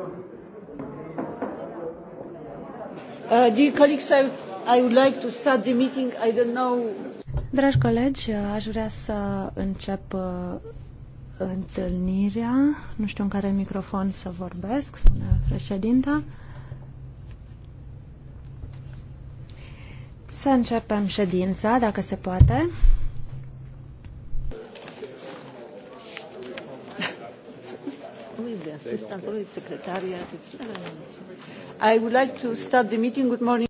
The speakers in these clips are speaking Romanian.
I, Dragi colegi, uh, aș vrea să încep uh, întâlnirea. Nu știu în care microfon să vorbesc, spune președinta. Să începem ședința, dacă se poate. assistant or secretariat. It's I would like to start the meeting. Good morning.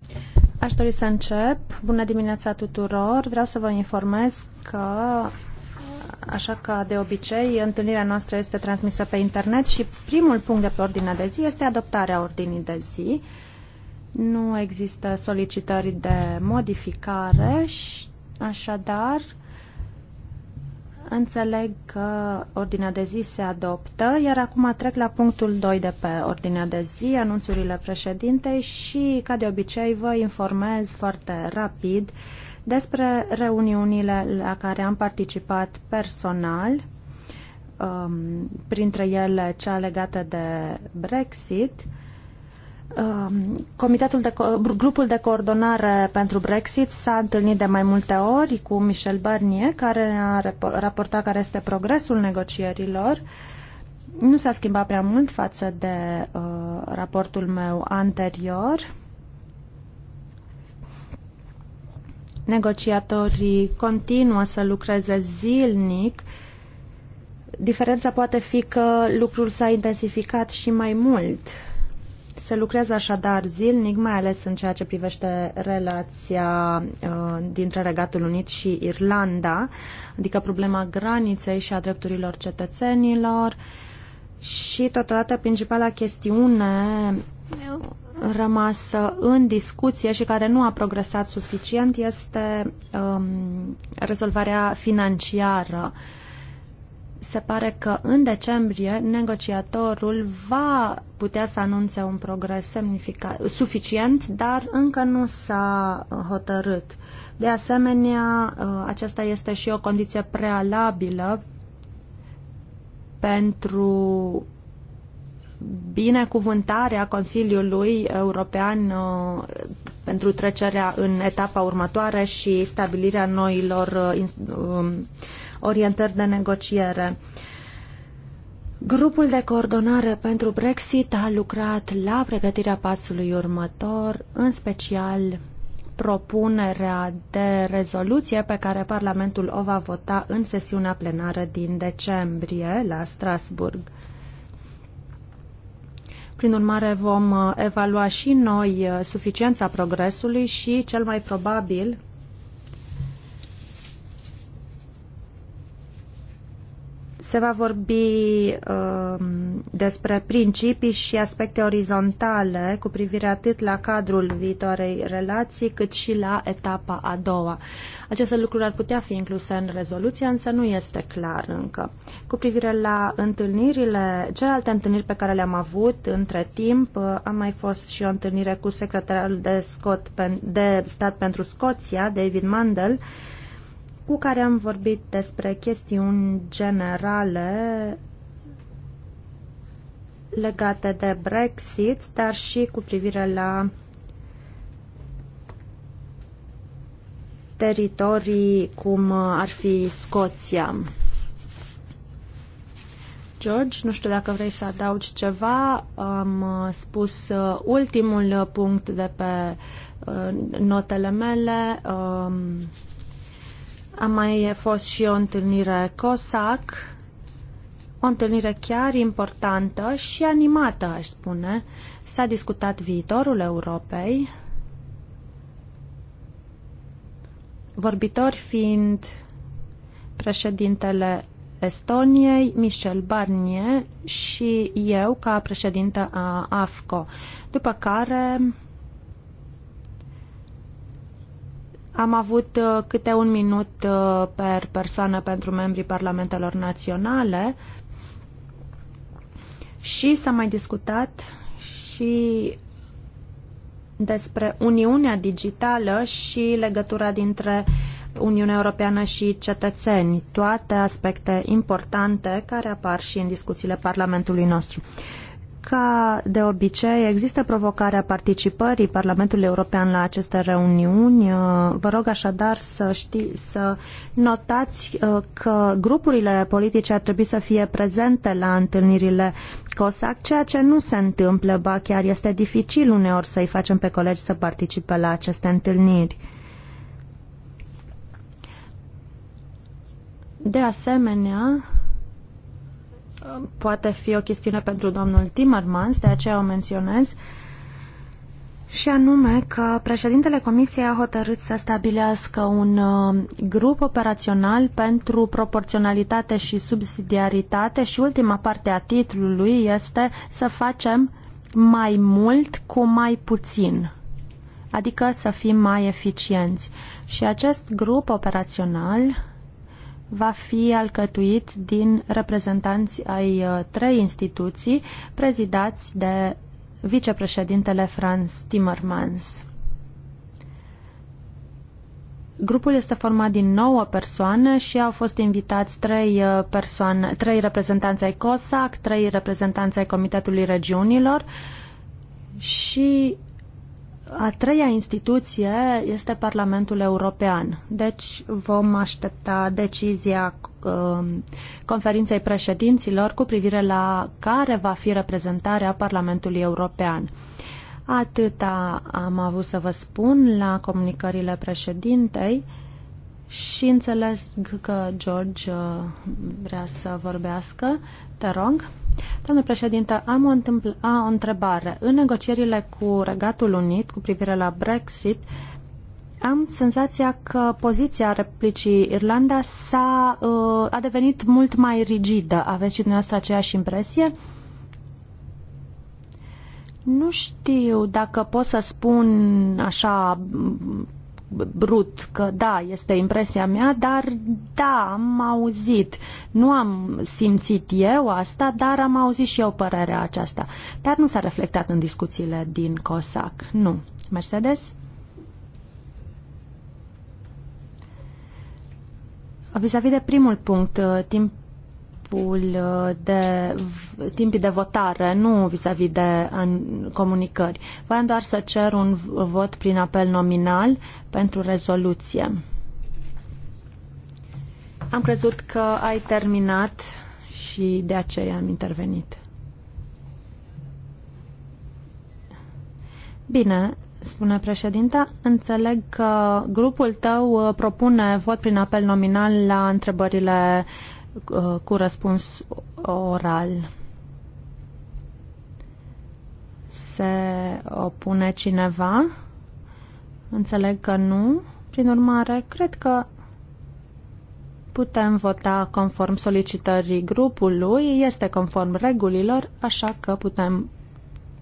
Aș dori să încep. Bună dimineața tuturor. Vreau să vă informez că Așa că, de obicei, întâlnirea noastră este transmisă pe internet și primul punct de pe ordinea de zi este adoptarea ordinii de zi. Nu există solicitări de modificare, așadar Înțeleg că ordinea de zi se adoptă, iar acum trec la punctul 2 de pe ordinea de zi, anunțurile președintei și, ca de obicei, vă informez foarte rapid despre reuniunile la care am participat personal, um, printre ele cea legată de Brexit, Um, comitetul de, grupul de coordonare pentru Brexit s-a întâlnit de mai multe ori cu Michel Barnier, care ne-a raportat care este progresul negocierilor. Nu s-a schimbat prea mult față de uh, raportul meu anterior. Negociatorii continuă să lucreze zilnic. Diferența poate fi că lucrul s-a intensificat și mai mult. Uh, se lucrează așadar zilnic, mai ales în ceea ce privește relația uh, dintre Regatul Unit și Irlanda, adică problema graniței și a drepturilor cetățenilor și totodată principala chestiune uh, rămasă în discuție și care nu a progresat suficient este um, rezolvarea financiară uh, se pare că în decembrie negociatorul va putea să anunțe un progres suficient, dar încă nu s-a uh, hotărât. De asemenea, uh, aceasta este și o condiție prealabilă pentru binecuvântarea Consiliului European uh, pentru trecerea în etapa următoare și stabilirea noilor um, orientări de negociere. Grupul de coordonare pentru Brexit a lucrat la pregătirea pasului următor, în special propunerea de rezoluție pe care Parlamentul o va vota în sesiunea plenară din decembrie la Strasburg. Prin urmare, vom evalua și noi suficiența progresului și, cel mai probabil, Se va vorbi uh, despre principii și aspecte orizontale cu privire atât la cadrul viitoarei relații, cât și la etapa a doua. Aceste lucruri ar putea fi incluse în rezoluție, însă nu este clar încă. Cu privire la întâlnirile, celelalte întâlniri pe care le-am avut între timp, uh, a mai fost și o întâlnire cu secretarul de, Scot, de stat pentru Scoția, David Mandel, uh, cu care am vorbit despre chestiuni generale legate de Brexit, dar și cu privire la teritorii cum ar fi Scoția. George, nu știu dacă vrei să adaugi ceva. Am uh, spus uh, ultimul punct de pe uh, notele mele. Um, a mai fost și o întâlnire COSAC, o întâlnire chiar importantă și animată, aș spune. S-a discutat viitorul Europei, vorbitori fiind președintele Estoniei, Michel Barnier și eu ca președintă a AFCO, după care Am avut uh, câte un minut uh, per persoană pentru membrii parlamentelor naționale și s-a mai discutat și despre Uniunea Digitală și legătura dintre Uniunea Europeană și cetățeni, toate aspecte importante care apar și în discuțiile Parlamentului nostru. Ca de obicei, există provocarea participării Parlamentului European la aceste reuniuni. Uh, vă rog așadar să, ști, să notați uh, că grupurile politice ar trebui să fie prezente la întâlnirile COSAC, ceea ce nu se întâmplă, ba chiar este dificil uneori să-i facem pe colegi să participe la aceste întâlniri. De asemenea, poate fi o chestiune pentru domnul Timmermans, de aceea o menționez, și anume că președintele Comisiei a hotărât să stabilească un uh, grup operațional pentru proporționalitate și subsidiaritate și ultima parte a titlului este să facem mai mult cu mai puțin, adică să fim mai eficienți. Și acest grup operațional va fi alcătuit din reprezentanți ai uh, trei instituții prezidați de vicepreședintele Franz Timmermans. Grupul este format din nouă persoane și au fost invitați trei uh, persoane, trei reprezentanți ai COSAC, trei reprezentanți ai Comitetului Regiunilor și a treia instituție este Parlamentul European. Deci vom aștepta decizia um, conferinței președinților cu privire la care va fi reprezentarea Parlamentului European. Atâta am avut să vă spun la comunicările președintei și înțeleg că George uh, vrea să vorbească. Te rog. Domnule președinte, am o, întâmpl- a, o întrebare. În negocierile cu Regatul Unit cu privire la Brexit, am senzația că poziția replicii Irlanda s-a, uh, a devenit mult mai rigidă. Aveți și dumneavoastră aceeași impresie? Nu știu dacă pot să spun așa brut că da, este impresia mea, dar da, am auzit. Nu am simțit eu asta, dar am auzit și eu părerea aceasta. Dar nu s-a reflectat în discuțiile din COSAC. Nu. Mercedes? Vis-a-vis -vis de primul punct, uh, timp timpul uh, de, timpii de votare, nu vis-a-vis -vis de în, comunicări. Voiam doar să cer un vot prin apel nominal pentru rezoluție. Am crezut că ai terminat și de aceea am intervenit. Bine, spune președinta, înțeleg că grupul tău uh, propune vot prin apel nominal la întrebările Uh, cu răspuns oral. Se opune cineva? Înțeleg că nu. Prin urmare, cred că putem vota conform solicitării grupului, este conform regulilor, așa că putem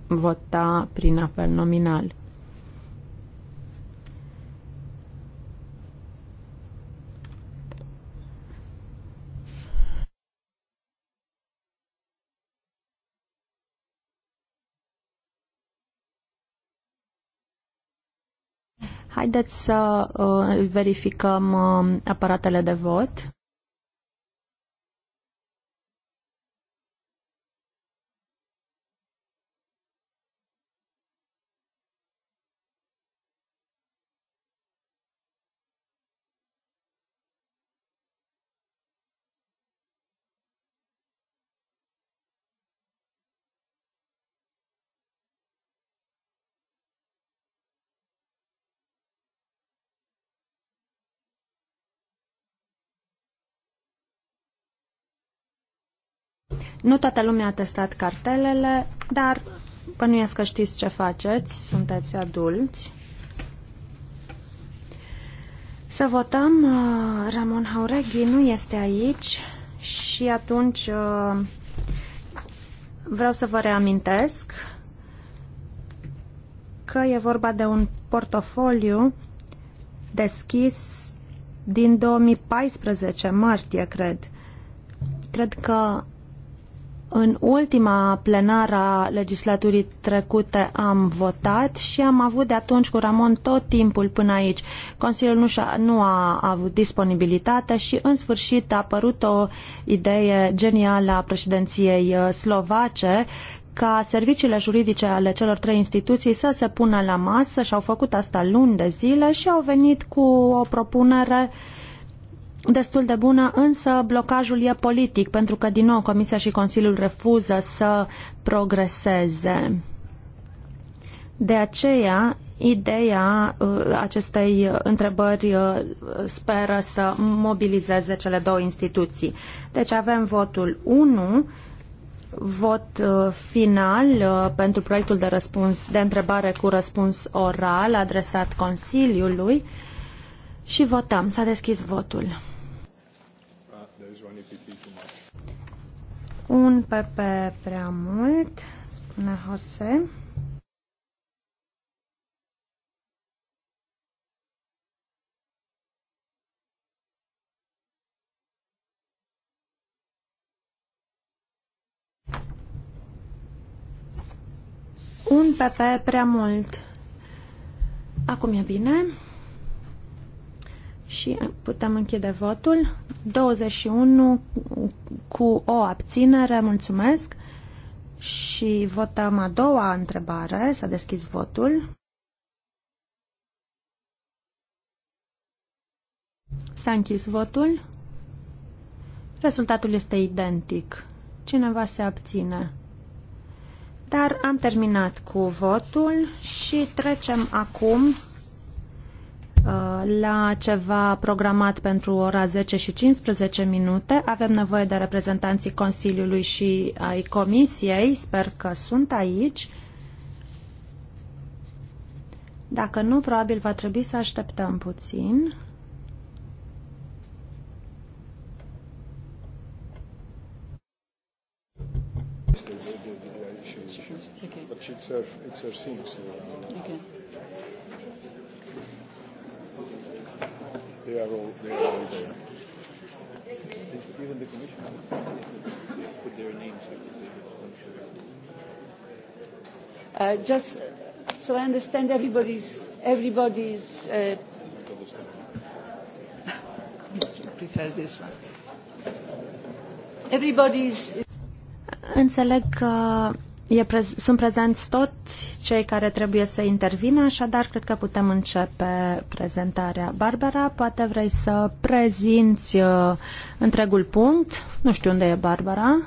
vota prin apel nominal. Haideți să uh, verificăm uh, aparatele de vot. Nu toată lumea a testat cartelele, dar bănuiesc că știți ce faceți, sunteți adulți. Să votăm. Uh, Ramon Haureghi nu este aici și atunci uh, vreau să vă reamintesc că e vorba de un portofoliu deschis din 2014, martie, cred. Cred că în ultima plenară a legislaturii trecute am votat și am avut de atunci cu Ramon tot timpul până aici. Consiliul nu, a nu a avut disponibilitate și în sfârșit a apărut o idee genială a președinției uh, slovace ca serviciile juridice ale celor trei instituții să se pună la masă și au făcut asta luni de zile și au venit cu o propunere uh, destul de bună, însă blocajul e politic, pentru că, din nou, Comisia și Consiliul refuză să progreseze. De aceea, ideea uh, acestei uh, întrebări uh, speră să mobilizeze cele două instituții. Deci avem votul 1, vot final pentru proiectul de, răspuns, de întrebare cu răspuns oral adresat Consiliului și votăm. S-a deschis votul. Un pepe prea mult, spune Jose. Un pepe prea mult. Acum e bine. Și putem închide votul. 21 cu o abținere, mulțumesc. Și votăm a doua întrebare, s-a deschis votul. S-a închis votul. Rezultatul este identic. Cineva se abține. Dar am terminat cu votul și trecem acum Uh, la ceva programat pentru ora 10 și 15 minute. Avem nevoie de reprezentanții Consiliului și ai Comisiei. Sper că sunt aici. Dacă nu, probabil va trebui să așteptăm puțin. Uh, okay. they are all, they are all there. Even the commission put their names. Uh, just so I understand everybody's everybody's. Uh, prefer this one. Everybody's. Înțeleg că E sunt prezenți toți cei care trebuie să intervină, așadar cred că putem începe prezentarea. Barbara, poate vrei să prezinți uh, întregul punct? Nu știu unde e Barbara.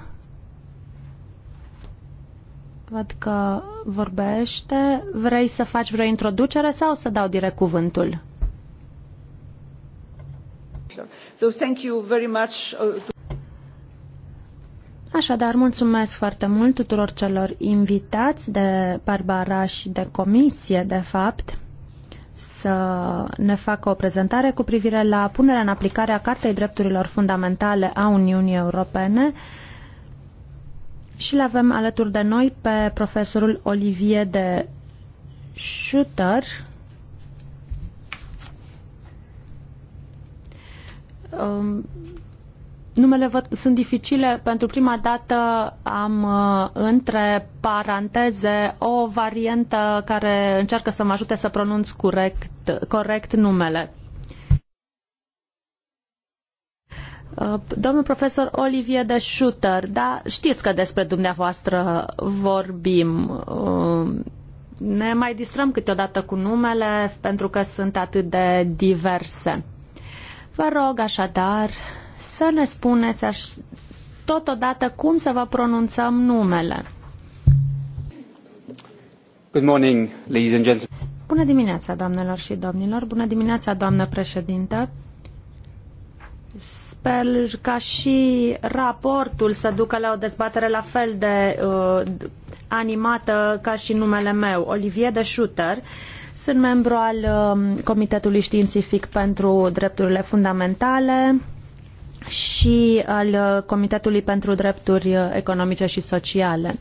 Văd că vorbește. Vrei să faci vreo introducere sau să dau direct cuvântul? So thank you very much uh, Așadar, mulțumesc foarte mult tuturor celor invitați de Barbara și de comisie, de fapt, să ne facă o prezentare cu privire la punerea în aplicare a Cartei Drepturilor Fundamentale a Uniunii Europene și l avem alături de noi pe profesorul Olivier de Schutter, um, Numele vă, sunt dificile. Pentru prima dată am uh, între paranteze o variantă care încearcă să mă ajute să pronunț corect, corect numele. Uh, domnul profesor Olivier de Schutter, da, știți că despre dumneavoastră vorbim. Uh, ne mai distrăm câteodată cu numele pentru că sunt atât de diverse. Vă rog așadar să ne spuneți aș, totodată cum să vă pronunțăm numele. Good morning, ladies and gentlemen. Bună dimineața, doamnelor și domnilor. Bună dimineața, doamnă președintă. Sper ca și raportul să ducă la o dezbatere la fel de uh, animată ca și numele meu, Olivier de Schutter. Sunt membru al uh, Comitetului Științific pentru Drepturile Fundamentale și al uh, Comitetului pentru Drepturi uh, Economice și Sociale.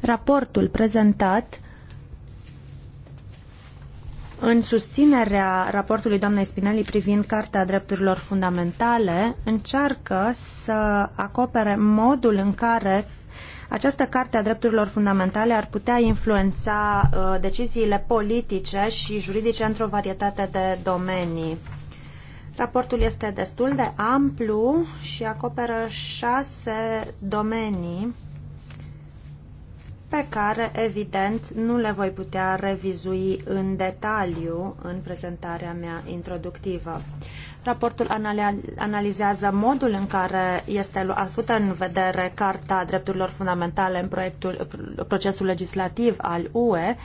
Raportul prezentat în susținerea raportului doamnei Spinelli privind Carta Drepturilor Fundamentale, încearcă să acopere modul în care această carte a drepturilor fundamentale ar putea influența uh, deciziile politice și juridice într-o varietate de domenii. Raportul este destul de amplu și acoperă șase domenii pe care, evident, nu le voi putea revizui în detaliu în prezentarea mea introductivă. Raportul analizează modul în care este luată în vedere Carta Drepturilor Fundamentale în proiectul, procesul legislativ al UE,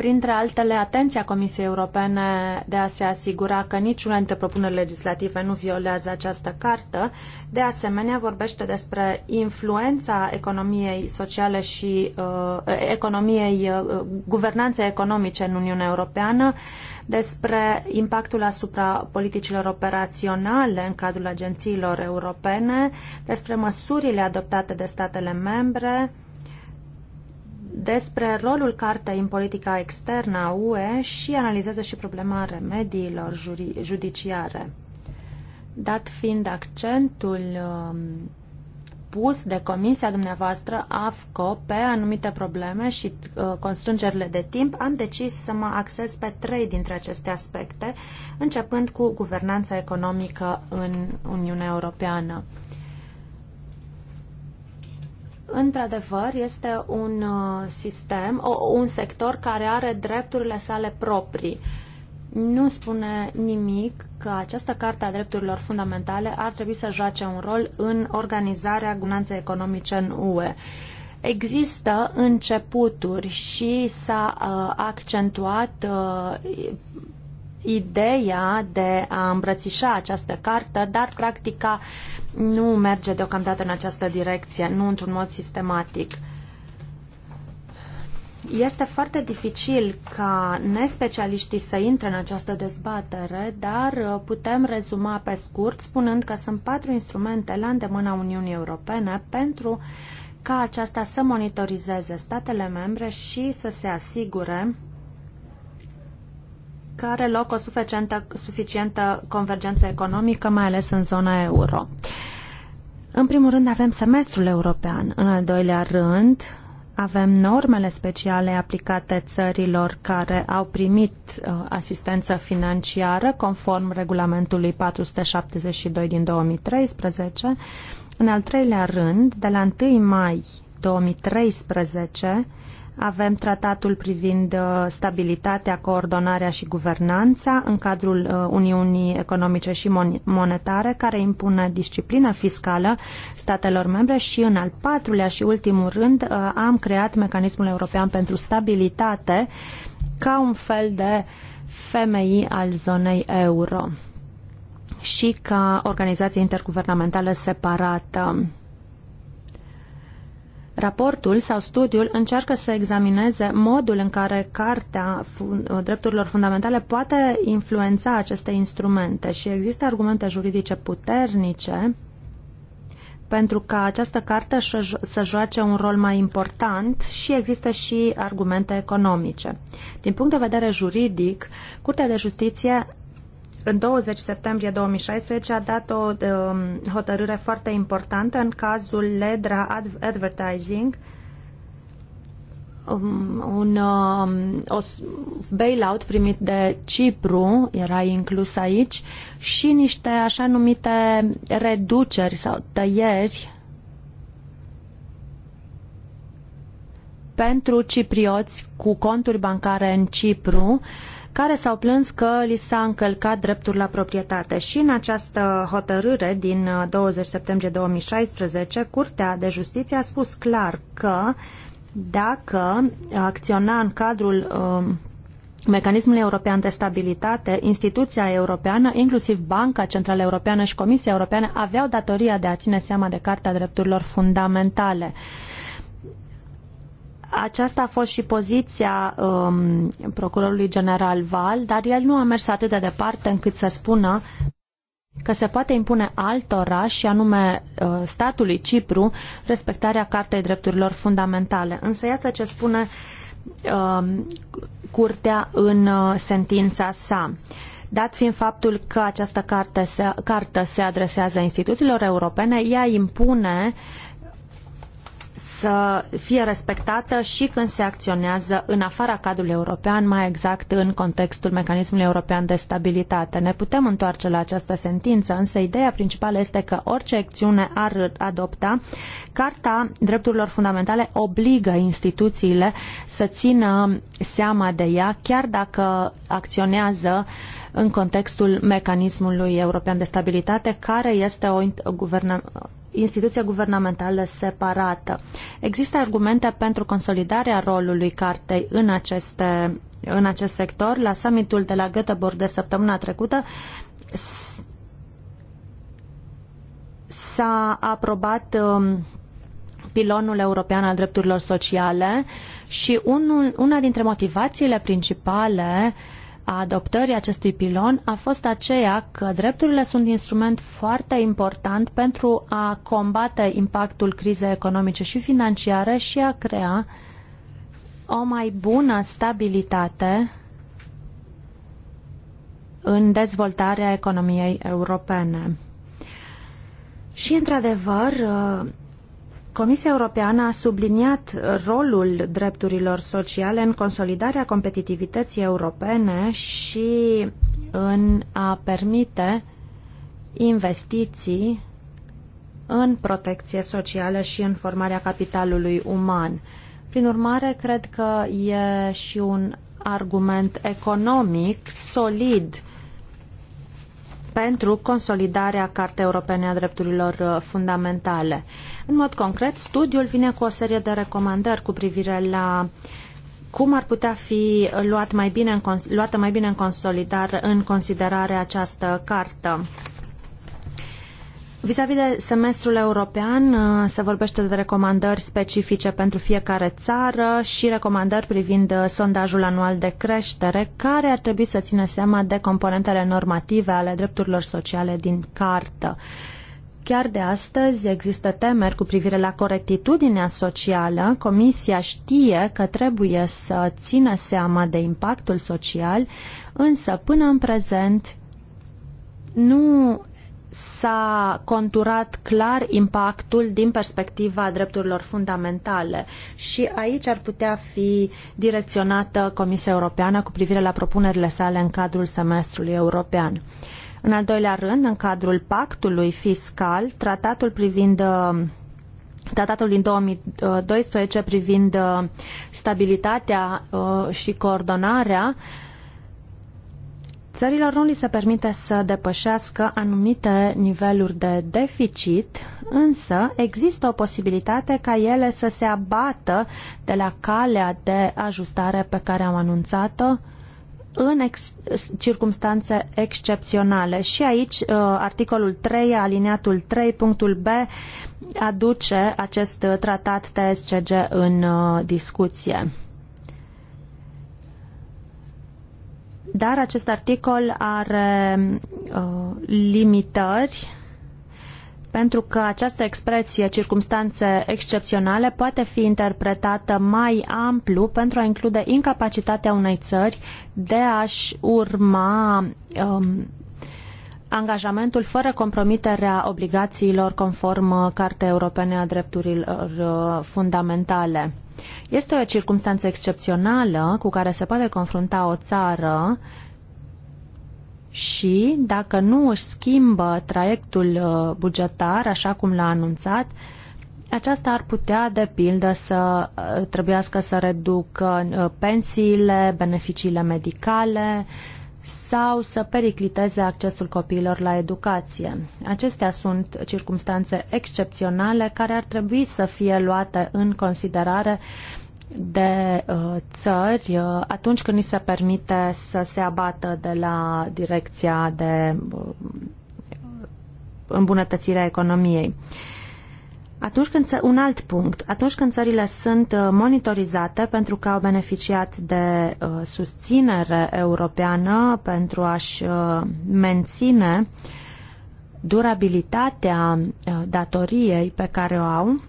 printre altele, atenția Comisiei Europene de a se asigura că niciuna dintre propunerile legislative nu violează această cartă. De asemenea, vorbește despre influența economiei sociale și uh, economiei uh, guvernanței economice în Uniunea Europeană, despre impactul asupra politicilor operaționale în cadrul agențiilor europene, despre măsurile adoptate de statele membre, despre rolul cartei în politica externă a UE și analizează și problema remediilor judiciare. Dat fiind accentul um, pus de comisia dumneavoastră AFCO pe anumite probleme și uh, constrângerile de timp, am decis să mă axez pe trei dintre aceste aspecte, începând cu guvernanța economică în Uniunea Europeană într-adevăr, este un uh, sistem, un sector care are drepturile sale proprii. Nu spune nimic că această carte a drepturilor fundamentale ar trebui să joace un rol în organizarea gunanței economice în UE. Există începuturi și s-a uh, accentuat uh, ideea de a îmbrățișa această carte, dar practica nu merge deocamdată în această direcție, nu într-un mod sistematic. Este foarte dificil ca nespecialiștii să intre în această dezbatere, dar uh, putem rezuma pe scurt spunând că sunt patru instrumente la îndemâna Uniunii Europene pentru ca aceasta să monitorizeze statele membre și să se asigure că are loc o suficientă, suficientă convergență economică, mai ales în zona euro. În primul rând avem semestrul european, în al doilea rând avem normele speciale aplicate țărilor care au primit uh, asistență financiară conform regulamentului 472 din 2013. În al treilea rând, de la 1 mai 2013, avem tratatul privind uh, stabilitatea, coordonarea și guvernanța în cadrul uh, Uniunii Economice și Monetare, care impune disciplină fiscală statelor membre și, în al patrulea și ultimul rând, uh, am creat mecanismul european pentru stabilitate ca un fel de femei al zonei euro și ca organizație interguvernamentală separată. Raportul sau studiul încearcă să examineze modul în care Cartea Drepturilor Fundamentale poate influența aceste instrumente și există argumente juridice puternice pentru ca această carte să joace un rol mai important și există și argumente economice. Din punct de vedere juridic, Curtea de Justiție în 20 septembrie 2016 a dat o um, hotărâre foarte importantă în cazul Ledra Advertising, um, un um, o bailout primit de Cipru era inclus aici și niște așa numite reduceri sau tăieri pentru ciprioți cu conturi bancare în Cipru uh, care s-au plâns că li s-a încălcat dreptul la proprietate. Și în această hotărâre din 20 uh, septembrie 2016, Curtea de Justiție a spus clar că dacă acționa în cadrul uh, mecanismului european de stabilitate, instituția europeană, inclusiv Banca Centrală Europeană și Comisia Europeană, aveau datoria de a ține seama de Carta Drepturilor Fundamentale. Uh, aceasta a fost și poziția um, procurorului general Val, dar el nu a mers atât de departe încât să spună că se poate impune altora, și anume uh, statului Cipru, respectarea Cartei Drepturilor Fundamentale. Însă iată ce spune uh, curtea în uh, sentința sa. Dat fiind faptul că această carte se, carte se adresează instituțiilor europene, ea impune uh, să fie respectată și când se acționează în afara cadrului european, mai exact în contextul mecanismului european de stabilitate. Ne putem întoarce la această sentință, însă ideea principală este că orice acțiune ar adopta, Carta Drepturilor Fundamentale obligă instituțiile să țină seama de ea, chiar dacă acționează în contextul mecanismului european de stabilitate, care este o, o, instituție guvernamentală separată. Există argumente pentru consolidarea rolului cartei în, aceste, în acest sector. La summitul de la Göteborg de săptămâna trecută s-a aprobat um, pilonul european al drepturilor sociale și unul, una dintre motivațiile principale uh, a adoptării acestui pilon a fost aceea că drepturile sunt instrument foarte important pentru a combate impactul crizei economice și financiare și a crea o mai bună stabilitate în dezvoltarea economiei europene. Și, într-adevăr, Comisia Europeană a subliniat rolul drepturilor sociale în consolidarea competitivității europene și în a permite investiții în protecție socială și în formarea capitalului uman. Prin urmare, cred că e și un argument economic solid pentru consolidarea Cartei Europene a Drepturilor uh, Fundamentale. În mod concret, studiul vine cu o serie de recomandări cu privire la cum ar putea fi luat mai bine în, luată mai bine în, în considerare această cartă. Vis-a-vis de semestrul european, uh, se vorbește de recomandări specifice pentru fiecare țară și recomandări privind uh, sondajul anual de creștere, care ar trebui să țină seama de componentele normative ale drepturilor sociale din cartă. Chiar de astăzi există temeri cu privire la corectitudinea socială. Comisia știe că trebuie să țină seama de impactul social, însă până în prezent nu s-a conturat clar impactul din perspectiva drepturilor fundamentale și aici ar putea fi direcționată Comisia Europeană cu privire la propunerile sale în cadrul semestrului european. În al doilea rând, în cadrul pactului fiscal, tratatul privind uh, Tratatul din 2012 privind uh, stabilitatea uh, și coordonarea Țărilor nu li se permite să depășească anumite niveluri de deficit, însă există o posibilitate ca ele să se abată de la calea de ajustare pe care am anunțat-o în ex- circunstanțe excepționale. Și aici uh, articolul 3, aliniatul 3, punctul B, aduce acest tratat TSCG în uh, discuție. Dar acest articol are uh, limitări pentru că această expresie circumstanțe excepționale poate fi interpretată mai amplu pentru a include incapacitatea unei țări de a-și urma um, angajamentul fără compromiterea obligațiilor conform uh, Cartei Europene a Drepturilor uh, Fundamentale. Este o circunstanță excepțională cu care se poate confrunta o țară și, dacă nu își schimbă traiectul uh, bugetar, așa cum l-a anunțat, aceasta ar putea, de pildă, să trebuiască să reducă pensiile, beneficiile medicale, uh, sau să pericliteze accesul copiilor la educație. Acestea sunt circumstanțe excepționale care ar trebui să fie luate în considerare de uh, țări uh, atunci când ni se permite să se abată de la direcția de uh, îmbunătățire a economiei. Uh, atunci când, un alt punct, atunci când țările sunt uh, monitorizate pentru că au beneficiat de uh, susținere europeană pentru a-și uh, menține durabilitatea uh, datoriei pe care o au,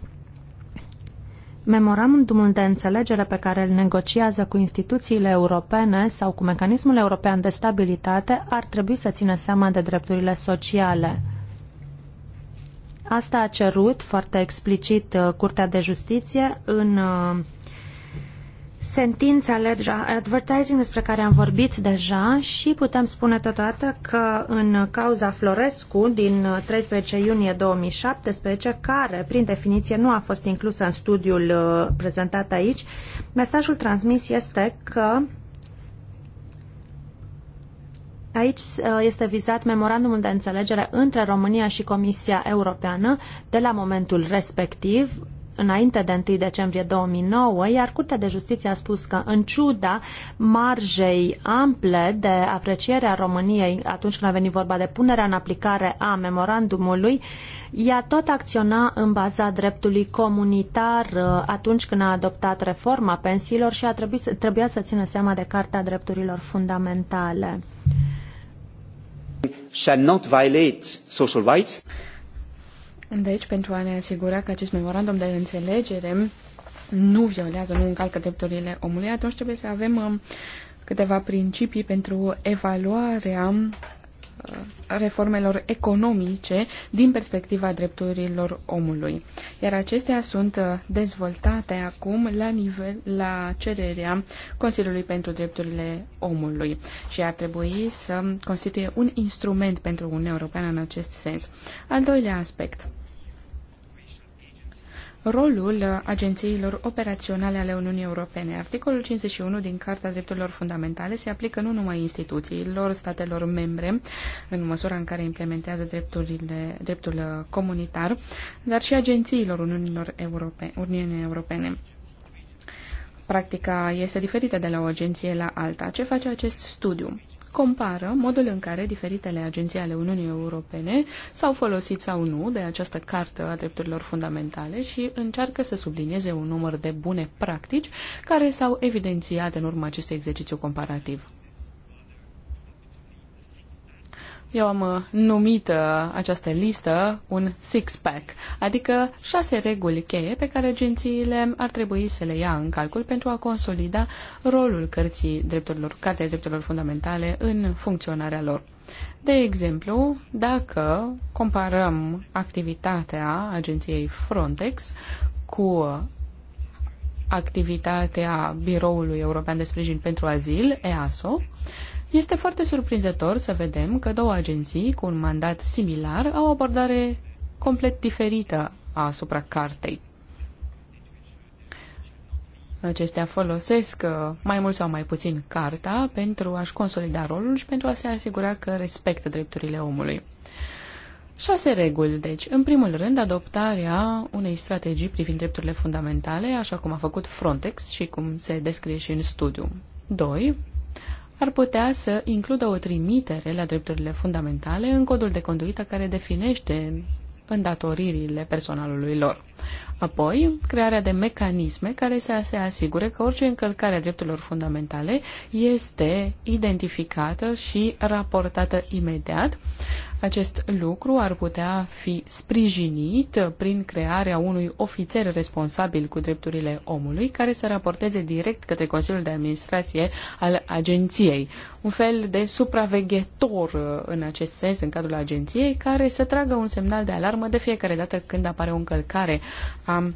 memorandumul de înțelegere pe care îl negociază cu instituțiile europene sau cu mecanismul european de stabilitate ar trebui să țină seama de drepturile sociale. Asta a cerut foarte explicit uh, Curtea de Justiție în uh, sentința legea advertising despre care am vorbit deja și putem spune totodată că în cauza Florescu din 13 uh, iunie 2017, care prin definiție nu a fost inclusă în studiul prezentat aici, mesajul transmis este că Aici uh, este vizat memorandumul de înțelegere între România și Comisia Europeană de la momentul respectiv, înainte de 1 decembrie 2009, iar Curtea de Justiție a spus că, în ciuda marjei ample de apreciere a României atunci când a venit vorba de punerea în aplicare a memorandumului, ea tot acționa în baza dreptului comunitar uh, atunci când a adoptat reforma pensiilor și a trebuit, trebuia să țină seama de Carta Drepturilor Fundamentale shall not violate social rights. Deci, pentru a ne asigura că acest memorandum de înțelegere nu violează, nu încalcă drepturile omului, atunci trebuie să avem um, câteva principii pentru evaluarea Uh, reformelor economice din perspectiva drepturilor omului. Iar acestea sunt uh, dezvoltate acum la, nivel, la cererea Consiliului pentru Drepturile Omului și ar trebui să constituie un instrument pentru Uniunea Europeană în acest sens. Al doilea aspect rolul agențiilor operaționale ale Uniunii Europene. Articolul 51 din Carta Drepturilor Fundamentale se aplică nu numai instituțiilor, statelor membre, în măsura în care implementează drepturile, dreptul comunitar, dar și agențiilor Uniunilor Uniunii Europene. Practica este diferită de la o agenție la alta. Ce face acest studiu? compară modul în care diferitele agenții ale Uniunii Europene s-au folosit sau nu de această cartă a drepturilor fundamentale și încearcă să sublinieze un număr de bune practici care s-au evidențiat în urma acestui exercițiu comparativ. eu am uh, numit uh, această listă un six-pack, adică șase reguli cheie pe care agențiile ar trebui să le ia în calcul pentru a consolida rolul cărții drepturilor, Cartei Drepturilor Fundamentale în funcționarea lor. De exemplu, dacă comparăm activitatea agenției Frontex cu activitatea Biroului European de Sprijin pentru Azil, EASO, uh, este foarte surprinzător să vedem că două agenții cu un mandat similar au o abordare complet diferită asupra cartei. Acestea folosesc mai mult sau mai puțin carta pentru a-și consolida rolul și pentru a se asigura că respectă drepturile omului. Șase reguli, deci. În primul rând, adoptarea unei strategii privind drepturile fundamentale, așa cum a făcut Frontex și cum se descrie și în studiu. 2 ar putea să includă o trimitere la drepturile fundamentale în codul de conduită care definește îndatoririle personalului lor. Apoi, crearea de mecanisme care să se asigure că orice încălcare a drepturilor fundamentale este identificată și raportată imediat, acest lucru ar putea fi sprijinit prin crearea unui ofițer responsabil cu drepturile omului care să raporteze direct către Consiliul de Administrație al agenției. Un fel de supraveghetor uh, în acest sens în cadrul agenției care să tragă un semnal de alarmă de fiecare dată când apare o încălcare a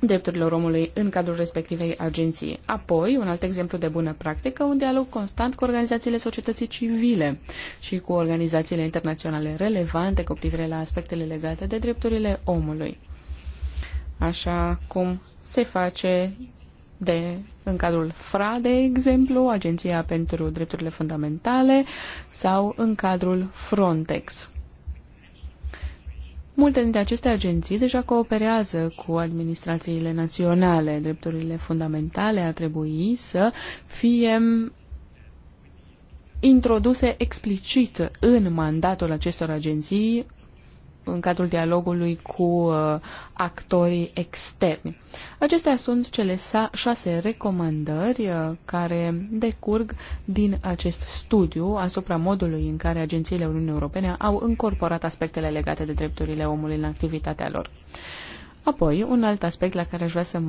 drepturilor omului în cadrul respectivei agenții. Apoi, un alt exemplu de bună practică, un dialog constant cu organizațiile societății civile și cu organizațiile internaționale relevante cu privire la aspectele legate de drepturile omului. Așa cum se face de, în cadrul FRA, de exemplu, Agenția pentru Drepturile Fundamentale, sau în cadrul Frontex. Multe dintre aceste agenții deja cooperează cu administrațiile naționale. Drepturile fundamentale ar trebui să fie introduse explicit în mandatul acestor agenții în cadrul dialogului cu uh, actorii externi. Acestea sunt cele șase recomandări uh, care decurg din acest studiu asupra modului în care agențiile Uniunii Europene au încorporat aspectele legate de drepturile omului în activitatea lor. Apoi, un alt aspect la care aș vrea să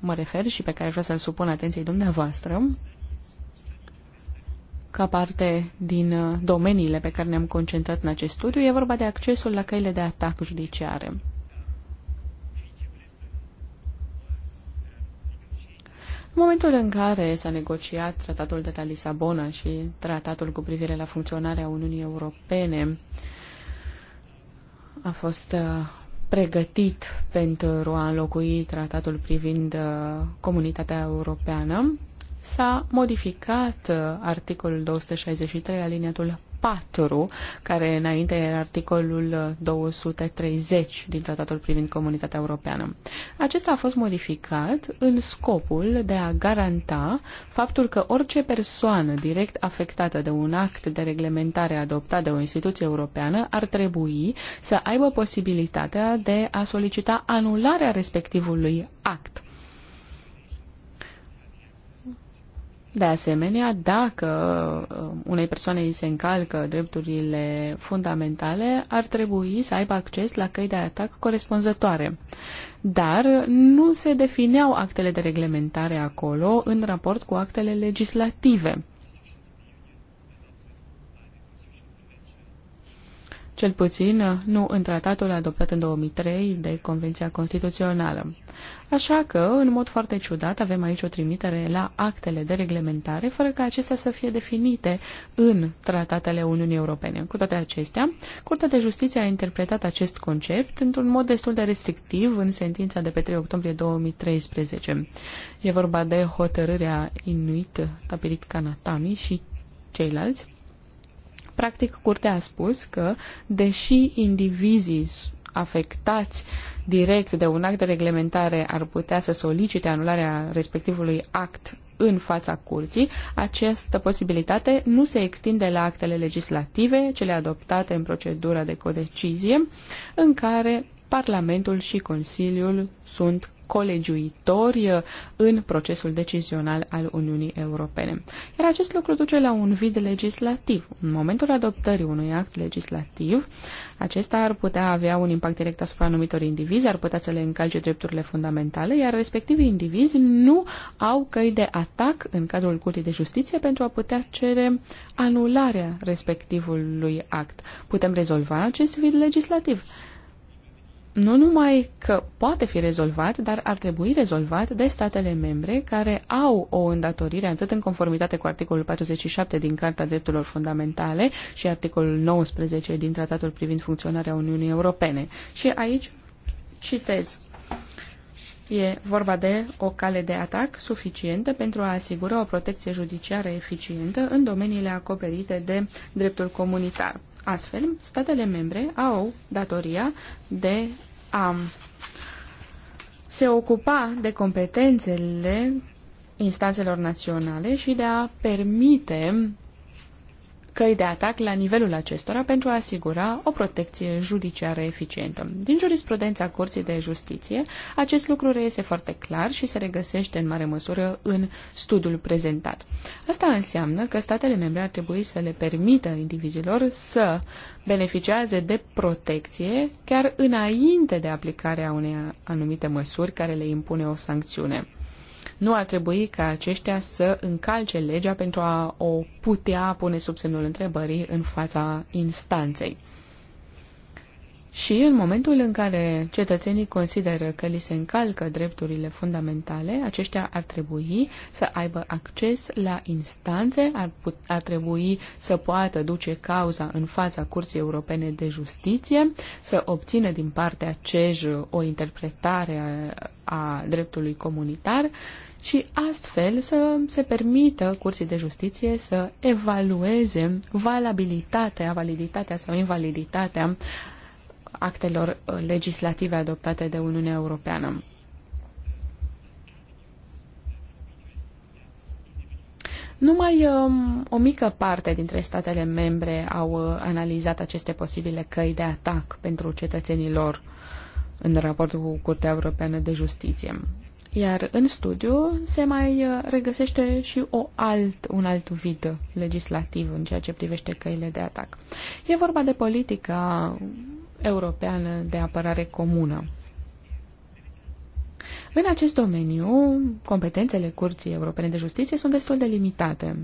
mă refer și pe care aș vrea să-l supun atenției dumneavoastră ca parte din uh, domeniile pe care ne-am concentrat în acest studiu, e vorba de accesul la căile de atac judiciare. În momentul în care s-a negociat tratatul de la Lisabona și tratatul cu privire la funcționarea Uniunii Europene, a fost uh, pregătit pentru a înlocui tratatul privind uh, comunitatea europeană s-a modificat uh, articolul 263 aliniatul 4, care înainte era articolul 230 uh, din Tratatul privind Comunitatea Europeană. Acesta a fost modificat în scopul de a garanta faptul că orice persoană direct afectată de un act de reglementare adoptat de o instituție europeană ar trebui să aibă posibilitatea de a solicita anularea respectivului act De asemenea, dacă uh, unei persoane îi se încalcă drepturile fundamentale, ar trebui să aibă acces la căi de atac corespunzătoare. Dar nu se defineau actele de reglementare acolo în raport cu actele legislative. cel puțin uh, nu în tratatul adoptat în 2003 de Convenția Constituțională. Așa că, în mod foarte ciudat, avem aici o trimitere la actele de reglementare, fără ca acestea să fie definite în tratatele Uniunii Europene. Cu toate acestea, Curtea de Justiție a interpretat acest concept într-un mod destul de restrictiv în sentința de pe 3 octombrie 2013. E vorba de hotărârea Inuit Tapirit Kanatami și ceilalți, practic, curtea a spus că, deși indivizii afectați direct de un act de reglementare ar putea să solicite anularea respectivului act în fața curții, această posibilitate nu se extinde la actele legislative, cele adoptate în procedura de codecizie, în care Parlamentul și Consiliul sunt colegiuitori uh, în procesul decizional al Uniunii Europene. Iar acest lucru duce la un vid legislativ. În momentul adoptării unui act legislativ, acesta ar putea avea un impact direct asupra anumitor indivizi, ar putea să le încalce drepturile fundamentale, iar respectivii indivizi nu au căi de atac în cadrul Curții de Justiție pentru a putea cere anularea respectivului act. Putem rezolva acest vid legislativ nu numai că poate fi rezolvat, dar ar trebui rezolvat de statele membre care au o îndatorire atât în conformitate cu articolul 47 din Carta Drepturilor Fundamentale și articolul 19 din Tratatul privind funcționarea Uniunii Europene. Și aici citez. E vorba de o cale de atac suficientă pentru a asigura o protecție judiciară eficientă în domeniile acoperite de dreptul comunitar. Astfel, statele membre au datoria de a se ocupa de competențele instanțelor naționale și de a permite căi de atac la nivelul acestora pentru a asigura o protecție judiciară eficientă. Din jurisprudența Curții de Justiție, acest lucru reiese foarte clar și se regăsește în mare măsură în studiul prezentat. Asta înseamnă că statele membre ar trebui să le permită indivizilor să beneficieze de protecție chiar înainte de aplicarea unei anumite măsuri care le impune o sancțiune. Nu ar trebui ca aceștia să încalce legea pentru a o putea pune sub semnul întrebării în fața instanței. Și în momentul în care cetățenii consideră că li se încalcă drepturile fundamentale, aceștia ar trebui să aibă acces la instanțe, ar, put, ar trebui să poată duce cauza în fața Curții Europene de Justiție, să obțină din partea CEJ o interpretare a, a dreptului comunitar și astfel să se permită Curții de Justiție să evalueze valabilitatea, validitatea sau invaliditatea actelor uh, legislative adoptate de Uniunea Europeană. Numai um, o mică parte dintre statele membre au uh, analizat aceste posibile căi de atac pentru cetățenii lor în raportul cu Curtea Europeană de Justiție. Iar în studiu se mai uh, regăsește și o alt, un alt vid legislativ în ceea ce privește căile de atac. E vorba de politica europeană de apărare comună. În acest domeniu, competențele Curții Europene de Justiție sunt destul de limitate.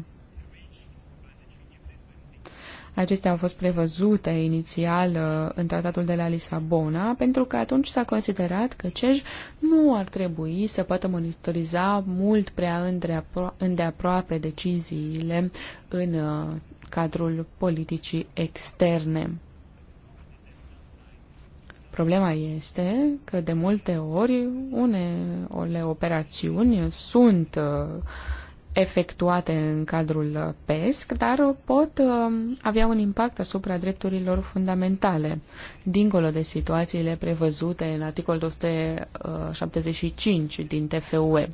Acestea au fost prevăzute inițial uh, în tratatul de la Lisabona, pentru că atunci s-a considerat că CEJ nu ar trebui să poată monitoriza mult prea îndeaproape deciziile în uh, cadrul politicii externe. Problema este că de multe ori unele operațiuni sunt uh, efectuate în cadrul uh, PESC, dar pot uh, avea un impact asupra drepturilor fundamentale, dincolo de situațiile prevăzute în articolul 275 din TFUE.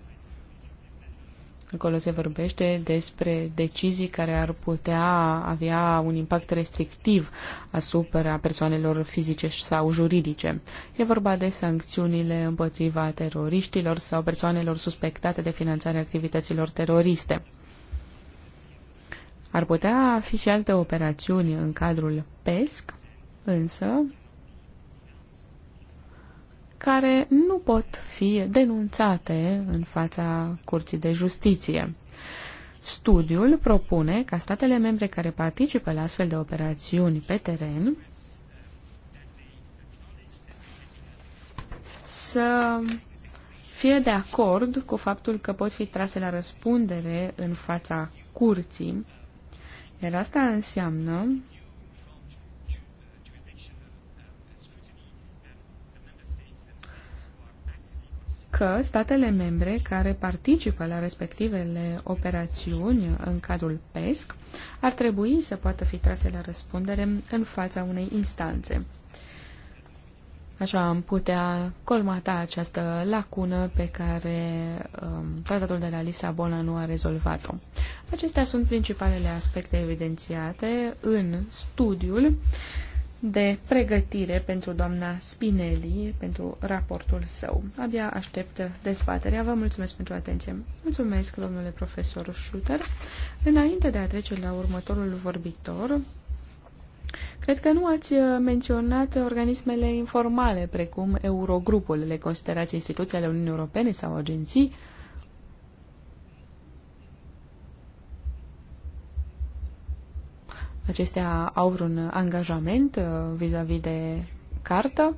Acolo se vorbește despre decizii care ar putea avea un impact restrictiv asupra persoanelor fizice sau juridice. E vorba de sancțiunile împotriva teroriștilor sau persoanelor suspectate de finanțarea activităților teroriste. Ar putea fi și alte operațiuni în cadrul PESC, însă care nu pot fi denunțate în fața Curții de Justiție. Studiul propune ca statele membre care participă la astfel de operațiuni pe teren să fie de acord cu faptul că pot fi trase la răspundere în fața curții, iar asta înseamnă că statele membre care participă la respectivele operațiuni în cadrul PESC ar trebui să poată fi trase la răspundere în fața unei instanțe. Așa am putea colmata această lacună pe care um, tratatul de la Lisabona nu a rezolvat-o. Acestea sunt principalele aspecte evidențiate în studiul uh, de pregătire pentru doamna Spinelli, pentru raportul său. Abia aștept dezbaterea. Vă mulțumesc pentru atenție. Mulțumesc, domnule profesor Schutter. Înainte de a trece la următorul vorbitor, cred că nu ați menționat organismele informale, precum Eurogrupul. Le considerați instituții ale Uniunii Europene sau agenții? Uh, acestea au un angajament vis a -vis de cartă.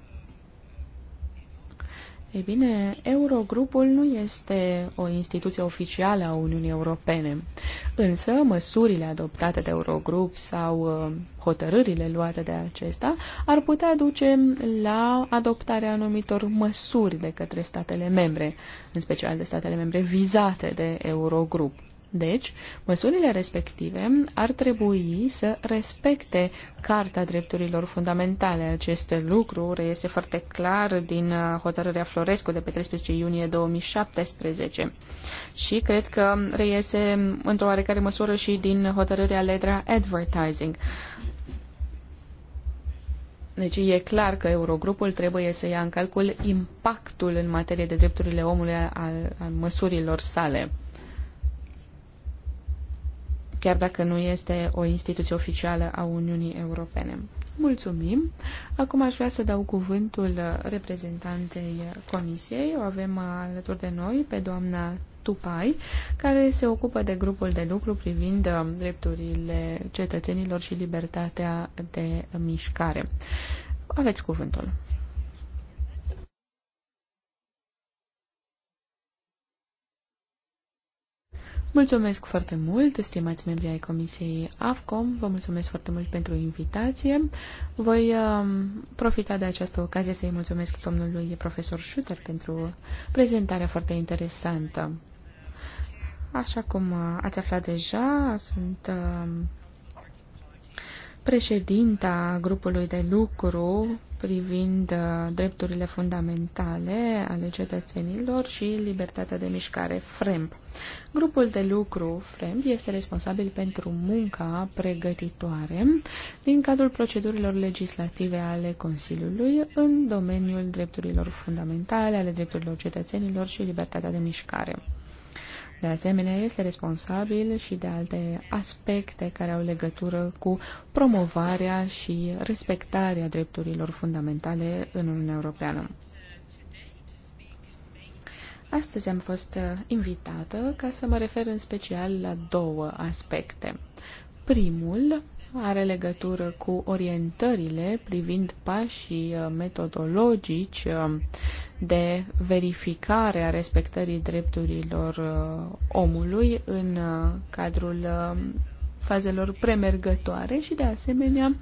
Ei bine, Eurogrupul nu este o instituție oficială a Uniunii Europene, însă măsurile adoptate de Eurogrup sau uh, hotărârile luate de acesta ar putea duce la adoptarea anumitor măsuri de către statele membre, în special de statele membre vizate de Eurogrup. Deci, măsurile respective ar trebui să respecte Carta Drepturilor Fundamentale. Acest lucru reiese foarte clar din uh, hotărârea Florescu de pe 13 iunie 2017 și cred că reiese într-o oarecare măsură și din hotărârea Ledra Advertising. Deci e clar că Eurogrupul trebuie să ia în calcul impactul în materie de drepturile omului al, al măsurilor sale chiar dacă nu este o instituție oficială a Uniunii Europene. Mulțumim. Acum aș vrea să dau cuvântul reprezentantei Comisiei. O avem alături de noi pe doamna Tupai, care se ocupă de grupul de lucru privind uh, drepturile cetățenilor și libertatea de mișcare. Aveți cuvântul. Mulțumesc foarte mult, estimați membri ai Comisiei AFCOM, vă mulțumesc foarte mult pentru invitație. Voi um, profita de această ocazie să-i mulțumesc domnului profesor Schutter pentru prezentarea foarte interesantă. Așa cum uh, ați aflat deja, sunt Uh, Președinta grupului de lucru privind uh, drepturile fundamentale ale cetățenilor și libertatea de mișcare FREMP. Grupul de lucru FREMP este responsabil pentru munca pregătitoare din cadrul procedurilor legislative ale Consiliului în domeniul drepturilor fundamentale, ale drepturilor cetățenilor și libertatea de mișcare. De asemenea, este responsabil și de alte aspecte care au legătură cu promovarea și respectarea drepturilor fundamentale în Uniunea Europeană. Astăzi am fost invitată ca să mă refer în special la două aspecte. Primul are legătură cu orientările privind pașii uh, metodologici uh, de verificare a respectării drepturilor uh, omului în cadrul fazelor premergătoare și, de asemenea,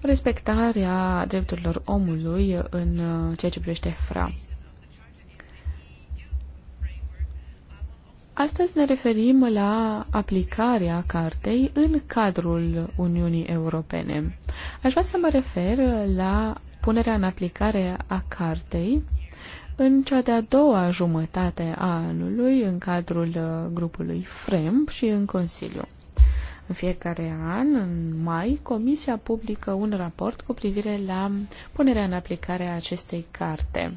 respectarea drepturilor omului în ceea ce privește FRA. Astăzi ne referim la aplicarea cartei în cadrul Uniunii Europene. Aș vrea să mă refer la punerea în aplicare a cartei în cea de-a doua jumătate a anului în cadrul grupului FREM și în Consiliu. În fiecare an, în mai, Comisia publică un raport cu privire la punerea în aplicare a acestei carte.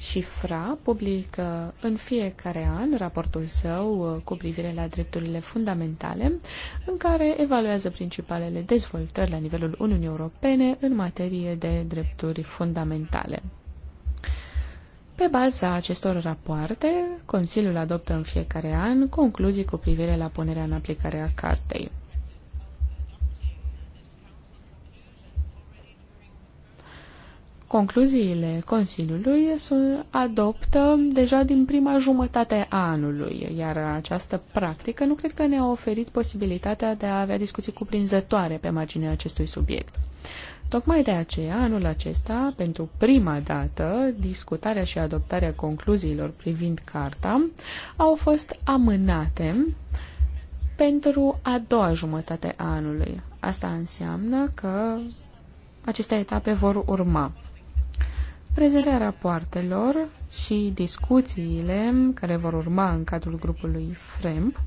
Și FRA publică în fiecare an raportul său uh, cu privire la drepturile fundamentale, în care evaluează principalele dezvoltări la nivelul Uniunii Europene în materie de drepturi fundamentale. Pe baza acestor rapoarte, Consiliul adoptă în fiecare an concluzii cu privire la punerea în aplicare a cartei. Concluziile Consiliului sunt adoptă deja din prima jumătate a anului, iar această practică nu cred că ne-a oferit posibilitatea de a avea discuții cuprinzătoare pe marginea acestui subiect. Tocmai de aceea, anul acesta, pentru prima dată, discutarea și adoptarea concluziilor privind carta au fost amânate pentru a doua jumătate a anului. Asta înseamnă că aceste etape vor urma. Prezentarea rapoartelor și discuțiile care vor urma în cadrul grupului FREMP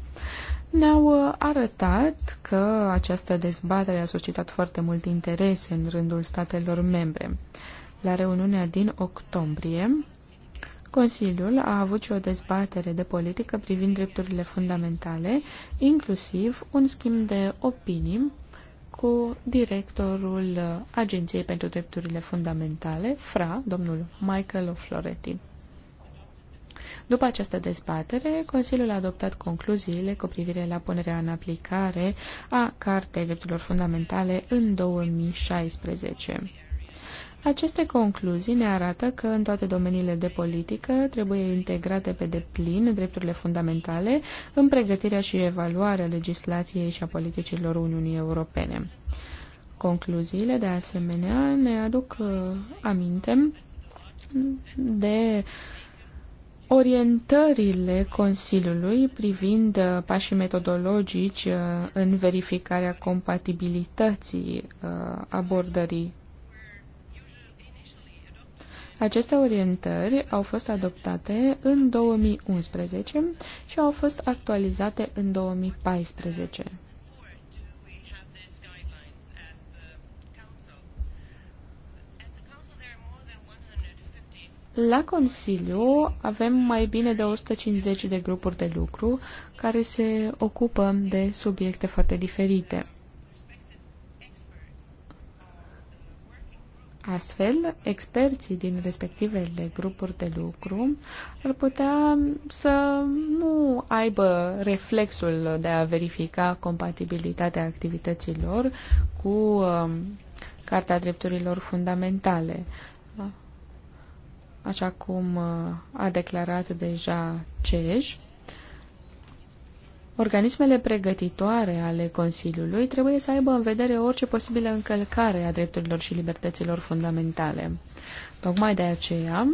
ne-au uh, arătat că această dezbatere a suscitat foarte mult interes în rândul statelor membre. La reuniunea din octombrie, Consiliul a avut și o dezbatere de politică privind drepturile fundamentale, inclusiv un schimb de opinii cu directorul uh, Agenției pentru Drepturile Fundamentale, FRA, domnul Michael Floretti. După această dezbatere, Consiliul a adoptat concluziile cu privire la punerea în aplicare a Cartei Drepturilor Fundamentale în 2016. Aceste concluzii ne arată că în toate domeniile de politică trebuie integrate pe deplin drepturile fundamentale în pregătirea și evaluarea legislației și a politicilor Uniunii Europene. Concluziile, de asemenea, ne aduc uh, aminte de orientările Consiliului privind uh, pașii metodologici uh, în verificarea compatibilității abordării aceste orientări au fost adoptate în 2011 și au fost actualizate în 2014. La Consiliu avem mai bine de 150 de grupuri de lucru care se ocupă de subiecte foarte diferite. Astfel, experții din respectivele grupuri de lucru ar putea să nu aibă reflexul de a verifica compatibilitatea activităților cu um, Carta Drepturilor Fundamentale, așa cum uh, a declarat deja CEJ Organismele pregătitoare ale Consiliului trebuie să aibă în vedere orice posibilă încălcare a drepturilor și libertăților fundamentale. Tocmai de aceea,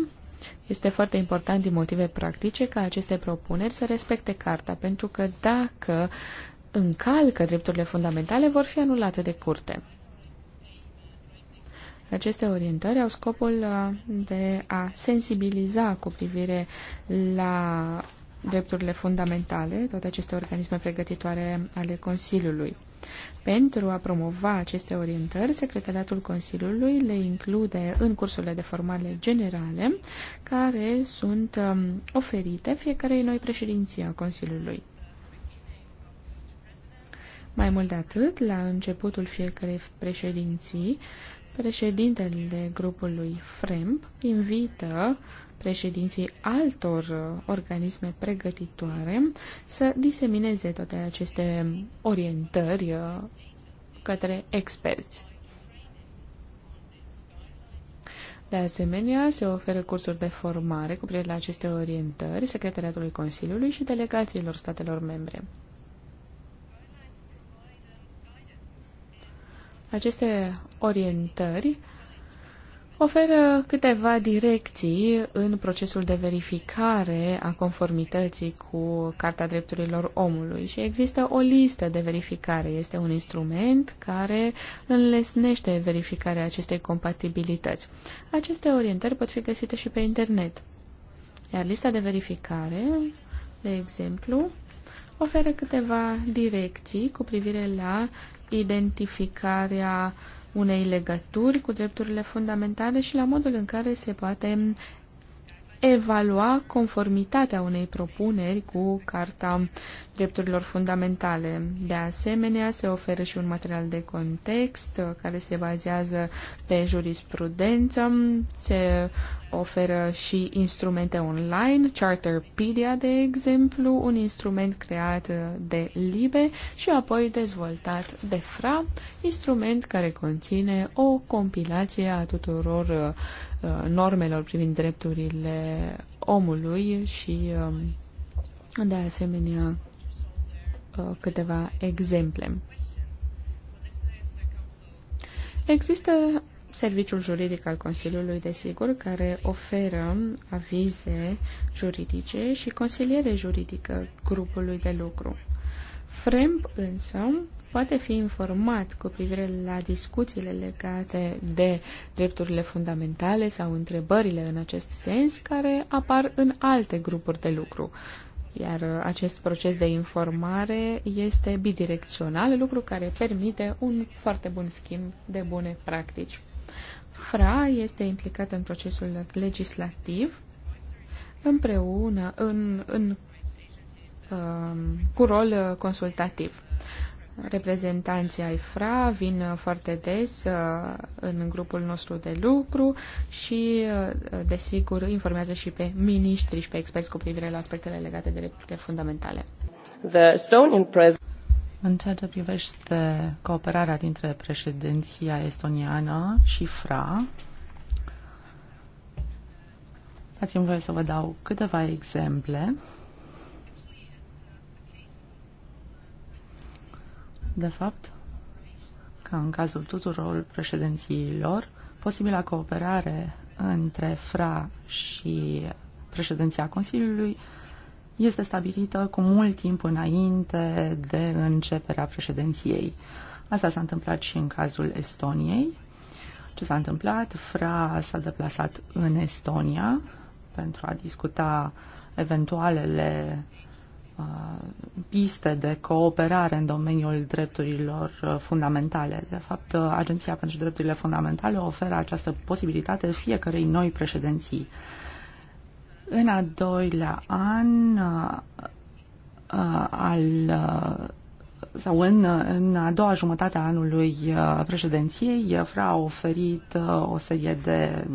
este foarte important din motive practice ca aceste propuneri să respecte carta, pentru că dacă încalcă drepturile fundamentale, vor fi anulate de curte. Aceste orientări au scopul uh, de a sensibiliza cu privire la drepturile fundamentale, toate aceste organisme pregătitoare ale Consiliului. Pentru a promova aceste orientări, Secretariatul Consiliului le include în cursurile de formare generale care sunt um, oferite fiecarei noi președinții a Consiliului. Mai mult de atât, la începutul fiecarei președinții, președintele grupului FREMP invită președinții altor uh, organisme pregătitoare să disemineze toate aceste orientări uh, către experți. De asemenea, se oferă cursuri de formare cu privire la aceste orientări Secretariatului Consiliului și delegațiilor statelor membre. Aceste orientări oferă câteva direcții în procesul de verificare a conformității cu Carta Drepturilor Omului și există o listă de verificare. Este un instrument care înlesnește verificarea acestei compatibilități. Aceste orientări pot fi găsite și pe internet. Iar lista de verificare, de exemplu, oferă câteva direcții cu privire la identificarea uh, unei legături cu drepturile fundamentale și la modul în care se poate evalua conformitatea unei propuneri cu Carta Drepturilor Fundamentale. De asemenea, se oferă și un material de context uh, care se bazează pe jurisprudență, se oferă și instrumente online, Charterpedia, de exemplu, un instrument creat de Libe și apoi dezvoltat de Fra, instrument care conține o compilație a tuturor uh, normelor privind drepturile omului și, uh, de asemenea, uh, câteva exemple. Există Serviciul juridic al Consiliului, desigur, care oferă avize juridice și consiliere juridică grupului de lucru. FREMP însă poate fi informat cu privire la discuțiile legate de drepturile fundamentale sau întrebările în acest sens care apar în alte grupuri de lucru. Iar uh, acest proces de informare este bidirecțional, lucru care permite un foarte bun schimb de bune practici. FRA este implicat în procesul legislativ împreună în, în, um, cu rol consultativ. Reprezentanții ai FRA vin foarte des uh, în grupul nostru de lucru și, uh, desigur, informează și pe miniștri și pe experți cu privire la aspectele legate de drepturile fundamentale. The stone in present în ceea ce privește cooperarea dintre președinția estoniană și FRA, dați-mi voie să vă dau câteva exemple. De fapt, ca în cazul tuturor președințiilor, posibila cooperare între FRA și președinția Consiliului este stabilită cu mult timp înainte de începerea președinției. Asta s-a întâmplat și în cazul Estoniei. Ce s-a întâmplat? FRA s-a deplasat în Estonia pentru a discuta eventualele uh, piste de cooperare în domeniul drepturilor uh, fundamentale. De fapt, uh, Agenția pentru Drepturile Fundamentale oferă această posibilitate fiecărei noi președinții. În a doilea an uh, uh, al uh, sau în, în a doua jumătate a anului președinției, FRA a oferit o serie de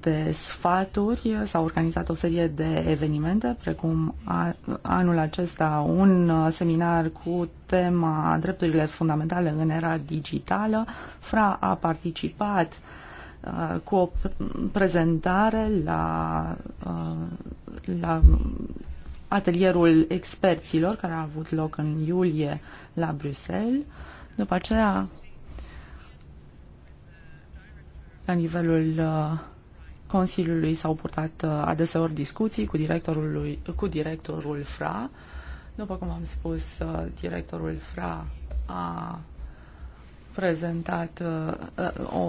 de sfaturi, s-a organizat o serie de evenimente, precum a, anul acesta un seminar cu tema Drepturile fundamentale în era digitală. FRA a participat Uh, cu o prezentare la, uh, la atelierul experților care a avut loc în iulie la Bruxelles. După aceea, la nivelul uh, Consiliului s-au purtat adeseori discuții cu directorul, lui, cu directorul FRA. După cum am spus, directorul FRA a prezentat uh, o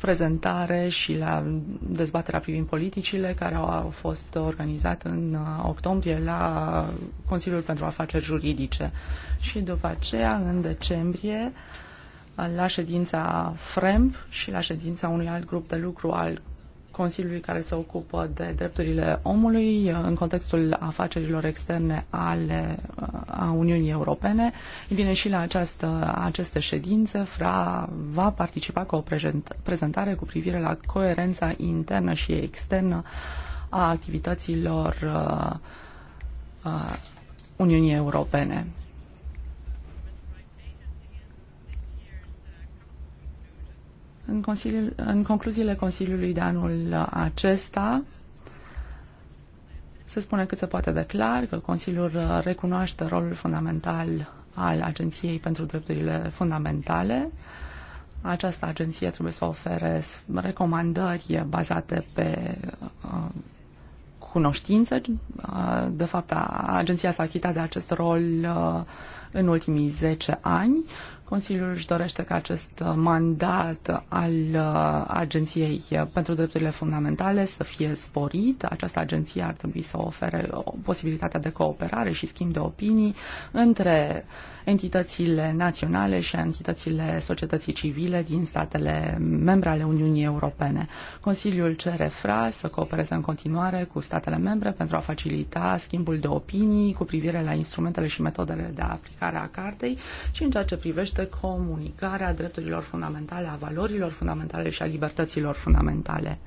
prezentare și la dezbaterea privind politicile care au fost organizate în uh, octombrie la Consiliul pentru Afaceri Juridice. Și după aceea, în decembrie, la ședința FREMP și la ședința unui alt grup de lucru al Consiliului care se ocupă de drepturile omului în contextul afacerilor externe ale a Uniunii Europene. bine, și la această, aceste ședințe, FRA va participa cu o prezentare cu privire la coerența internă și externă a activităților Uniunii Europene. În, consiliul, în concluziile Consiliului de anul acesta se spune cât se poate de clar că Consiliul recunoaște rolul fundamental al Agenției pentru Drepturile Fundamentale. Această agenție trebuie să ofere recomandări bazate pe uh, cunoștințe. De fapt, agenția s-a achitat de acest rol uh, în ultimii 10 ani Consiliul își dorește ca acest uh, mandat al uh, Agenției uh, pentru Drepturile Fundamentale să fie sporit. Această agenție ar trebui să ofere o posibilitatea de cooperare și schimb de opinii între uh, entitățile naționale și entitățile societății civile din statele membre ale Uniunii Europene. Consiliul cere FRA să coopereze în continuare cu statele membre pentru a facilita schimbul de opinii cu privire la instrumentele și metodele de aplicare a cartei și în ceea ce privește comunicarea drepturilor fundamentale, a valorilor fundamentale și a libertăților fundamentale.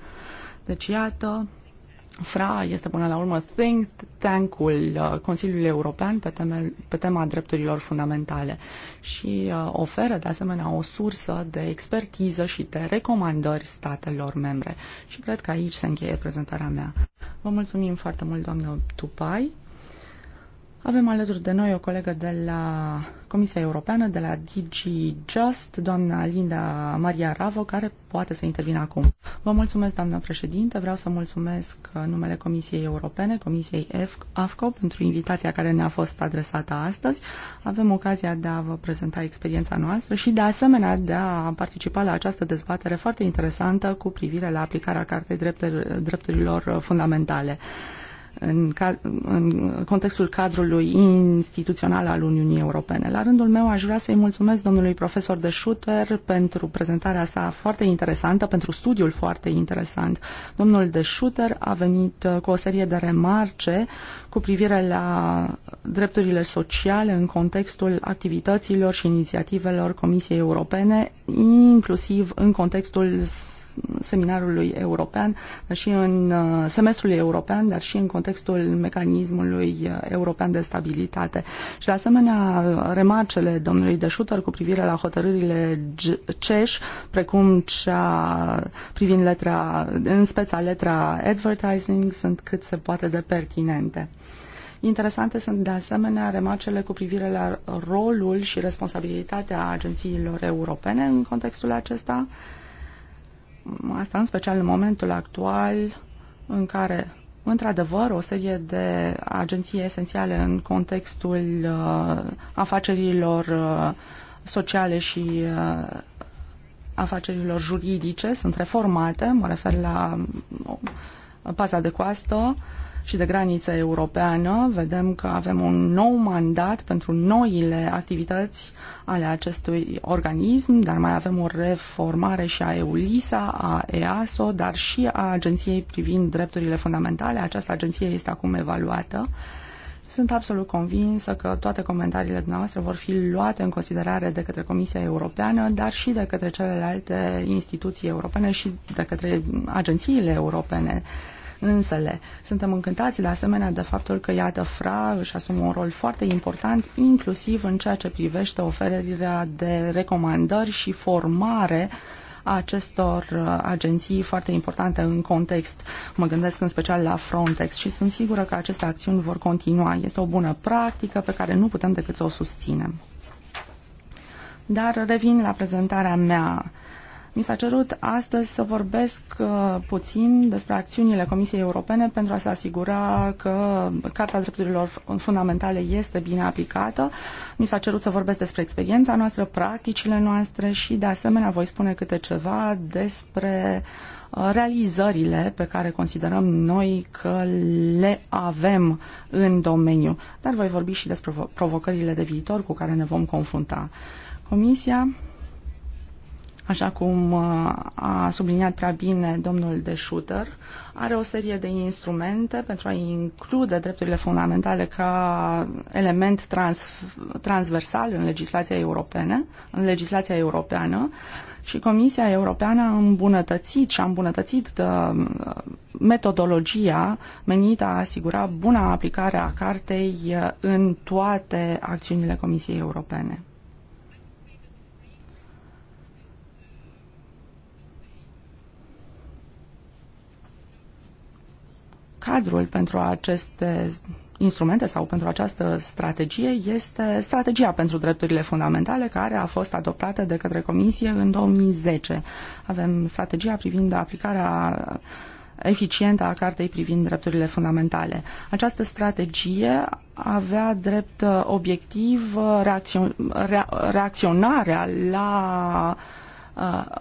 Deci, iată, FRA este până la urmă think tank-ul uh, Consiliului European pe, temel, pe tema drepturilor fundamentale și uh, oferă de asemenea o sursă de expertiză și de recomandări statelor membre. Și cred că aici se încheie prezentarea mea. Vă mulțumim foarte mult, doamnă Tupai. Avem alături de noi o colegă de la Comisia Europeană, de la DG Just, doamna Linda Maria Ravo, care poate să intervină acum. Vă mulțumesc, doamna președinte, vreau să mulțumesc uh, numele Comisiei Europene, Comisiei AFCO, pentru invitația care ne-a fost adresată astăzi. Avem ocazia de a vă prezenta experiența noastră și, de asemenea, de a participa la această dezbatere foarte interesantă cu privire la aplicarea Cartei Drepturilor Fundamentale în, ca, în contextul cadrului instituțional al Uniunii Europene. La rândul meu aș vrea să-i mulțumesc domnului profesor de Schutter pentru prezentarea sa foarte interesantă, pentru studiul foarte interesant. Domnul de Schutter a venit uh, cu o serie de remarce cu privire la drepturile sociale în contextul activităților și inițiativelor Comisiei Europene, inclusiv în contextul seminarului european, dar și în uh, semestrul european, dar și în contextul mecanismului uh, european de stabilitate. Și de asemenea, remarcele domnului de cu privire la hotărârile ceș, precum cea privind letra, în speța letra advertising, sunt cât se poate de pertinente. Interesante sunt de asemenea remarcele cu privire la rolul și responsabilitatea agențiilor europene în contextul acesta. Uh, Asta în special în momentul actual în care, într-adevăr, o serie de agenții esențiale în contextul uh, afacerilor uh, sociale și uh, afacerilor juridice sunt reformate, mă refer la uh, paza de coastă, și de graniță europeană, vedem că avem un nou mandat pentru noile activități ale acestui organism, dar mai avem o reformare și a EULISA, a EASO, dar și a agenției privind drepturile fundamentale. Această agenție este acum evaluată. Sunt absolut convinsă că toate comentariile noastre vor fi luate în considerare de către Comisia Europeană, dar și de către celelalte instituții europene și de către agențiile europene însele. Suntem încântați de asemenea de faptul că, iată, FRA își asumă un rol foarte important, inclusiv în ceea ce privește oferirea de recomandări și formare a acestor uh, agenții foarte importante în context. Mă gândesc în special la Frontex și sunt sigură că aceste acțiuni vor continua. Este o bună practică pe care nu putem decât să o susținem. Dar revin la prezentarea mea mi s-a cerut astăzi să vorbesc uh, puțin despre acțiunile Comisiei Europene pentru a se asigura că Carta Drepturilor Fundamentale este bine aplicată. Mi s-a cerut să vorbesc despre experiența noastră, practicile noastre și, de asemenea, voi spune câte ceva despre uh, realizările pe care considerăm noi că le avem în domeniu. Dar voi vorbi și despre provocările de viitor cu care ne vom confrunta. Comisia așa cum uh, a subliniat prea bine domnul de Schutter, are o serie de instrumente pentru a include drepturile fundamentale ca element trans, transversal în legislația europeană, în legislația europeană și Comisia Europeană a îmbunătățit și a îmbunătățit uh, metodologia menită a asigura buna aplicare a cartei uh, în toate acțiunile Comisiei Europene. Cadrul pentru aceste instrumente sau pentru această strategie este strategia pentru drepturile fundamentale care a fost adoptată de către Comisie în 2010. Avem strategia privind aplicarea eficientă a cartei privind drepturile fundamentale. Această strategie avea drept uh, obiectiv uh, reacțion, re, reacționarea la uh,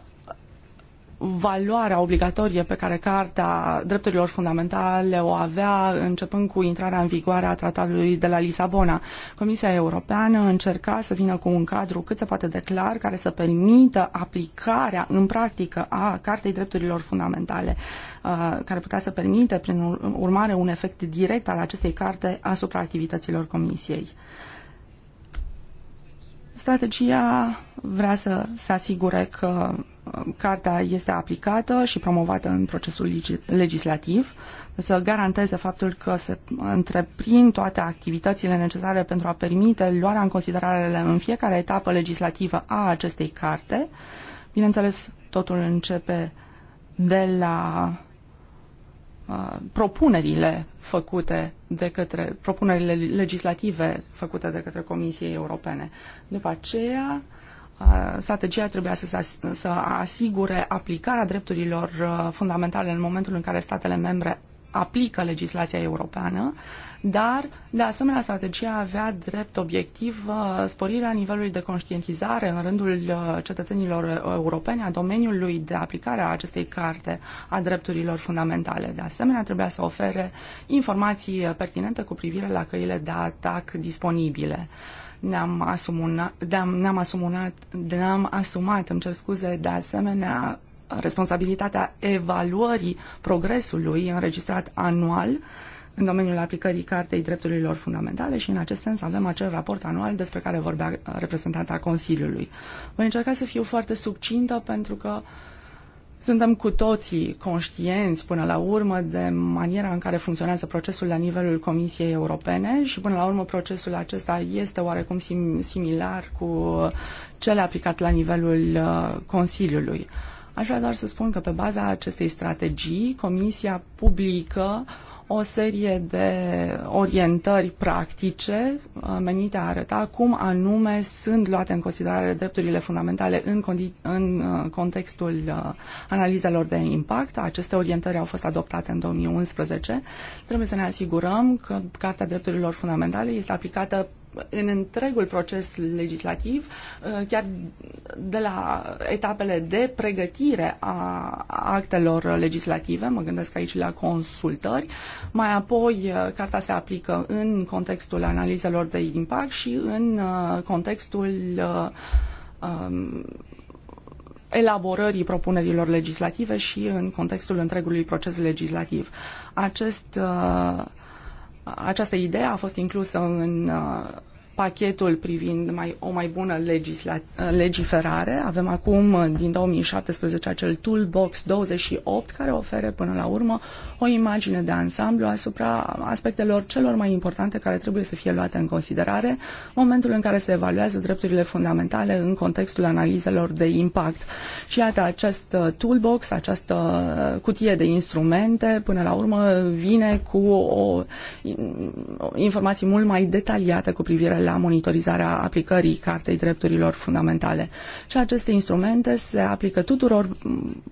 valoarea obligatorie pe care Carta Drepturilor Fundamentale o avea începând cu intrarea în vigoare a tratatului de la Lisabona. Comisia Europeană încerca să vină cu un cadru cât se poate de clar care să permită aplicarea în practică a Cartei Drepturilor Fundamentale, uh, care putea să permite prin urmare un efect direct al acestei carte asupra activităților Comisiei. Strategia vrea să se asigure că Carta este aplicată și promovată în procesul legislativ, să garanteze faptul că se întreprind toate activitățile necesare pentru a permite luarea în considerare în fiecare etapă legislativă a acestei carte. Bineînțeles, totul începe de la uh, propunerile făcute de către propunerile legislative făcute de către Comisiei Europene. După aceea, Uh, strategia trebuia să, să asigure aplicarea drepturilor uh, fundamentale în momentul în care statele membre aplică legislația europeană, dar, de asemenea, strategia avea drept obiectiv uh, sporirea nivelului de conștientizare în rândul cetățenilor europeni a domeniului de aplicare a acestei carte a drepturilor fundamentale. De asemenea, trebuia să ofere informații pertinente cu privire la căile de atac disponibile. Uh, ne-am asumat, ne-am asumat, ne-am asumat, îmi cer scuze, de asemenea, responsabilitatea evaluării progresului înregistrat anual în domeniul aplicării Cartei Drepturilor Fundamentale și în acest sens avem acel raport anual despre care vorbea reprezentanta Consiliului. Voi încerca să fiu foarte subcintă pentru că uh, suntem cu toții conștienți până la urmă de maniera în care funcționează procesul la nivelul Comisiei Europene și până la urmă procesul acesta este oarecum sim- similar cu cel aplicat la nivelul uh, Consiliului. Aș vrea doar să spun că pe baza acestei strategii Comisia publică uh, o serie de orientări practice uh, menite a arăta cum anume sunt luate în considerare drepturile fundamentale în, în uh, contextul uh, analizelor de impact. Aceste orientări au fost adoptate în 2011. Trebuie să ne asigurăm că Carta Drepturilor Fundamentale este aplicată în întregul proces legislativ, uh, chiar de la etapele de pregătire a actelor legislative, mă gândesc aici la consultări, mai apoi uh, carta se aplică în contextul analizelor de impact și în uh, contextul um, elaborării propunerilor legislative și în contextul întregului proces legislativ. Acest uh, această idee a fost inclusă în uh, pachetul privind mai, o mai bună uh, legiferare. Avem acum, uh, din 2017, acel Toolbox 28, care ofere până la urmă o imagine de ansamblu asupra aspectelor celor mai importante care trebuie să fie luate în considerare în momentul în care se evaluează drepturile fundamentale în contextul analizelor de impact. Și iată, acest uh, toolbox, această cutie de instrumente, până la urmă vine cu o, o informații mult mai detaliată cu privire la la monitorizarea aplicării Cartei Drepturilor Fundamentale. Și aceste instrumente se aplică tuturor mm,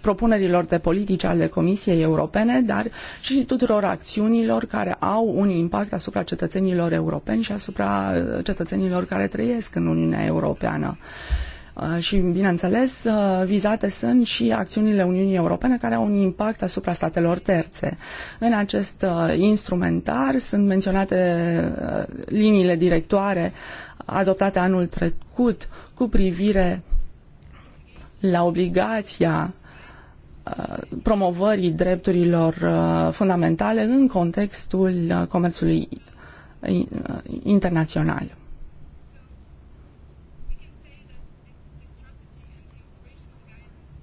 propunerilor de politici ale Comisiei Europene, dar și tuturor acțiunilor care au un impact asupra cetățenilor europeni și asupra uh, cetățenilor care trăiesc în Uniunea Europeană. Uh, și, bineînțeles, uh, vizate sunt și acțiunile Uniunii Europene care au un impact asupra statelor terțe. În acest uh, instrumentar sunt menționate liniile directoare adoptate anul trecut cu privire la obligația promovării drepturilor fundamentale în contextul comerțului internațional.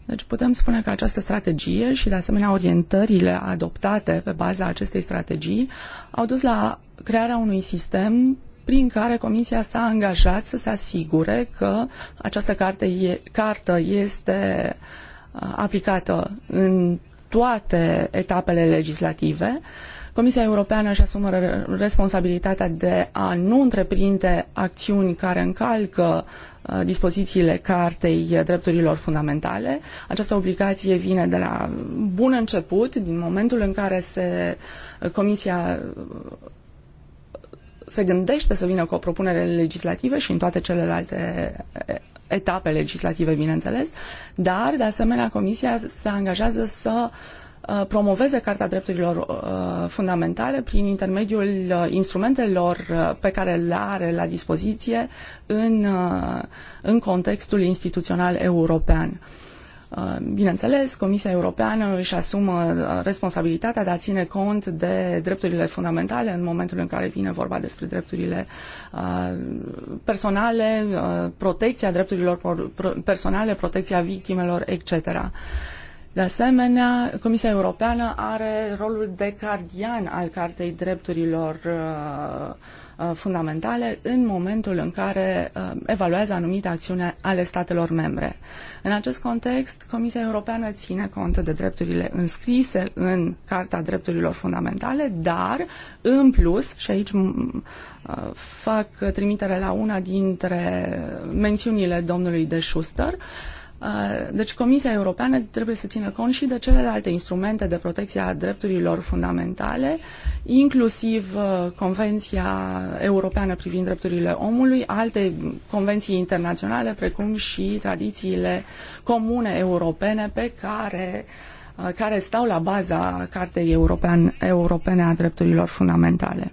Deci putem spune că această strategie și, de asemenea, orientările adoptate pe baza acestei strategii au dus la crearea unui sistem prin care Comisia s-a angajat să se asigure că această carte e, cartă este uh, aplicată în toate etapele legislative uh, Comisia Europeană își asumă responsabilitatea de a nu întreprinde acțiuni care încalcă uh, dispozițiile Cartei Drepturilor Fundamentale. Această obligație vine de la bun început, din momentul în care se, uh, Comisia uh, se gândește să vină cu o propunere legislativă și în toate celelalte etape legislative, bineînțeles, dar, de asemenea, Comisia se angajează să uh, Uh, promoveze Carta Drepturilor uh, Fundamentale prin intermediul uh, instrumentelor pe care le are la dispoziție în, în contextul instituțional european. Bineînțeles, Comisia Europeană își asumă responsabilitatea de a ține cont de drepturile fundamentale în momentul în care vine vorba despre drepturile personale, protecția drepturilor personale, protecția victimelor, etc. De asemenea, Comisia Europeană are rolul de gardian al Cartei Drepturilor uh, uh, fundamentale în momentul în care uh, evaluează anumite acțiuni ale statelor membre. În acest context, Comisia Europeană ține cont de drepturile înscrise în Carta Drepturilor Fundamentale, dar, în plus, și aici fac trimitere la una dintre mențiunile domnului de Schuster, uh, Uh, deci Comisia Europeană trebuie să țină cont și de celelalte instrumente de protecție a drepturilor fundamentale, inclusiv uh, Convenția Europeană privind drepturile omului, alte convenții internaționale, precum și tradițiile comune europene pe care uh, care stau la baza Cartei Europene a Drepturilor Fundamentale.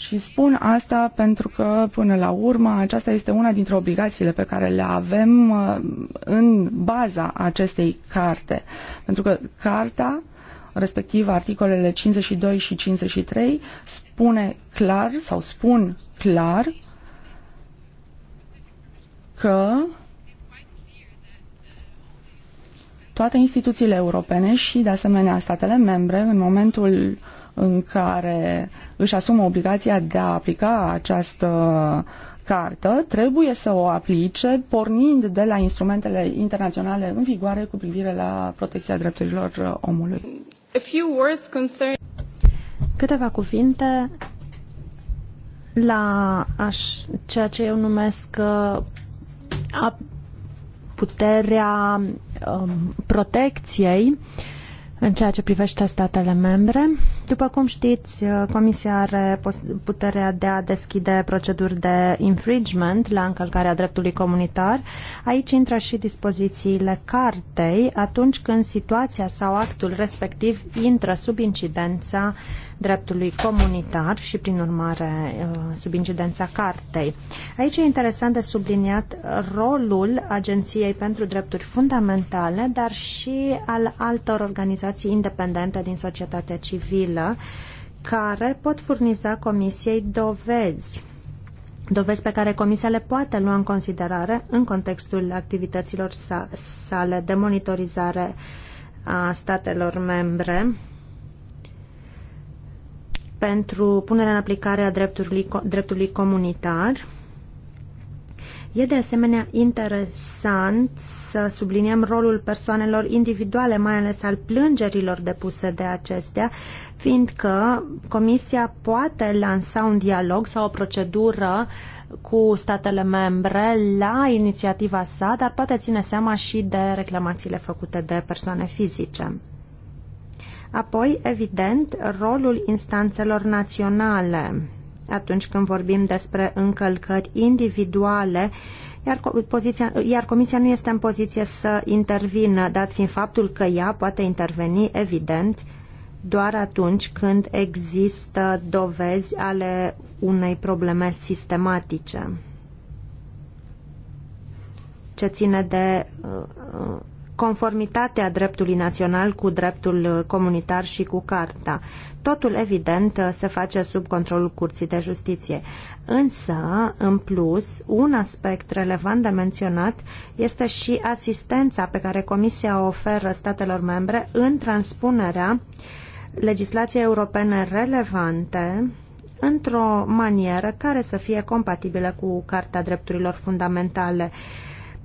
Și spun asta pentru că, până la urmă, aceasta este una dintre obligațiile pe care le avem uh, în baza acestei carte. Pentru că carta, respectiv articolele 52 și 53, spune clar sau spun clar că toate instituțiile europene și, de asemenea, statele membre, în momentul uh, în care își asumă obligația de a aplica această cartă, trebuie să o aplice pornind de la instrumentele internaționale în vigoare cu privire la protecția drepturilor omului. Câteva cuvinte la aș, ceea ce eu numesc uh, a puterea um, protecției uh, în ceea ce privește statele membre. După cum știți, uh, Comisia are puterea de a deschide proceduri de infringement la încălcarea dreptului comunitar. Aici intră și dispozițiile cartei atunci când situația sau actul respectiv intră sub incidența dreptului comunitar și, prin urmare, uh, sub incidența cartei. Aici e interesant de subliniat rolul Agenției pentru Drepturi Fundamentale, dar și al altor organizații independente din societatea civilă, care pot furniza Comisiei dovezi dovezi pe care Comisia le poate lua în considerare în contextul activităților sale de monitorizare a statelor membre pentru punerea în aplicare a dreptului, dreptului comunitar. E de asemenea interesant să subliniem rolul persoanelor individuale, mai ales al plângerilor depuse de acestea, fiindcă Comisia poate lansa un dialog sau o procedură cu statele membre la inițiativa sa, dar poate ține seama și de reclamațiile făcute de persoane fizice. Apoi, evident, rolul instanțelor naționale atunci când vorbim despre încălcări individuale, iar, poziția, iar Comisia nu este în poziție să intervină, dat fiind faptul că ea poate interveni, evident, doar atunci când există dovezi ale unei probleme sistematice ce ține de uh, uh, conformitatea dreptului național cu dreptul comunitar și cu carta. Totul, evident, se face sub controlul Curții de Justiție. Însă, în plus, un aspect relevant de menționat este și asistența pe care Comisia o oferă statelor membre în transpunerea legislației europene relevante într-o manieră care să fie compatibilă cu Carta Drepturilor Fundamentale. Uh,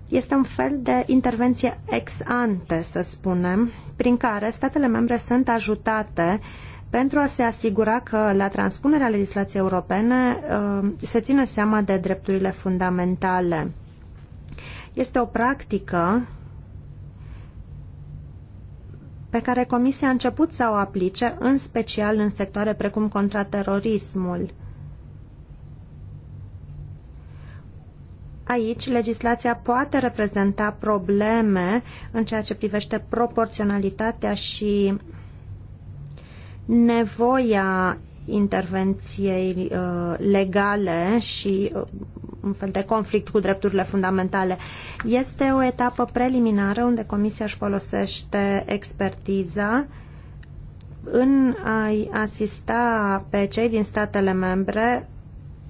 este un fel de intervenție ex ante, să spunem, prin care statele membre sunt ajutate pentru a se asigura că la transpunerea legislației europene uh, se ține seama de drepturile fundamentale. Este o practică pe care Comisia a început să o aplice, în special în sectoare precum contraterorismul. Aici, legislația poate reprezenta probleme în ceea ce privește proporționalitatea și nevoia intervenției uh, legale și uh, un fel de conflict cu drepturile fundamentale. Este o etapă preliminară unde Comisia își folosește expertiza în a-i asista pe cei din statele membre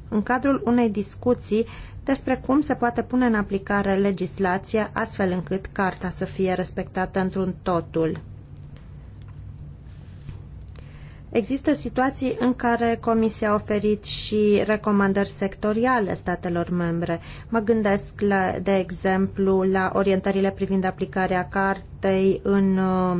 în cadrul unei discuții despre cum se poate pune în aplicare legislația astfel încât carta să fie respectată într-un totul. Există situații în care Comisia a oferit și recomandări sectoriale statelor membre. Mă gândesc, la, de exemplu, la orientările privind aplicarea cartei în uh,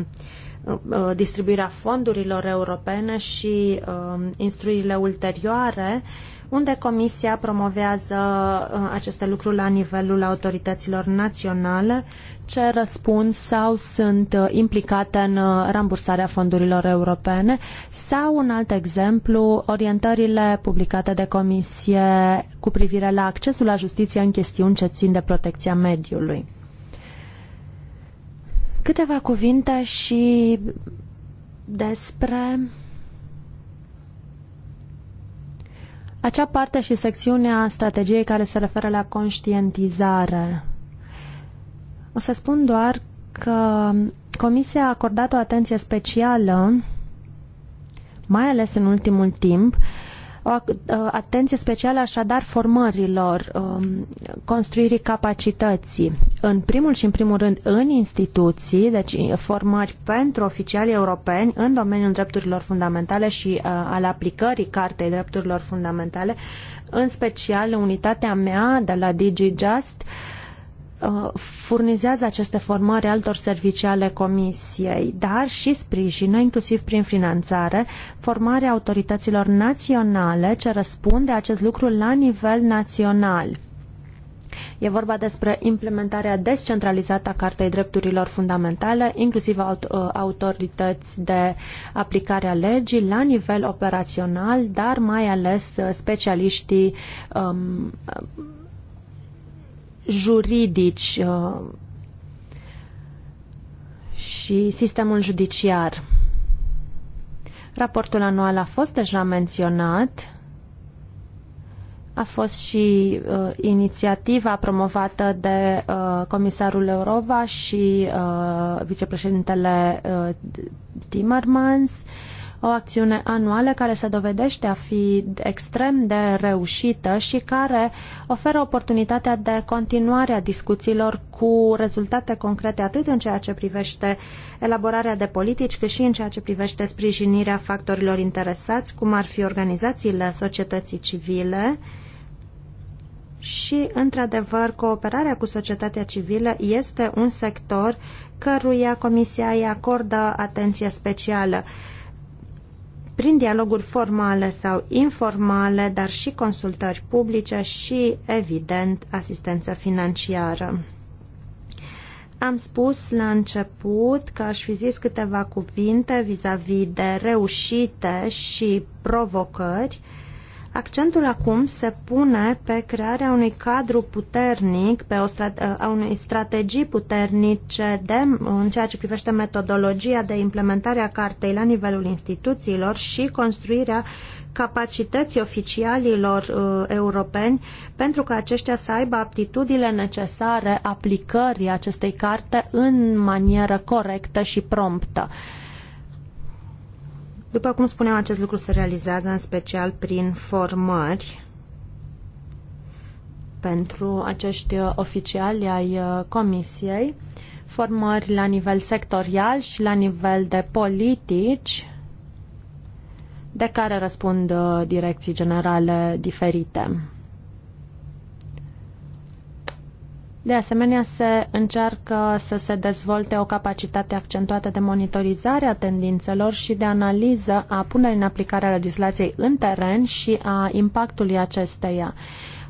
uh, distribuirea fondurilor europene și uh, instruirile ulterioare uh, unde Comisia promovează uh, aceste lucruri la nivelul autorităților naționale ce răspund sau sunt uh, implicate în uh, rambursarea fondurilor europene sau un alt exemplu, orientările publicate de Comisie cu privire la accesul la justiție în chestiuni ce țin de protecția mediului. Câteva cuvinte și despre acea parte și secțiunea strategiei care se referă la conștientizare. O să spun doar că Comisia a acordat o atenție specială, mai ales în ultimul timp, uh, o ă, atenție specială așadar formărilor, um, construirii capacității, în primul și în primul rând în instituții, deci formări pentru oficialii europeni în domeniul drepturilor fundamentale și ă, al aplicării Cartei Drepturilor Fundamentale, în special unitatea mea de la DigiJust, Just, Uh, furnizează aceste formări altor servicii ale Comisiei, dar și sprijină, inclusiv prin finanțare, formarea autorităților naționale ce răspunde acest lucru la nivel național. E vorba despre implementarea descentralizată a Cartei Drepturilor Fundamentale, inclusiv uh, autorități de aplicare a legii la nivel operațional, dar mai ales uh, specialiștii um, juridici uh, și sistemul judiciar. Raportul anual a fost deja menționat. A fost și uh, inițiativa promovată de uh, comisarul Eurova și uh, vicepreședintele uh, Timmermans. Uh, o acțiune anuală care se dovedește a fi extrem de reușită și care oferă oportunitatea de continuare a discuțiilor cu rezultate concrete atât în ceea ce privește elaborarea de politici, cât și în ceea ce privește sprijinirea factorilor interesați, cum ar fi organizațiile societății civile, și, într-adevăr, cooperarea cu societatea civilă este un sector căruia Comisia îi acordă atenție specială prin dialoguri formale sau informale, dar și consultări publice și, evident, asistență financiară. Am spus la început că aș fi zis câteva cuvinte vis-a-vis -vis de reușite și provocări Accentul acum se pune pe crearea unui cadru puternic, pe o strate- a unei strategii puternice de, în ceea ce privește metodologia de implementare a cartei la nivelul instituțiilor și construirea capacității oficialilor uh, europeni pentru că aceștia să aibă aptitudile necesare aplicării acestei carte în manieră corectă și promptă. Uh, după cum spuneam, acest lucru se realizează în special prin formări pentru acești oficiali ai uh, Comisiei, formări la nivel sectorial și la nivel de politici, de care răspund uh, direcții generale diferite. De asemenea, se încearcă să se dezvolte o capacitate accentuată de monitorizare a tendințelor și de analiză a punerii în aplicare a legislației în teren și a impactului acesteia.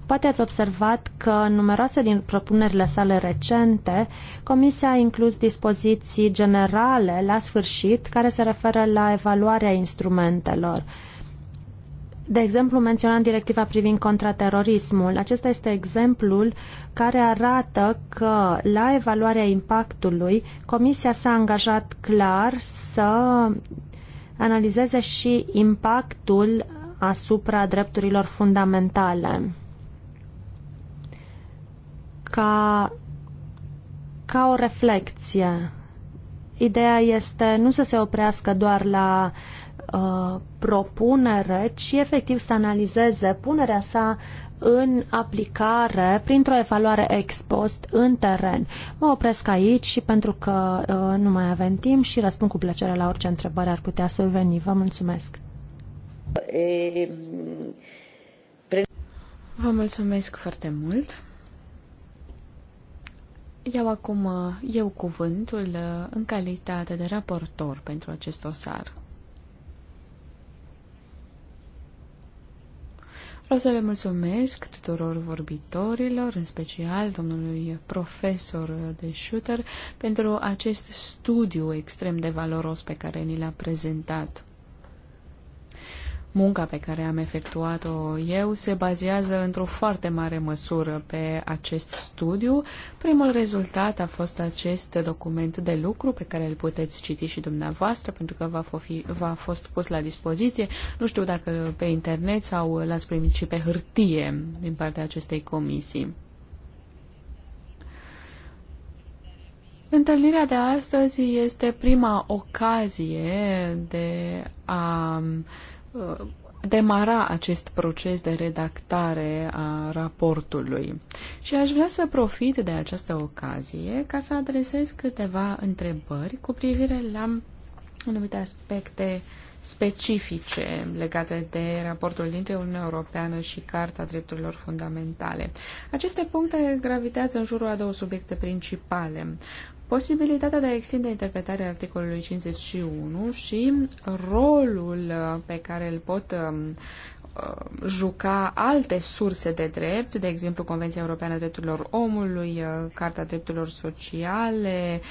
Poate ați observat că în numeroase din propunerile sale recente, Comisia a inclus dispoziții generale la sfârșit care se referă la evaluarea instrumentelor. De exemplu, menționam directiva privind contraterorismul. Acesta este exemplul care arată că, la evaluarea impactului, Comisia s-a angajat clar să analizeze și impactul asupra drepturilor fundamentale. Ca, ca o reflexie, ideea este nu să se oprească doar la uh, propunere, ci efectiv să analizeze punerea sa în aplicare printr-o evaluare ex post în teren. Mă opresc aici și pentru că uh, nu mai avem timp și răspund cu plăcere la orice întrebare ar putea să veni. Vă mulțumesc! Vă mulțumesc foarte mult! Iau acum uh, eu cuvântul uh, în calitate de raportor pentru acest osar. Vreau să le mulțumesc tuturor vorbitorilor, în special domnului profesor de shooter pentru acest studiu extrem de valoros pe care ni l-a prezentat. Munca pe care am efectuat-o eu se bazează într-o foarte mare măsură pe acest studiu. Primul rezultat a fost acest document de lucru pe care îl puteți citi și dumneavoastră pentru că va a fost pus la dispoziție. Nu știu dacă pe internet sau l-ați primit și pe hârtie din partea acestei comisii. Întâlnirea de astăzi este prima ocazie de a Uh, demara acest proces de redactare a raportului. Și aș vrea să profit de această ocazie ca să adresez câteva întrebări cu privire la anumite aspecte specifice legate de raportul dintre Uniunea Europeană și Carta Drepturilor Fundamentale. Aceste puncte gravitează în jurul a două subiecte principale posibilitatea de a extinde interpretarea articolului 51 și rolul uh, pe care îl pot um, uh, juca alte surse de drept, de exemplu Convenția Europeană a Drepturilor Omului, uh, Carta Drepturilor Sociale,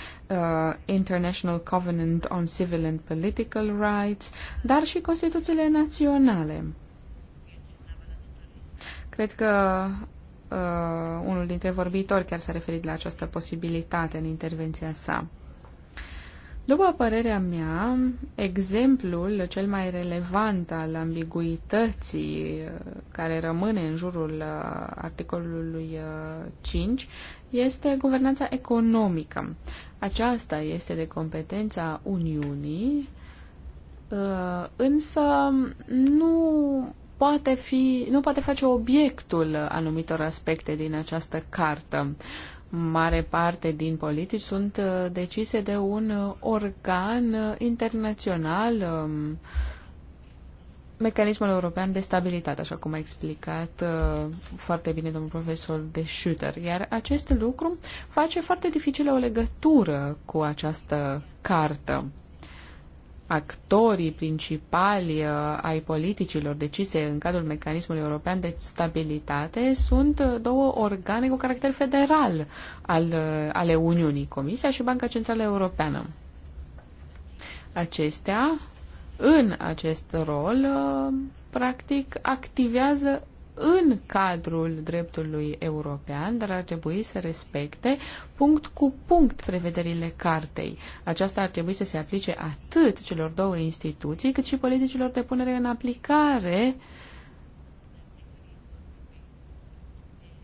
International Covenant on Civil and Political Rights, dar și Constituțiile Naționale. Cred că uh, unul dintre vorbitori chiar s-a referit la această posibilitate în intervenția sa. După părerea mea, exemplul cel mai relevant al ambiguității uh, care rămâne în jurul uh, articolului 5 uh, este guvernanța economică. Aceasta este de competența Uniunii, însă nu poate fi, nu poate face obiectul anumitor aspecte din această cartă. Mare parte din politici sunt uh, decise de un uh, organ uh, internațional, um, mecanismul european de stabilitate, așa cum a explicat foarte bine domnul profesor de Schutter. Iar acest lucru face foarte dificilă o legătură cu această cartă actorii principali uh, ai politicilor decise în cadrul mecanismului european de stabilitate sunt uh, două organe cu caracter federal al, uh, ale Uniunii, Comisia și Banca Centrală Europeană. Acestea, în acest rol, practic activează în cadrul dreptului european, dar ar trebui să respecte punct cu punct prevederile cartei. Aceasta ar trebui să se aplice atât celor două instituții, cât și politicilor de punere în aplicare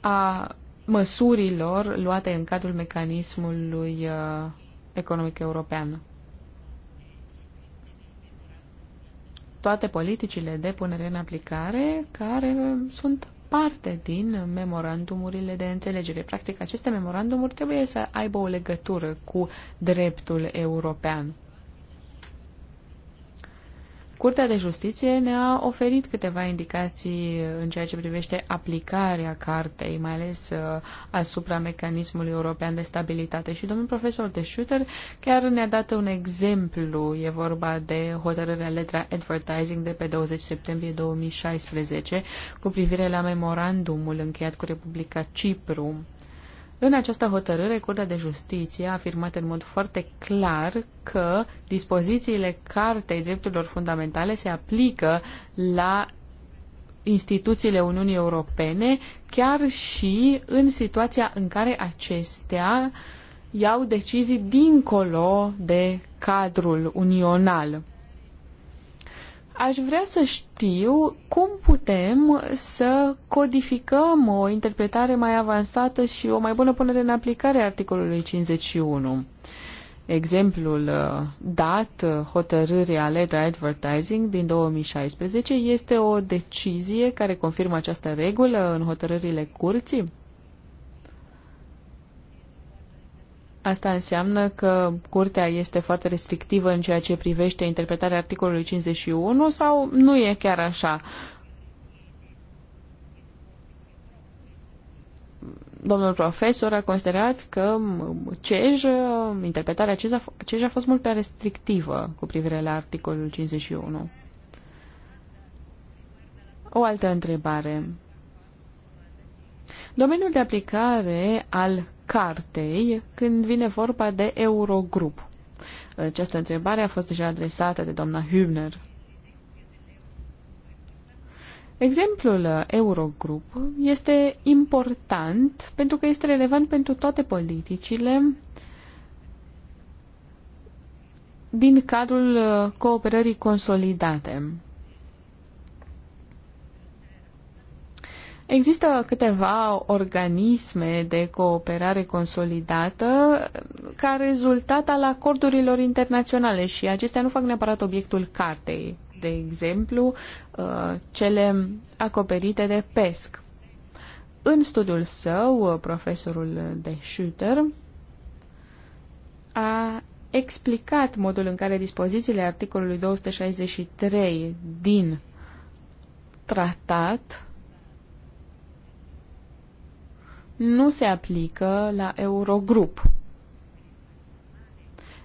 a măsurilor luate în cadrul mecanismului uh, economic european. toate politicile de punere în aplicare care sunt parte din memorandumurile de înțelegere. Practic, aceste memorandumuri trebuie să aibă o legătură cu dreptul european. Curtea de Justiție ne-a oferit câteva indicații în ceea ce privește aplicarea cartei, mai ales uh, asupra mecanismului european de stabilitate. Și domnul profesor de Schutter chiar ne-a dat un exemplu. E vorba de hotărârea letra Advertising de pe 20 septembrie 2016 cu privire la memorandumul încheiat cu Republica Cipru în această hotărâre, Curtea de Justiție a afirmat în mod foarte clar că dispozițiile Cartei Drepturilor Fundamentale se aplică la instituțiile Uniunii Europene, chiar și în situația în care acestea iau decizii dincolo de cadrul unional. Aș vrea să știu cum putem să codificăm o interpretare mai avansată și o mai bună punere în aplicare a articolului 51. Exemplul uh, dat uh, hotărârii Aled Advertising din 2016 este o decizie care confirmă această regulă în hotărârile curții? Asta înseamnă că curtea este foarte restrictivă în ceea ce privește interpretarea articolului 51 sau nu e chiar așa? Domnul profesor a considerat că CEJ, interpretarea CEJ a, CEJ a fost mult prea restrictivă cu privire la articolul 51. O altă întrebare. Domeniul de aplicare al cartei când vine vorba de Eurogrup. Această întrebare a fost deja adresată de doamna Hübner. Exemplul Eurogrup este important pentru că este relevant pentru toate politicile din cadrul cooperării consolidate. Există câteva organisme de cooperare consolidată ca rezultat al acordurilor internaționale și acestea nu fac neapărat obiectul cartei, de exemplu, uh, cele acoperite de PESC. În studiul său, uh, profesorul de Schutter a explicat modul în care dispozițiile articolului 263 din tratat nu se aplică la Eurogrup.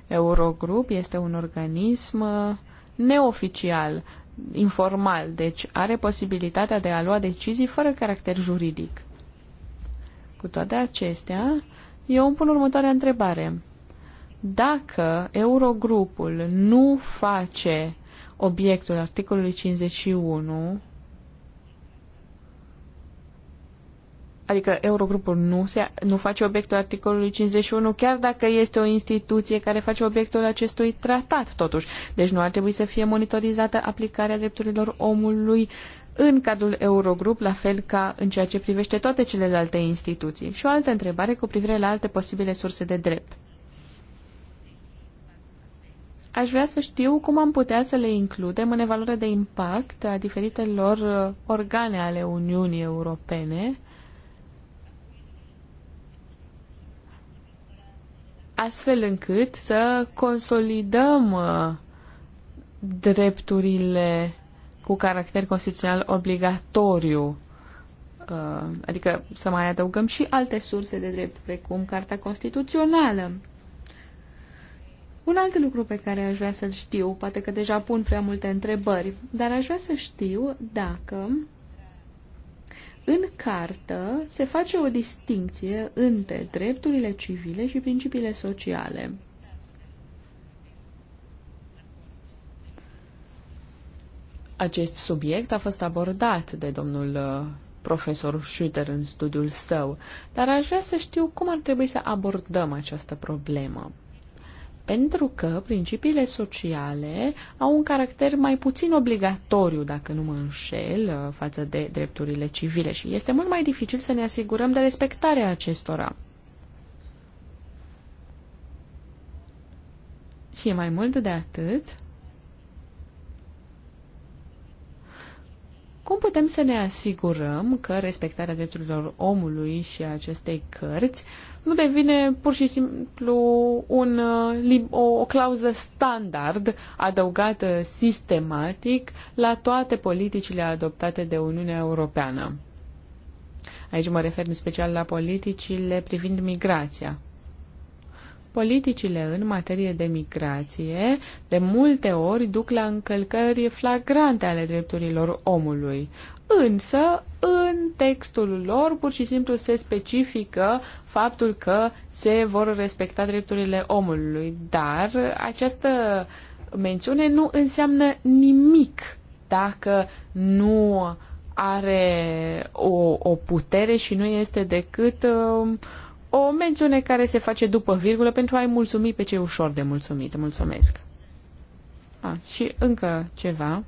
Eurogrup este un organism uh, neoficial, informal, deci are posibilitatea de a lua decizii fără caracter juridic. Cu toate acestea, eu îmi pun următoarea întrebare. Dacă Eurogrupul nu face obiectul articolului 51 adică Eurogrupul nu, se, nu face obiectul articolului 51, chiar dacă este o instituție care face obiectul acestui tratat, totuși. Deci nu ar trebui să fie monitorizată aplicarea drepturilor omului în cadrul Eurogrup, la fel ca în ceea ce privește toate celelalte instituții. Și o altă întrebare cu privire la alte posibile surse de drept. Aș vrea să știu cum am putea să le includem în evaluarea de impact a diferitelor uh, organe ale Uniunii Europene, astfel încât să consolidăm uh, drepturile cu caracter constituțional obligatoriu, uh, adică să mai adăugăm și alte surse de drept, precum Carta Constituțională. Un alt lucru pe care aș vrea să-l știu, poate că deja pun prea multe întrebări, dar aș vrea să știu dacă în cartă se face o distinție între drepturile civile și principiile sociale. Acest subiect a fost abordat de domnul uh, profesor Schutter în studiul său, dar aș vrea să știu cum ar trebui să abordăm această problemă pentru că principiile sociale au un caracter mai puțin obligatoriu, dacă nu mă înșel, uh, față de drepturile civile și este mult mai dificil să ne asigurăm de respectarea acestora. Și mai mult de atât, Cum putem să ne asigurăm că respectarea drepturilor omului și a acestei cărți nu devine pur și simplu un, uh, o, o clauză standard adăugată sistematic la toate politicile adoptate de Uniunea Europeană? Aici mă refer în special la politicile privind migrația. Politicile în materie de migrație de multe ori duc la încălcări flagrante ale drepturilor omului. Însă, în textul lor, pur și simplu se specifică faptul că se vor respecta drepturile omului, dar această mențiune nu înseamnă nimic dacă nu are o, o putere și nu este decât uh, o mențiune care se face după virgulă pentru a-i mulțumi pe cei ușor de mulțumit. Mulțumesc. A, și încă ceva.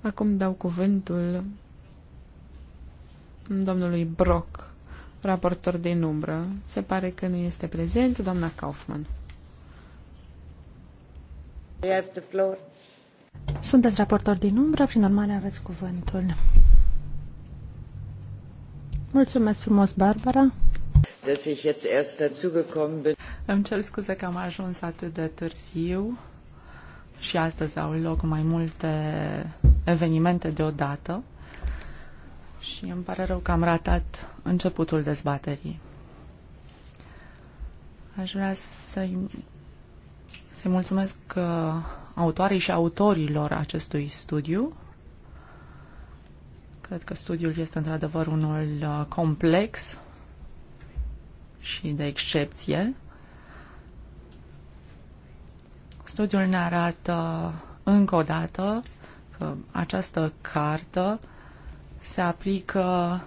Acum dau cuvântul domnului Brock, raportor de umbră. Se pare că nu este prezent, doamna Kaufman. Sunteți raportor din umbră, prin urmare aveți cuvântul. Mulțumesc frumos, Barbara. Îmi cer scuze că am ajuns atât de târziu și astăzi au loc mai multe evenimente deodată și îmi pare rău că am ratat începutul dezbaterii. Aș vrea să-i să mulțumesc uh, autoarei și autorilor acestui studiu. Cred că studiul este într-adevăr unul uh, complex și de excepție. Studiul ne arată încă o dată că această cartă se aplică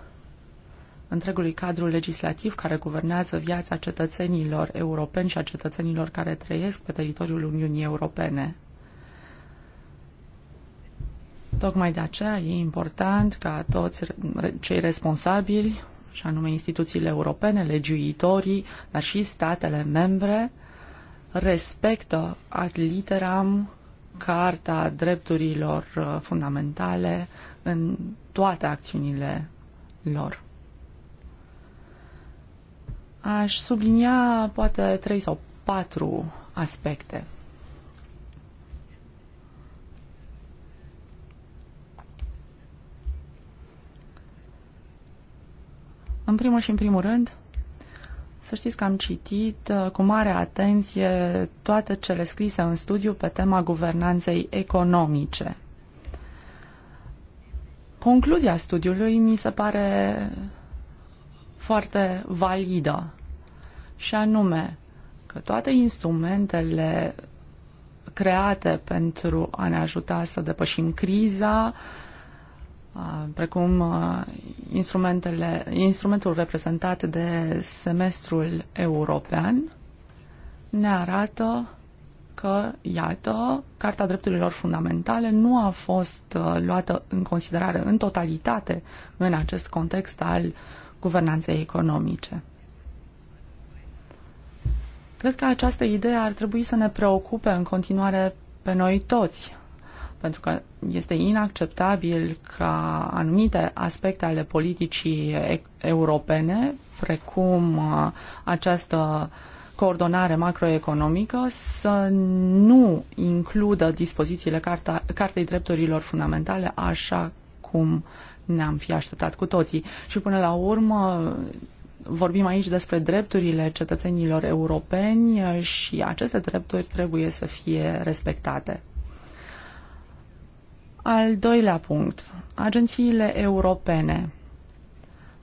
întregului cadru legislativ care guvernează viața cetățenilor europeni și a cetățenilor care trăiesc pe teritoriul Uniunii Europene. Tocmai de aceea e important ca toți cei responsabili și anume instituțiile europene, legiuitorii, dar și statele membre, respectă ad literam Carta Drepturilor uh, Fundamentale în toate acțiunile lor. Aș sublinia poate trei sau patru aspecte. În primul și în primul rând, să știți că am citit uh, cu mare atenție toate cele scrise în studiu pe tema guvernanței economice. Concluzia studiului mi se pare foarte validă și anume că toate instrumentele create pentru a ne ajuta să depășim criza uh, precum instrumentele, instrumentul reprezentat de semestrul european, ne arată că, iată, Carta Drepturilor Fundamentale nu a fost luată în considerare în totalitate în acest context al guvernanței economice. Cred că această idee ar trebui să ne preocupe în continuare pe noi toți, pentru că este inacceptabil ca anumite aspecte ale politicii europene, precum uh, această coordonare macroeconomică, să nu includă dispozițiile Carta, Cartei Drepturilor Fundamentale așa cum ne-am fi așteptat cu toții. Și până la urmă, vorbim aici despre drepturile cetățenilor europeni uh, și aceste drepturi trebuie să fie respectate. Al doilea punct, agențiile europene.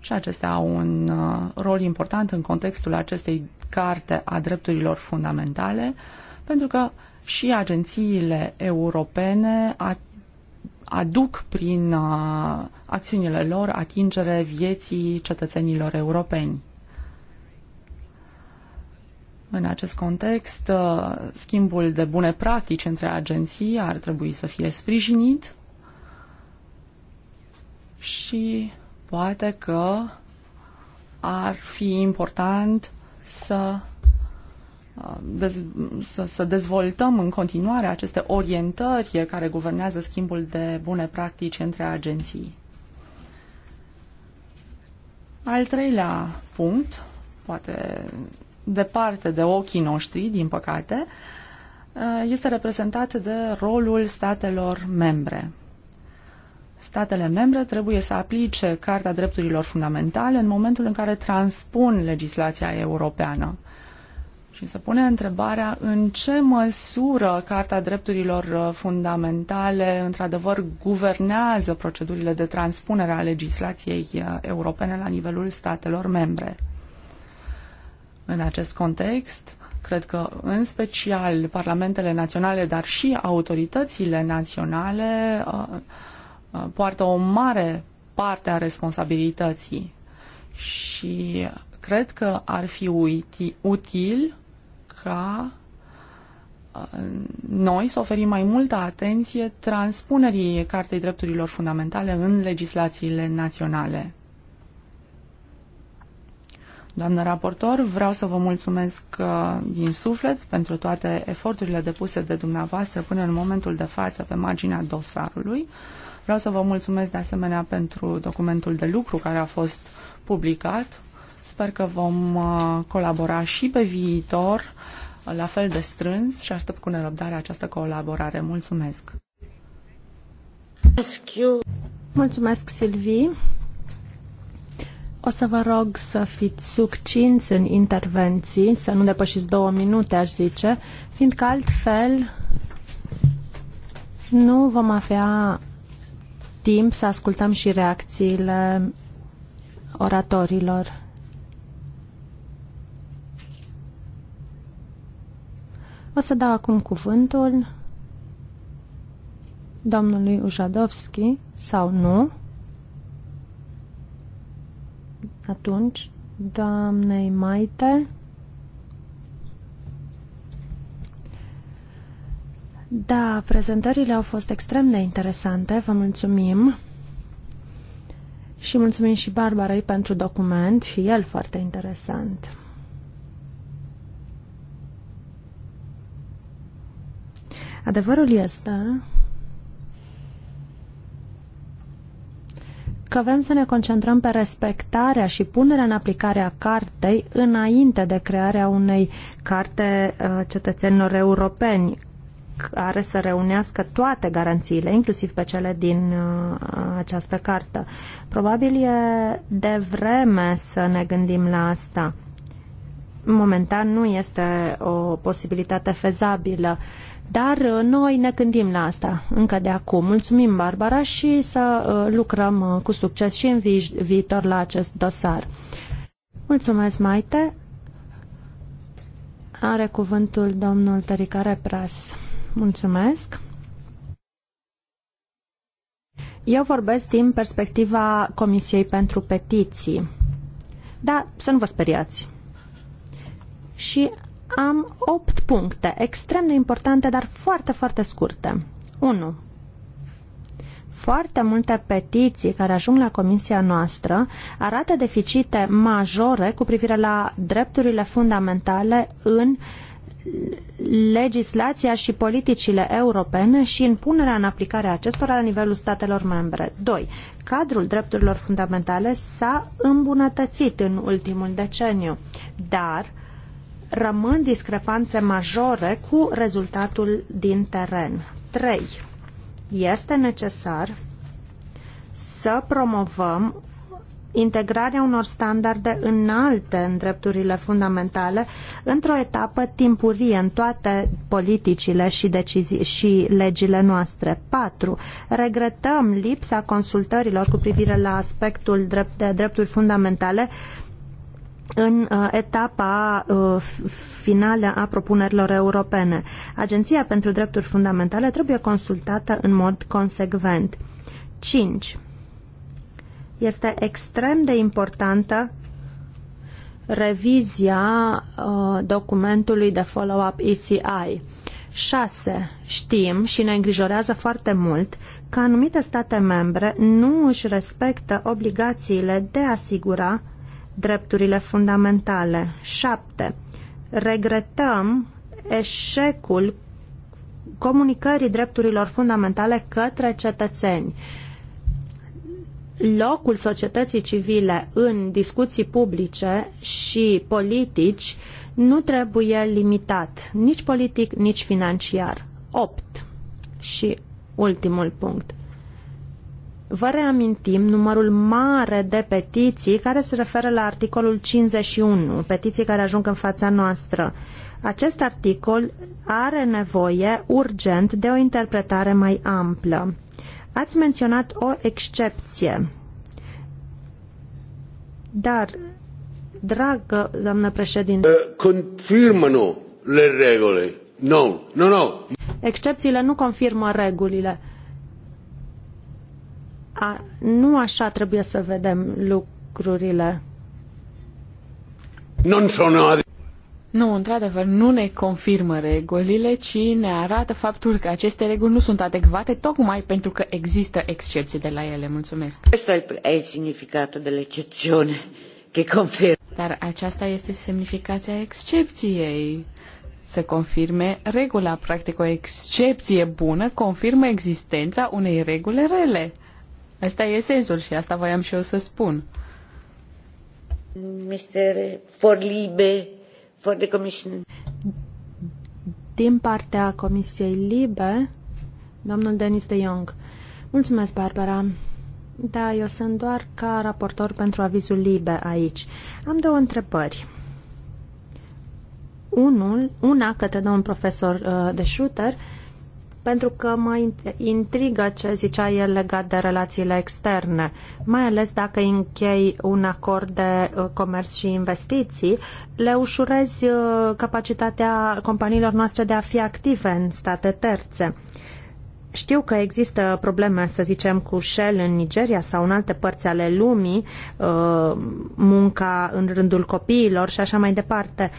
Și acestea au un uh, rol important în contextul acestei carte a drepturilor fundamentale, pentru că și agențiile europene aduc prin uh, acțiunile lor atingere vieții cetățenilor europeni. În acest context, uh, schimbul de bune practici între agenții ar trebui să fie sprijinit și poate că ar fi important să, uh, dez, să, să dezvoltăm în continuare aceste orientări care guvernează schimbul de bune practici între agenții. Al treilea punct, poate departe de ochii noștri, din păcate, uh, este reprezentat de rolul statelor membre. Statele membre trebuie să aplice Carta Drepturilor Fundamentale în momentul în care transpun legislația europeană. Și se pune întrebarea în ce măsură Carta Drepturilor uh, Fundamentale într-adevăr guvernează procedurile de transpunere a legislației uh, europene la nivelul statelor membre. În acest context, cred că în special parlamentele naționale, dar și autoritățile naționale uh, uh, poartă o mare parte a responsabilității și cred că ar fi util ca uh, noi să oferim mai multă atenție transpunerii Cartei Drepturilor Fundamentale în legislațiile naționale. Doamnă raportor, vreau să vă mulțumesc uh, din suflet pentru toate eforturile depuse de dumneavoastră până în momentul de față pe marginea dosarului. Vreau să vă mulțumesc de asemenea pentru documentul de lucru care a fost publicat. Sper că vom uh, colabora și pe viitor uh, la fel de strâns și aștept cu nerăbdare această colaborare. Mulțumesc! Mulțumesc, Silvii! O să vă rog să fiți succinți în intervenții, să nu depășiți două minute, aș zice, fiindcă altfel nu vom avea timp să ascultăm și reacțiile oratorilor. O să dau acum cuvântul domnului Ujadovski sau nu atunci doamnei Maite. Da, prezentările au fost extrem de interesante, vă mulțumim. Și mulțumim și Barbarei pentru document, și el foarte interesant. Adevărul este că vrem să ne concentrăm pe respectarea și punerea în aplicare a cartei înainte de crearea unei carte uh, cetățenilor europeni care să reunească toate garanțiile, inclusiv pe cele din uh, această carte. Probabil e de vreme să ne gândim la asta. Momentan nu este o posibilitate fezabilă. Uh, dar uh, noi ne gândim la asta încă de acum. Mulțumim, Barbara, și să uh, lucrăm uh, cu succes și în vi- viitor la acest dosar. Mulțumesc, Maite. Are cuvântul domnul Tăricare Pras. Mulțumesc. Eu vorbesc din perspectiva Comisiei pentru Petiții. Da, să nu vă speriați. Și am 8 puncte, extrem de importante, dar foarte, foarte scurte. 1. Foarte multe petiții care ajung la comisia noastră arată deficite majore cu privire la drepturile fundamentale în legislația și politicile europene și în punerea în aplicare a acestora la nivelul statelor membre. 2. Cadrul drepturilor fundamentale s-a îmbunătățit în ultimul deceniu, dar rămân discrepanțe majore cu rezultatul din teren. 3. Este necesar să promovăm integrarea unor standarde înalte în drepturile fundamentale într-o etapă timpurie în toate politicile și, decizii, și legile noastre. 4. Regretăm lipsa consultărilor cu privire la aspectul drept, de drepturi fundamentale în uh, etapa uh, finală a propunerilor europene. Agenția pentru Drepturi Fundamentale trebuie consultată în mod consecvent. 5. Este extrem de importantă revizia uh, documentului de follow-up ECI. 6. Știm și ne îngrijorează foarte mult că anumite state membre nu își respectă obligațiile de a asigura drepturile fundamentale. 7. Regretăm eșecul comunicării drepturilor fundamentale către cetățeni. Locul societății civile în discuții publice și politici nu trebuie limitat, nici politic, nici financiar. 8. Și ultimul punct. Vă reamintim numărul mare de petiții care se referă la articolul 51, petiții care ajung în fața noastră. Acest articol are nevoie urgent de o interpretare mai amplă. Ați menționat o excepție. Dar, dragă doamnă președinte, eh, confirmă-nu le regole. Nu, no, nu, no, nu. No. Excepțiile nu confirmă regulile. A, nu așa trebuie să vedem lucrurile. Non sono... Nu, într-adevăr, nu ne confirmă regulile, ci ne arată faptul că aceste reguli nu sunt adecvate, tocmai pentru că există excepții de la ele. Mulțumesc. Asta e significatul de că Dar aceasta este semnificația excepției. Să confirme regula, practic o excepție bună confirmă existența unei reguli rele. Asta e sensul și asta voiam și eu să spun. For Forlibe, for the Commission. Din partea Comisiei Libe, domnul Denis de Jong. Mulțumesc, Barbara. Da, eu sunt doar ca raportor pentru avizul Libe aici. Am două întrebări. Unul, una către domnul profesor uh, de Shooter, uh, pentru că mă intrigă ce zicea el legat de relațiile externe, mai ales dacă închei un acord de uh, comerț și investiții, le ușurezi uh, capacitatea companiilor noastre de a fi active în state terțe. Știu că există probleme, să zicem, cu Shell în Nigeria sau în alte părți ale lumii, uh, munca în rândul copiilor și așa mai departe.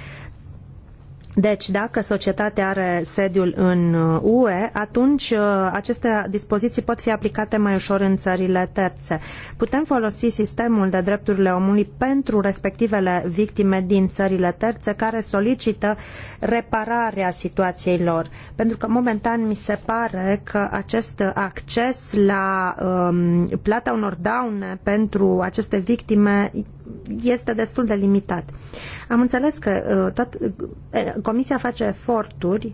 Deci, dacă societatea are sediul în UE, uh, atunci uh, aceste dispoziții pot fi aplicate mai ușor în țările terțe. Putem folosi sistemul de drepturile omului pentru respectivele victime din țările terțe care solicită repararea situației lor. Pentru că, momentan, mi se pare că acest acces la um, plata unor daune pentru aceste victime este destul de limitat. Am înțeles că uh, tot, uh, Comisia face eforturi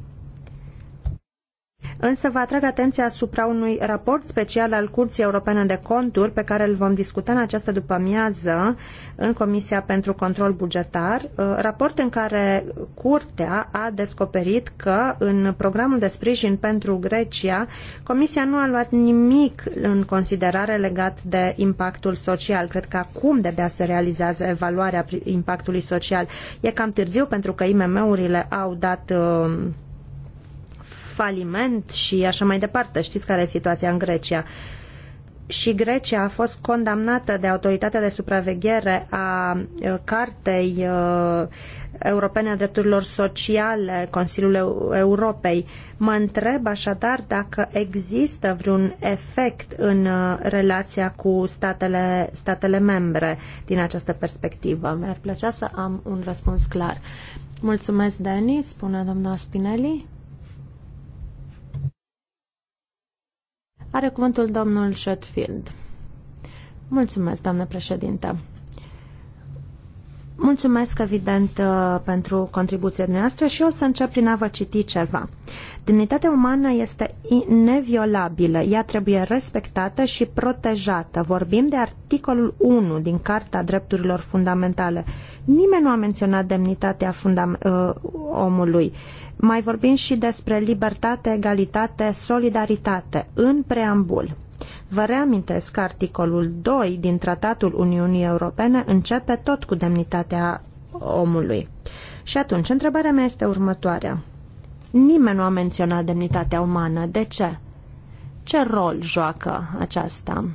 Însă vă atrag atenția asupra unui raport special al Curții Europene de Conturi pe care îl vom discuta în această după-amiază în Comisia pentru Control Bugetar, uh, raport în care Curtea a descoperit că în programul de sprijin pentru Grecia Comisia nu a luat nimic în considerare legat de impactul social. Cred că acum de abia se realizează evaluarea impactului social. E cam târziu pentru că IMM-urile au dat uh, faliment și așa mai departe. Știți care e situația în Grecia. Și Grecia a fost condamnată de autoritatea de supraveghere a uh, Cartei uh, Europene a Drepturilor Sociale, Consiliul Europei. Mă întreb așadar dacă există vreun efect în uh, relația cu statele, statele membre din această perspectivă. Mi-ar plăcea să am un răspuns clar. Mulțumesc, Denis. spune doamna Spinelli. Are cuvântul domnul Shetfield. Mulțumesc, doamnă președintă. Mulțumesc, evident, uh, pentru contribuția noastră și o să încep prin a vă citi ceva. Dignitatea umană este neviolabilă, ea trebuie respectată și protejată. Vorbim de articolul 1 din Carta Drepturilor Fundamentale. Nimeni nu a menționat demnitatea fundam- uh, omului. Mai vorbim și despre libertate, egalitate, solidaritate în preambul. Vă reamintesc că articolul 2 din Tratatul Uniunii Europene începe tot cu demnitatea omului. Și atunci, întrebarea mea este următoarea. Nimeni nu a menționat demnitatea umană. De ce? Ce rol joacă aceasta?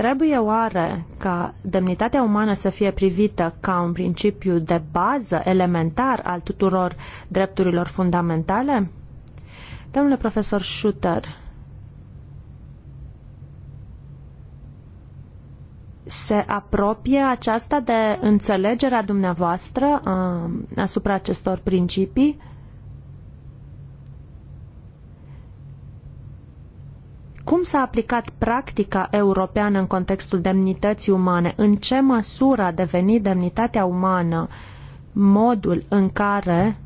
Trebuie oare ca demnitatea umană să fie privită ca un principiu de bază elementar al tuturor drepturilor fundamentale? Domnule profesor Schutter, se apropie aceasta de înțelegerea dumneavoastră um, asupra acestor principii? Cum s-a aplicat practica europeană în contextul demnității umane? În ce măsură a devenit demnitatea umană modul în care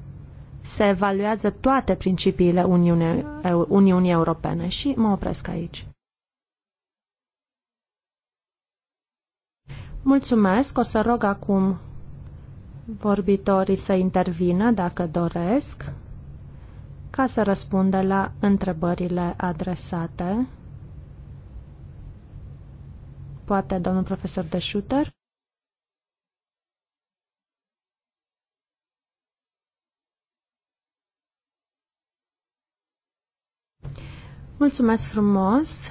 se evaluează toate principiile Uniunii, Uniunii Europene? Și mă opresc aici. Mulțumesc. O să rog acum vorbitorii să intervină dacă doresc ca să răspundă la întrebările adresate. Poate domnul profesor de shooter? Mulțumesc frumos!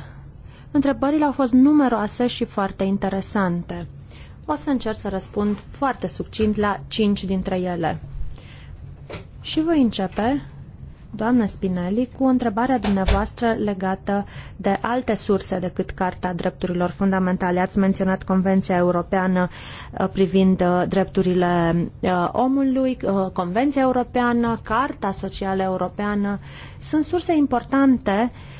Întrebările au fost numeroase și foarte interesante. O să încerc să răspund foarte succint la cinci dintre ele. Și voi începe doamnă Spinelli, cu o întrebare a dumneavoastră legată de alte surse decât Carta Drepturilor Fundamentale. Ați menționat Convenția Europeană uh, privind uh, drepturile uh, omului, Convenția Europeană, Carta Socială Europeană. Sunt surse importante uh,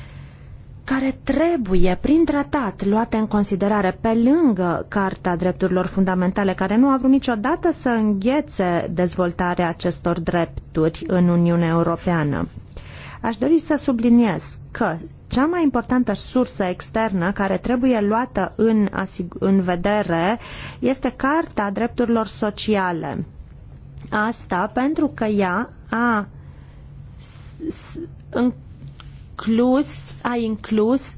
care trebuie, prin tratat, luate în considerare pe lângă Carta Drepturilor Fundamentale, care nu a vrut niciodată să înghețe dezvoltarea acestor drepturi în Uniunea Europeană. Aș dori să subliniez că cea mai importantă sursă externă care trebuie luată în, în vedere este Carta Drepturilor Sociale. Asta pentru că ea a inclus, a inclus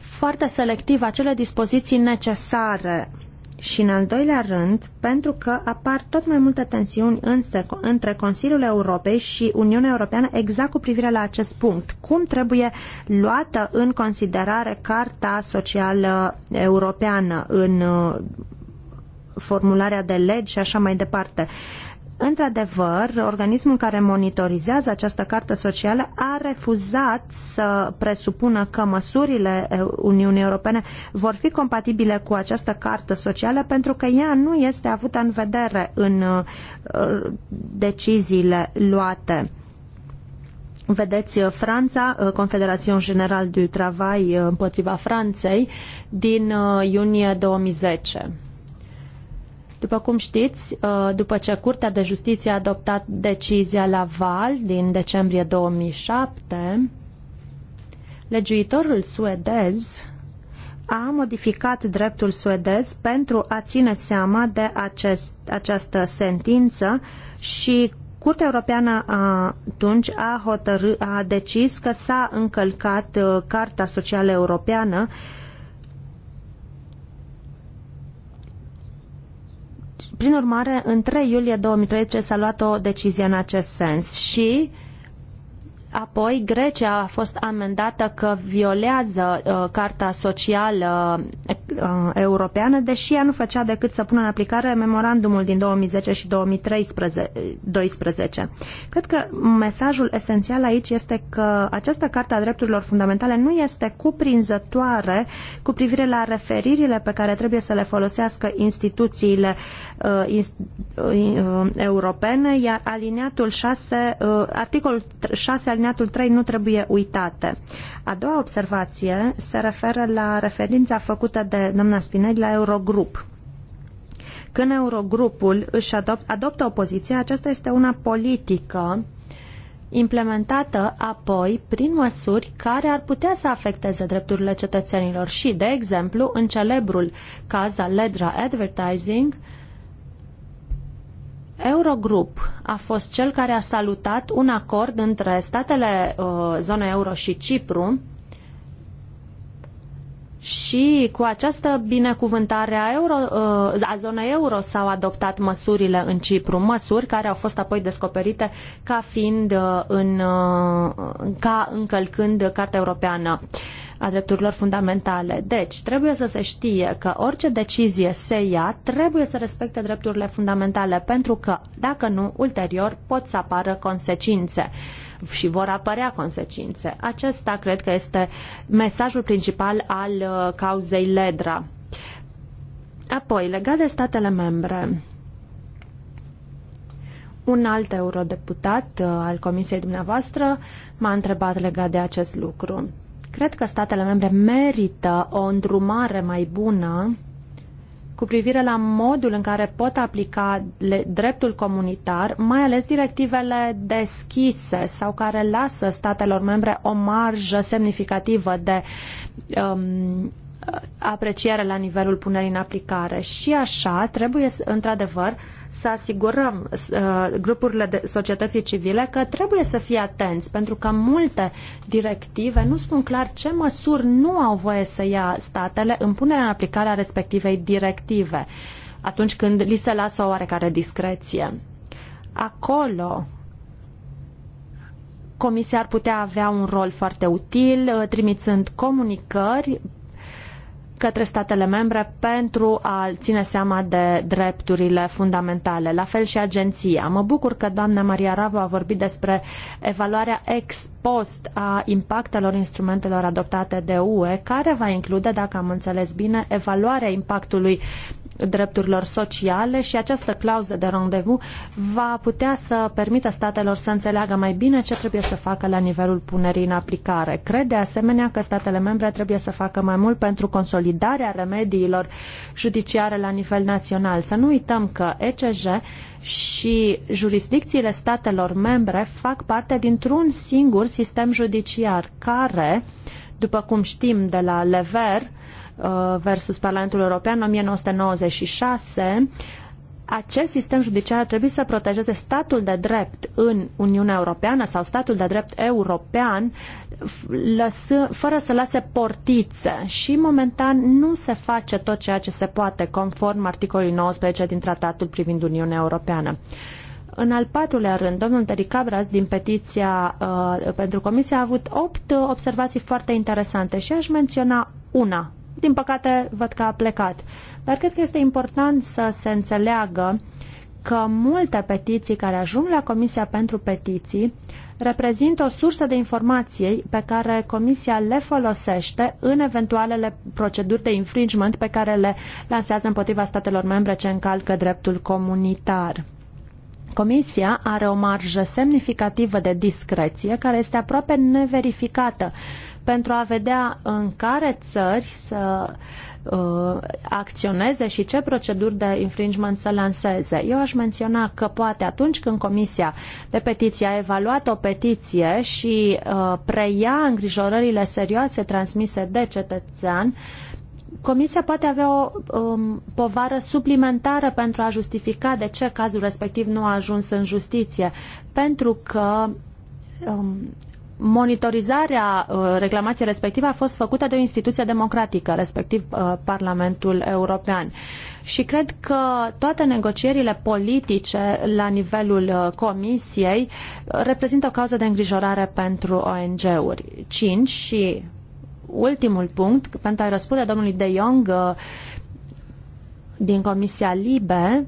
foarte selectiv acele dispoziții necesare și în al doilea rând, pentru că apar tot mai multe tensiuni între Consiliul Europei și Uniunea Europeană exact cu privire la acest punct. Cum trebuie luată în considerare Carta Socială Europeană în uh, formularea de legi și așa mai departe. Uh, Într-adevăr, organismul care monitorizează această carte socială a refuzat să presupună că măsurile eh, Uniunii Europene vor fi compatibile cu această carte socială pentru că ea nu este avută în vedere în eh, deciziile luate. Vedeți eh, Franța, Confederația General du Travail împotriva Franței din iunie 2010. După cum știți, uh, după ce Curtea de Justiție a adoptat decizia la Val din decembrie 2007, legiuitorul suedez a modificat dreptul suedez pentru a ține seama de acest, această sentință și Curtea Europeană atunci a, hotărâ, a decis că s-a încălcat uh, Carta Socială Europeană uh, Prin urmare, în 3 iulie 2013 s-a luat o decizie în acest sens și Apoi, Grecia a fost amendată că violează uh, Carta Socială uh, Europeană, deși ea nu făcea decât să pună în aplicare memorandumul din 2010 și 2012. Cred că mesajul esențial aici este că această Carta a Drepturilor Fundamentale nu este cuprinzătoare cu privire la referirile pe care trebuie să le folosească instituțiile uh, inst, uh, uh europene, iar alineatul 6, uh, articolul 6 al alineatul 3 nu trebuie uitate. A doua observație se referă la referința făcută de doamna Spinelli la Eurogrup. Când Eurogrupul își adop- adoptă o poziție, aceasta este una politică implementată apoi prin măsuri care ar putea să afecteze drepturile cetățenilor și, de exemplu, în celebrul caz al Ledra Advertising, uh, Eurogrup a fost cel care a salutat un acord între statele uh, zonei euro și Cipru și cu această binecuvântare a, euro, uh, a zonei euro s-au adoptat măsurile în Cipru, măsuri care au fost apoi descoperite ca fiind uh, în, uh, ca încălcând Cartea Europeană uh, a drepturilor fundamentale. Deci, trebuie să se știe că orice decizie se ia trebuie să respecte drepturile fundamentale, pentru că, dacă nu, ulterior pot să apară consecințe și vor apărea consecințe. Acesta cred că este mesajul principal al uh, cauzei Ledra. Apoi, legat de statele membre, un alt eurodeputat uh, al comisiei dumneavoastră m-a întrebat legat de acest lucru. Cred că statele membre merită o îndrumare mai bună cu privire la modul în care pot aplica dreptul comunitar, mai ales directivele deschise sau care lasă statelor membre o marjă semnificativă de um, apreciere la nivelul punerii în aplicare. Și așa trebuie, într-adevăr, să asigurăm uh, grupurile de societății civile că trebuie să fie atenți, pentru că multe directive nu spun clar ce măsuri nu au voie să ia statele în punerea în aplicare a respectivei directive, atunci când li se lasă o oarecare discreție. Acolo Comisia ar putea avea un rol foarte util, uh, trimițând comunicări către statele membre pentru a ține seama de drepturile fundamentale. La fel și agenția. Mă bucur că doamna Maria Ravo a vorbit despre evaluarea ex post a impactelor instrumentelor adoptate de UE, care va include, dacă am înțeles bine, evaluarea impactului drepturilor sociale și această clauză de rendezvous va putea să permită statelor să înțeleagă mai bine ce trebuie să facă la nivelul punerii în aplicare. Cred de asemenea că statele membre trebuie să facă mai mult pentru consolidarea remediilor judiciare la nivel național. Să nu uităm că ECJ și jurisdicțiile statelor membre fac parte dintr-un singur sistem judiciar care, după cum știm de la Lever, Uh, versus Parlamentul European 1996, acest sistem judiciar ar trebui să protejeze statul de drept în Uniunea Europeană sau statul de drept european lăsă, fără să lase portițe și momentan nu se face tot ceea ce se poate conform articolului 19 din tratatul privind Uniunea Europeană. În al patrulea rând, domnul Tericabras din petiția uh, pentru comisie a avut opt observații foarte interesante și aș menționa una din păcate, văd că a plecat. Dar cred că este important să se înțeleagă că multe petiții care ajung la Comisia pentru Petiții reprezintă o sursă de informații pe care Comisia le folosește în eventualele proceduri de infringement pe care le lansează împotriva statelor membre ce încalcă dreptul comunitar. Comisia are o marjă semnificativă de discreție care este aproape neverificată pentru a vedea în care țări să uh, acționeze și ce proceduri de infringement să lanseze. Eu aș menționa că poate atunci când Comisia de Petiție a evaluat o petiție și uh, preia îngrijorările serioase transmise de cetățean, Comisia poate avea o um, povară suplimentară pentru a justifica de ce cazul respectiv nu a ajuns în justiție, pentru că um, monitorizarea uh, reclamației respective a fost făcută de o instituție democratică, respectiv uh, Parlamentul European. Și cred că toate negocierile politice la nivelul uh, Comisiei reprezintă o cauză de îngrijorare pentru ONG-uri. 5 și ultimul punct, pentru a răspunde domnului De Jong din Comisia Libe,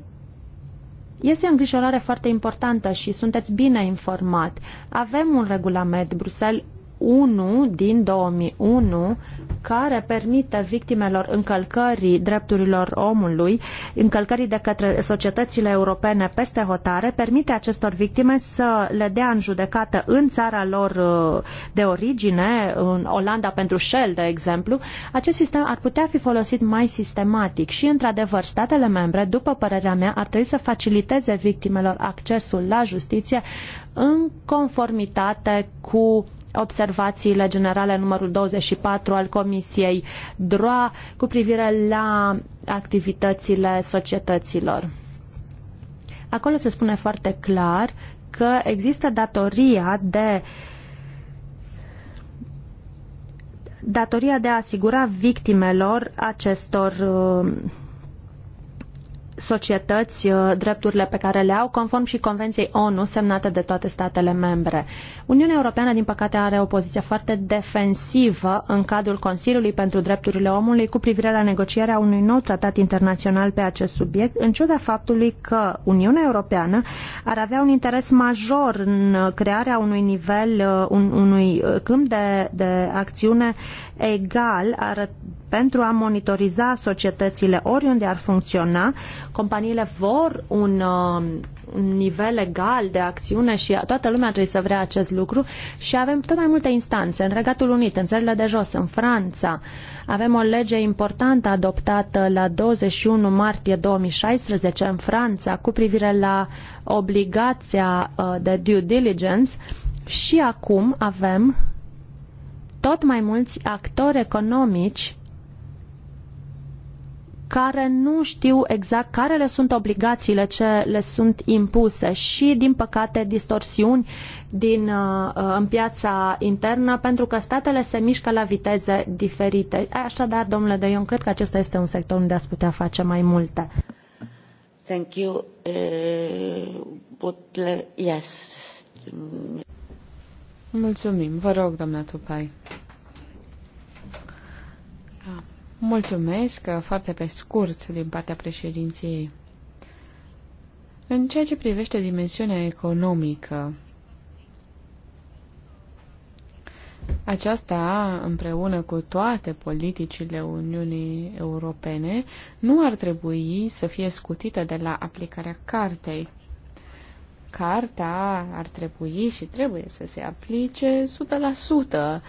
este o îngrijorare foarte importantă și sunteți bine informat. Avem un regulament Bruxelles 1 din 2001 care permite victimelor încălcării drepturilor omului, încălcării de către societățile europene peste hotare, permite acestor victime să le dea în judecată în țara lor uh, de origine, în Olanda pentru Shell, de exemplu. Acest sistem ar putea fi folosit mai sistematic și, într-adevăr, statele membre, după părerea mea, ar trebui să faciliteze victimelor accesul la justiție în conformitate cu observațiile generale numărul 24 al Comisiei DROA cu privire la activitățile societăților. Acolo se spune foarte clar că există datoria de datoria de a asigura victimelor acestor uh, societăți uh, drepturile pe care le au conform și Convenției ONU semnate de toate statele membre. Uniunea Europeană, din păcate, are o poziție foarte defensivă în cadrul Consiliului pentru Drepturile Omului cu privire la negocierea unui nou tratat internațional pe acest subiect, în ciuda faptului că Uniunea Europeană ar avea un interes major în crearea unui nivel, uh, un, unui uh, câmp de, de acțiune egal, pentru a monitoriza societățile oriunde ar funcționa. Companiile vor un, um, un nivel legal de acțiune și toată lumea trebuie să vrea acest lucru și avem tot mai multe instanțe în Regatul Unit, în țările de jos, în Franța. Avem o lege importantă adoptată la 21 martie 2016 în Franța cu privire la obligația uh, de due diligence și acum avem tot mai mulți actori economici care nu știu exact care le sunt obligațiile ce le sunt impuse și, din păcate, distorsiuni din, uh, uh, în piața internă, pentru că statele se mișcă la viteze diferite. Așadar, domnule De Jong, cred că acesta este un sector unde ați putea face mai multe. Thank you. Uh, yes. Mulțumim. Vă rog, doamna Tupai. Mulțumesc, uh, foarte pe scurt, din partea președinției. În ceea ce privește dimensiunea economică, aceasta, împreună cu toate politicile Uniunii Europene, nu ar trebui să fie scutită de la aplicarea cartei. Carta ar trebui și trebuie să se aplice 100% uh,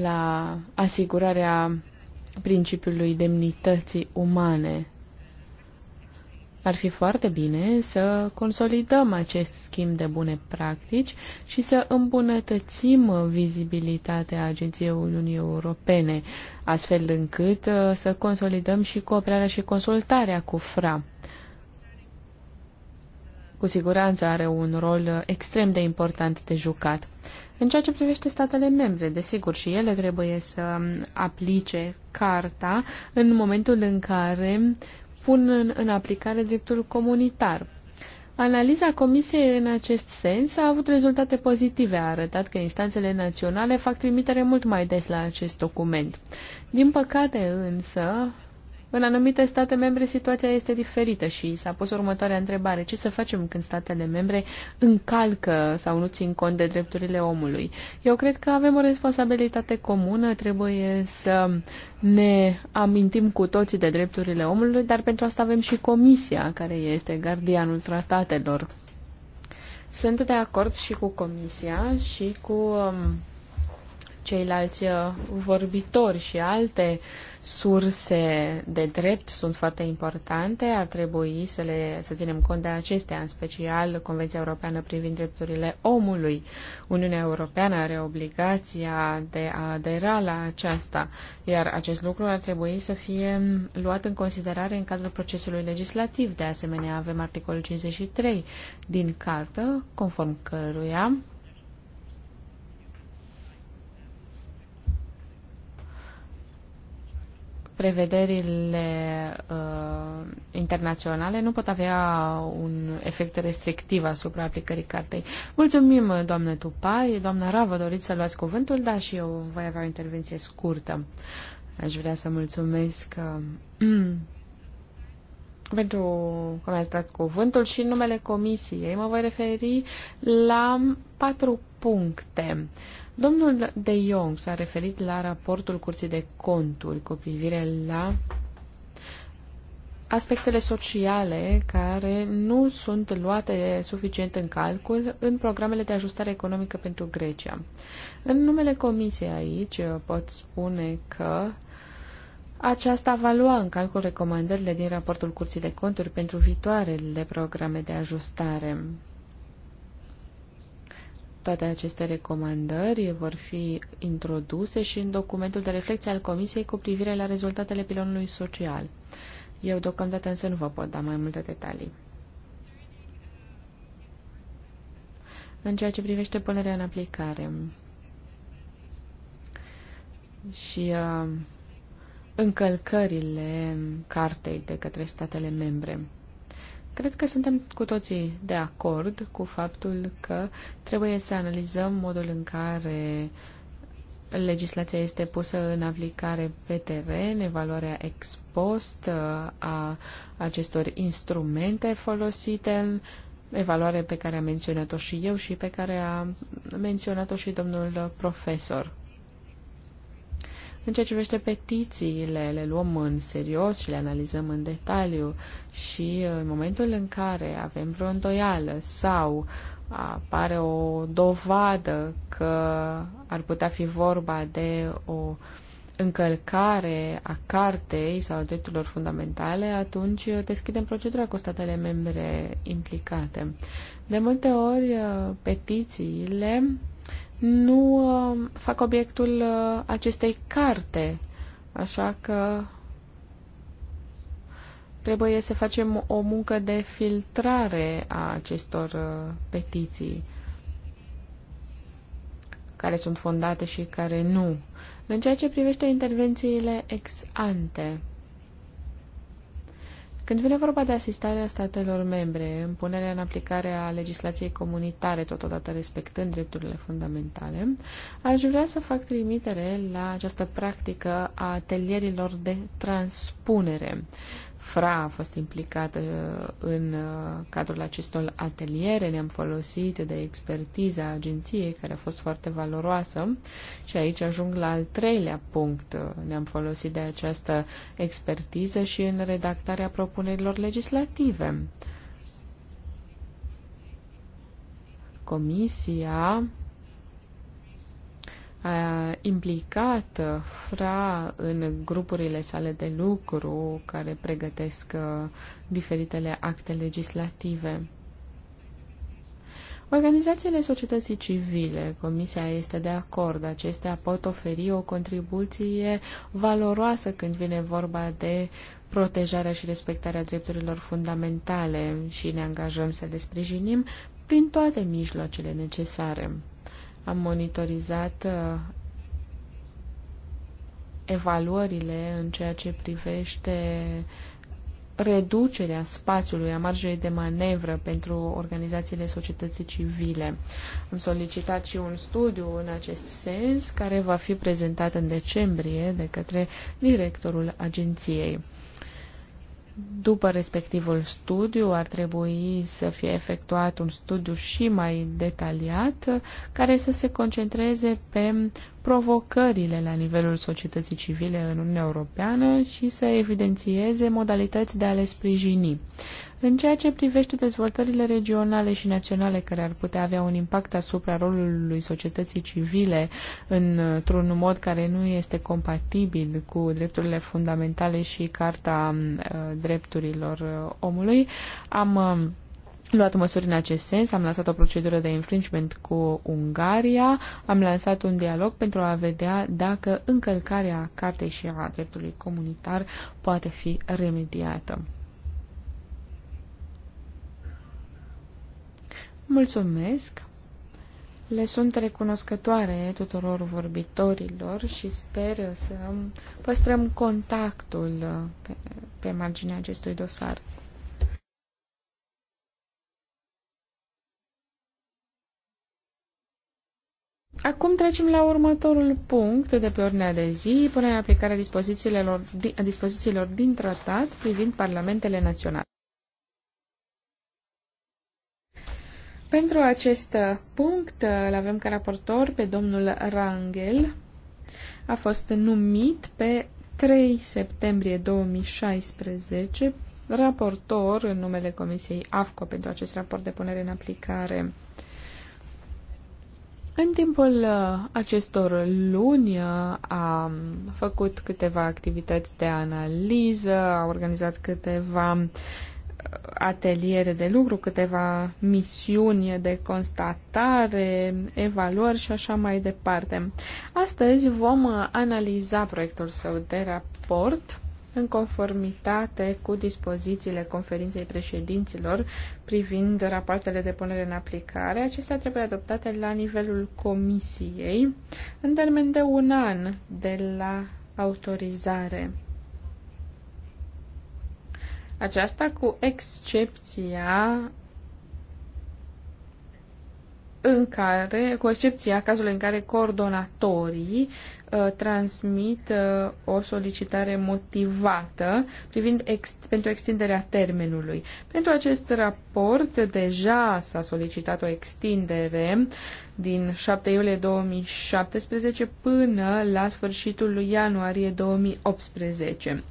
la asigurarea principiului demnității umane. Ar fi foarte bine să consolidăm acest schimb de bune practici și să îmbunătățim vizibilitatea Agenției Uniunii Europene, astfel încât uh, să consolidăm și cooperarea și consultarea cu FRA. Cu siguranță are un rol uh, extrem de important de jucat. În ceea ce privește statele membre, desigur, și ele trebuie să aplice carta în momentul în care pun în, în aplicare dreptul comunitar. Analiza Comisiei în acest sens a avut rezultate pozitive, a arătat că instanțele naționale fac trimitere mult mai des la acest document. Din păcate însă, în anumite state membre situația este diferită și s-a pus următoarea întrebare. Ce să facem când statele membre încalcă sau nu țin cont de drepturile omului? Eu cred că avem o responsabilitate comună, trebuie să ne amintim cu toții de drepturile omului, dar pentru asta avem și comisia, care este gardianul tratatelor. Sunt de acord și cu comisia și cu um, ceilalți uh, vorbitori și alte surse de drept sunt foarte importante. Ar trebui să, le, să ținem cont de acestea, în special Convenția Europeană privind drepturile omului. Uniunea Europeană are obligația de a adera la aceasta, iar acest lucru ar trebui să fie luat în considerare în cadrul procesului legislativ. De asemenea, avem articolul 53 din cartă, conform căruia prevederile uh, internaționale nu pot avea un efect restrictiv asupra aplicării cartei. Mulțumim, doamnă Tupai. Doamna Ravă, doriți să luați cuvântul? Da, și eu voi avea o intervenție scurtă. Aș vrea să mulțumesc uh, pentru că mi-ați dat cuvântul și numele comisiei. Mă voi referi la patru puncte. Uh, Domnul De Jong s-a referit la raportul Curții de Conturi cu privire la aspectele sociale care nu sunt luate suficient în calcul în programele de ajustare economică pentru Grecia. În numele Comisiei aici pot spune că aceasta va lua în calcul recomandările din raportul Curții de Conturi pentru viitoarele programe de ajustare. Toate aceste recomandări vor fi introduse și în documentul de reflecție al Comisiei cu privire la rezultatele pilonului social. Eu deocamdată însă nu vă pot da mai multe detalii. În ceea ce privește punerea în aplicare și uh, încălcările cartei de către statele membre. Cred că suntem cu toții de acord cu faptul că trebuie să analizăm modul în care legislația este pusă în aplicare pe teren, evaluarea ex post uh, a acestor instrumente folosite, evaluare pe care a menționat-o și eu și pe care a menționat-o și domnul profesor. În ceea ce privește petițiile, le luăm în serios și le analizăm în detaliu și în momentul în care avem vreo îndoială sau apare o dovadă că ar putea fi vorba de o încălcare a cartei sau a drepturilor fundamentale, atunci deschidem procedura cu statele membre implicate. De multe ori, petițiile nu uh, fac obiectul uh, acestei carte, așa că trebuie să facem o muncă de filtrare a acestor uh, petiții care sunt fondate și care nu. În ceea ce privește intervențiile ex ante, când vine vorba de asistarea statelor membre în punerea în aplicare a legislației comunitare, totodată respectând drepturile fundamentale, aș vrea să fac trimitere la această practică a atelierilor de transpunere. FRA a fost implicată uh, în uh, cadrul acestor ateliere, ne-am folosit de expertiza agenției, care a fost foarte valoroasă. Și aici ajung la al treilea punct. Uh, ne-am folosit de această expertiză și în redactarea propunerilor legislative. Comisia implicată FRA în grupurile sale de lucru care pregătesc uh, diferitele acte legislative. Organizațiile societății civile, Comisia este de acord, acestea pot oferi o contribuție valoroasă când vine vorba de protejarea și respectarea drepturilor fundamentale și ne angajăm să le sprijinim prin toate mijloacele necesare. Am monitorizat uh, evaluările în ceea ce privește reducerea spațiului, a marjei de manevră pentru organizațiile societății civile. Am solicitat și un studiu în acest sens, care va fi prezentat în decembrie de către directorul agenției după respectivul studiu ar trebui să fie efectuat un studiu și mai detaliat care să se concentreze pe provocările la nivelul societății civile în Uniunea Europeană și să evidențieze modalități de a le sprijini. În ceea ce privește dezvoltările regionale și naționale care ar putea avea un impact asupra rolului societății civile într-un mod care nu este compatibil cu drepturile fundamentale și Carta uh, Drepturilor uh, Omului, am uh, luat măsuri în acest sens, am lansat o procedură de infringement cu Ungaria, am lansat un dialog pentru a vedea dacă încălcarea cartei și a dreptului comunitar poate fi remediată. Mulțumesc! Le sunt recunoscătoare tuturor vorbitorilor și sper să păstrăm contactul pe, pe marginea acestui dosar. Acum trecem la următorul punct de pe ordinea de zi, punerea în aplicare dispozițiilor, dispozițiilor din tratat privind parlamentele naționale. Pentru acest punct îl avem ca raportor pe domnul Rangel. A fost numit pe 3 septembrie 2016 raportor în numele Comisiei AFCO pentru acest raport de punere în aplicare. În timpul uh, acestor luni uh, a făcut câteva activități de analiză, a organizat câteva ateliere de lucru, câteva misiuni de constatare, evaluări și așa mai departe. Astăzi vom analiza proiectul său de raport în conformitate cu dispozițiile conferinței președinților privind rapoartele de punere în aplicare. Acestea trebuie adoptate la nivelul comisiei în termen de un an de la autorizare. Aceasta cu excepția în care, cu excepția cazului în care coordonatorii uh, transmit uh, o solicitare motivată privind ex, pentru extinderea termenului. Pentru acest raport deja s-a solicitat o extindere din 7 iulie 2017 până la sfârșitul lui ianuarie 2018.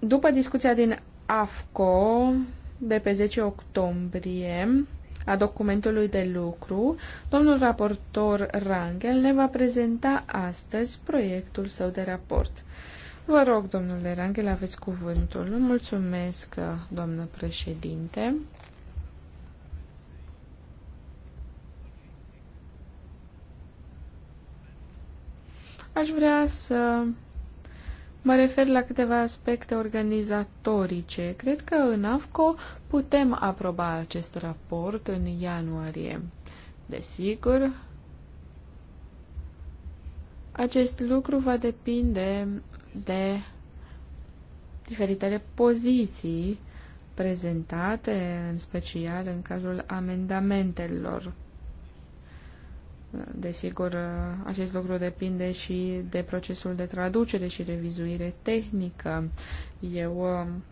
După discuția din AFCO de pe 10 octombrie a documentului de lucru, domnul raportor Rangel ne va prezenta astăzi proiectul său de raport. Vă rog, domnule Rangel, aveți cuvântul. Mulțumesc, doamnă președinte. Aș vrea să Mă refer la câteva aspecte organizatorice. Cred că în AFCO putem aproba acest raport în ianuarie. Desigur, acest lucru va depinde de diferitele poziții prezentate, în special în cazul amendamentelor. Desigur, acest lucru depinde și de procesul de traducere și revizuire tehnică. Eu um,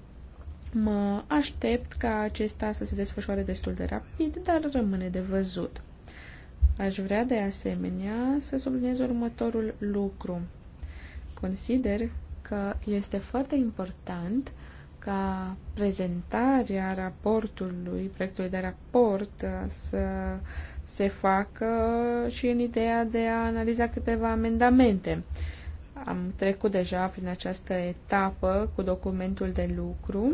mă aștept ca acesta să se desfășoare destul de rapid, dar rămâne de văzut. Aș vrea de asemenea să subliniez următorul lucru. Consider că este foarte important ca prezentarea raportului, proiectului de raport uh, să se facă și în ideea de a analiza câteva amendamente. Am trecut deja prin această etapă cu documentul de lucru,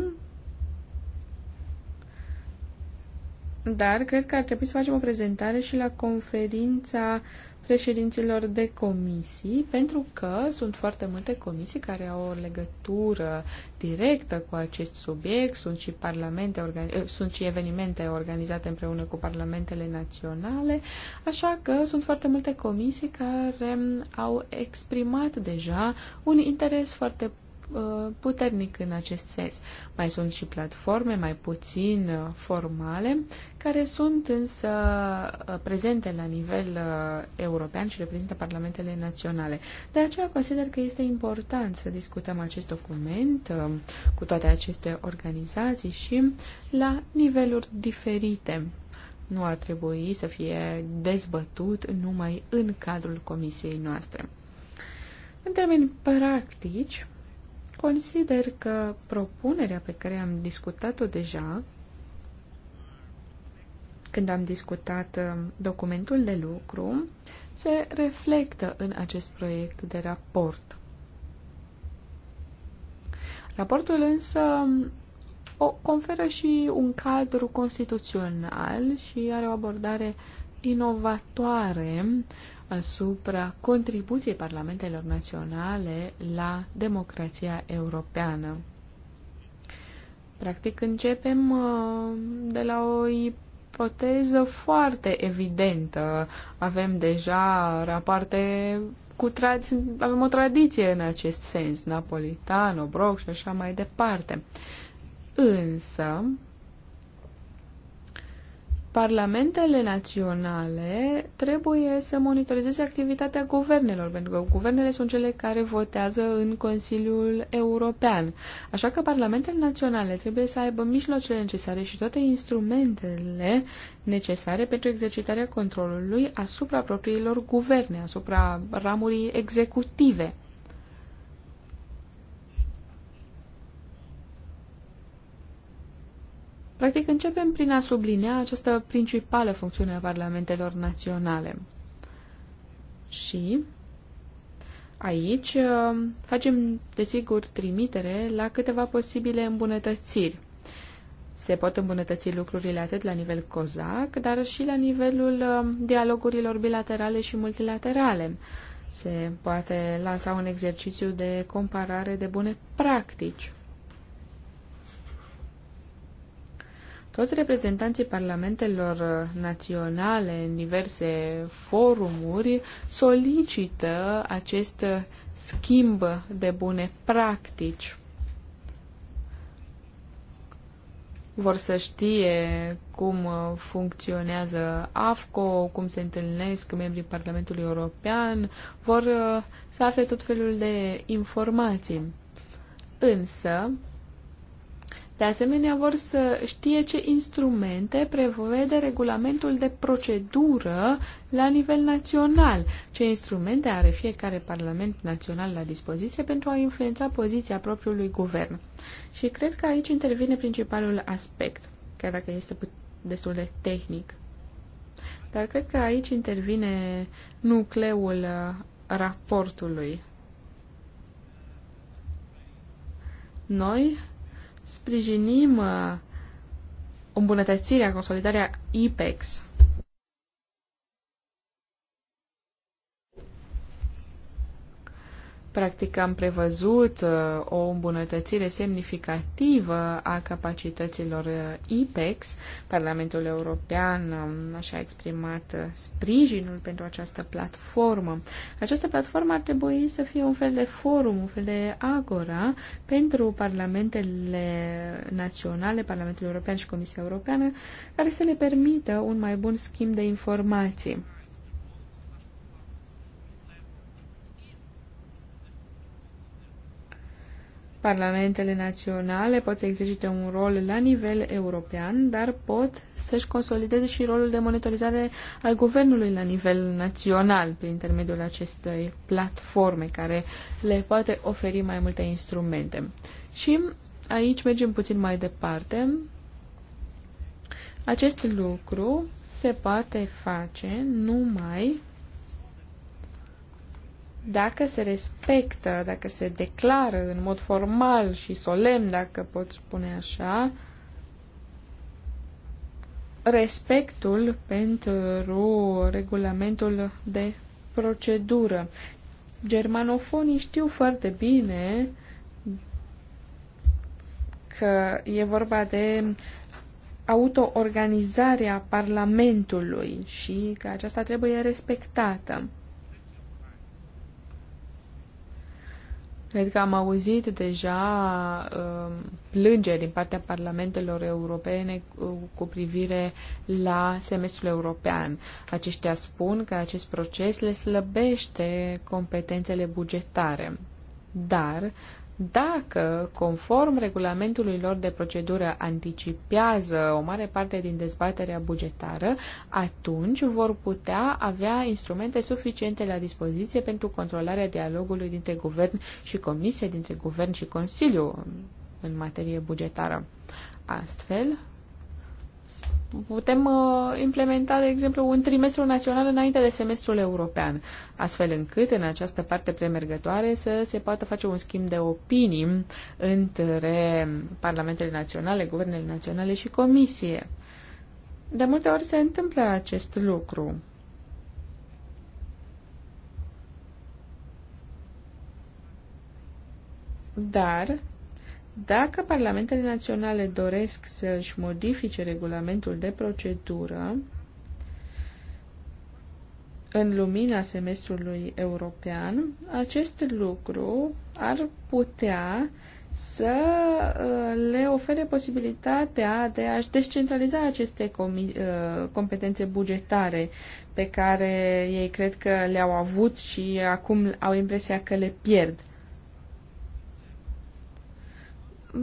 dar cred că ar trebui să facem o prezentare și la conferința uh, președinților de comisii, pentru că sunt foarte multe comisii care au o legătură directă cu acest subiect, sunt și, parlamente, eh, sunt și evenimente organizate împreună cu parlamentele naționale, așa că sunt foarte multe comisii care au exprimat deja un interes foarte Uh, puternic în acest sens. Mai sunt și platforme mai puțin uh, formale, care sunt însă uh, prezente la nivel european și reprezintă parlamentele naționale. De aceea consider că este important să discutăm acest document cu toate aceste organizații și la niveluri diferite nu ar trebui să fie dezbătut numai în cadrul comisiei noastre. În termeni practici, Consider că propunerea pe care am discutat-o deja, când am discutat um, documentul de lucru, se reflectă în acest proiect de raport. Raportul însă um, o conferă și un cadru constituțional și are o abordare inovatoare asupra contribuției parlamentelor naționale la democrația europeană. Practic începem uh, de la o ipoteză foarte evidentă. Avem deja rapoarte cu tra- avem o tradiție în acest sens, Napolitan, Obroc și așa mai departe. Însă, Parlamentele naționale trebuie să monitorizeze activitatea guvernelor, pentru că guvernele sunt cele care votează în Consiliul European. Așa că parlamentele naționale trebuie să aibă mijloacele necesare și toate instrumentele necesare pentru exercitarea controlului asupra propriilor guverne, asupra ramurii executive. Practic, începem prin a sublinea această principală funcțiune a parlamentelor naționale. Și aici uh, facem, desigur, trimitere la câteva posibile îmbunătățiri. Se pot îmbunătăți lucrurile atât la nivel COZAC, dar și la nivelul uh, dialogurilor bilaterale și multilaterale. Se poate lansa un exercițiu de comparare de bune practici Toți reprezentanții parlamentelor naționale în diverse forumuri solicită acest schimb de bune practici. Vor să știe cum funcționează AFCO, cum se întâlnesc membrii Parlamentului European, vor să afle tot felul de informații. Însă, de asemenea, vor să știe ce instrumente prevede regulamentul de procedură la nivel național, ce instrumente are fiecare parlament național la dispoziție pentru a influența poziția propriului guvern. Și cred că aici intervine principalul aspect, chiar dacă este destul de tehnic. Dar cred că aici intervine nucleul uh, raportului. Noi sprijinim uh, îmbunătățirea, consolidarea IPEX Practic am prevăzut uh, o îmbunătățire semnificativă a capacităților uh, IPEX. Parlamentul European um, și-a exprimat uh, sprijinul pentru această platformă. Această platformă ar trebui să fie un fel de forum, un fel de agora pentru parlamentele naționale, Parlamentul European și Comisia Europeană, care să le permită un mai bun schimb de informații. Parlamentele naționale pot să exercite un rol la nivel european, dar pot să-și consolideze și rolul de monitorizare al guvernului la nivel național, prin intermediul acestei platforme care le poate oferi mai multe instrumente. Și aici mergem puțin mai departe. Acest lucru se poate face numai dacă se respectă, dacă se declară în mod formal și solemn, dacă pot spune așa, respectul pentru regulamentul de procedură. Germanofonii știu foarte bine că e vorba de autoorganizarea Parlamentului și că aceasta trebuie respectată. Cred că am auzit deja uh, plângeri din partea parlamentelor europene uh, cu privire la semestrul european. Aceștia spun că acest proces le slăbește competențele bugetare. Dar dacă, conform regulamentului lor de procedură, anticipează o mare parte din dezbaterea bugetară, atunci vor putea avea instrumente suficiente la dispoziție pentru controlarea dialogului dintre guvern și comisie, dintre guvern și Consiliu în materie bugetară. Astfel, Putem uh, implementa, de exemplu, un trimestru național înainte de semestrul european, astfel încât în această parte premergătoare să se poată face un schimb de opinii între parlamentele naționale, guvernele naționale și comisie. De multe ori se întâmplă acest lucru. Dar dacă parlamentele naționale doresc să-și modifice regulamentul de procedură în lumina semestrului european, acest lucru ar putea să uh, le ofere posibilitatea de a-și descentraliza aceste uh, competențe bugetare pe care ei cred că le-au avut și acum au impresia că le pierd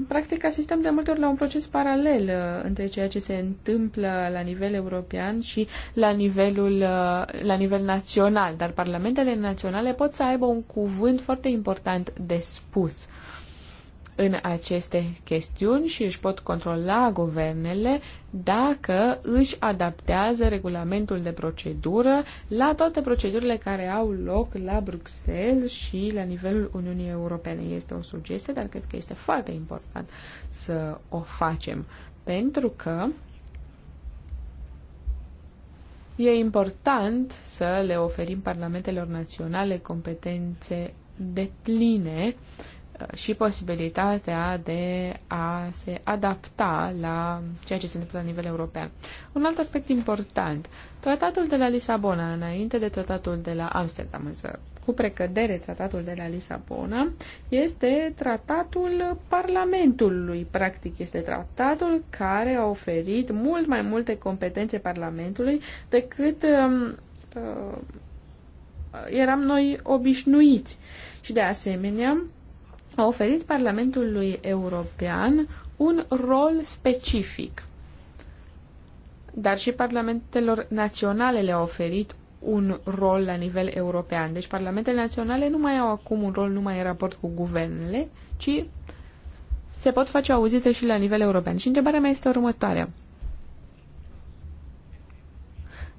practic asistăm de multe ori la un proces paralel uh, între ceea ce se întâmplă la nivel european și la, nivelul, uh, la nivel național, dar parlamentele naționale pot să aibă un cuvânt foarte important de spus în aceste chestiuni și își pot controla guvernele dacă își adaptează regulamentul de procedură la toate procedurile care au loc la Bruxelles și la nivelul Uniunii Europene. Este o sugestie, dar cred că este foarte important să o facem, pentru că e important să le oferim parlamentelor naționale competențe de pline și posibilitatea de a se adapta la ceea ce se întâmplă la nivel european. Un alt aspect important, tratatul de la Lisabona, înainte de tratatul de la Amsterdam, însă cu precădere tratatul de la Lisabona, este tratatul Parlamentului, practic este tratatul care a oferit mult mai multe competențe Parlamentului decât uh, uh, eram noi obișnuiți. Și de asemenea, a oferit Parlamentului European un rol specific. Dar și parlamentelor naționale le-a oferit un rol la nivel european. Deci parlamentele naționale nu mai au acum un rol numai în raport cu guvernele, ci se pot face auzite și la nivel european. Și întrebarea mea este următoarea.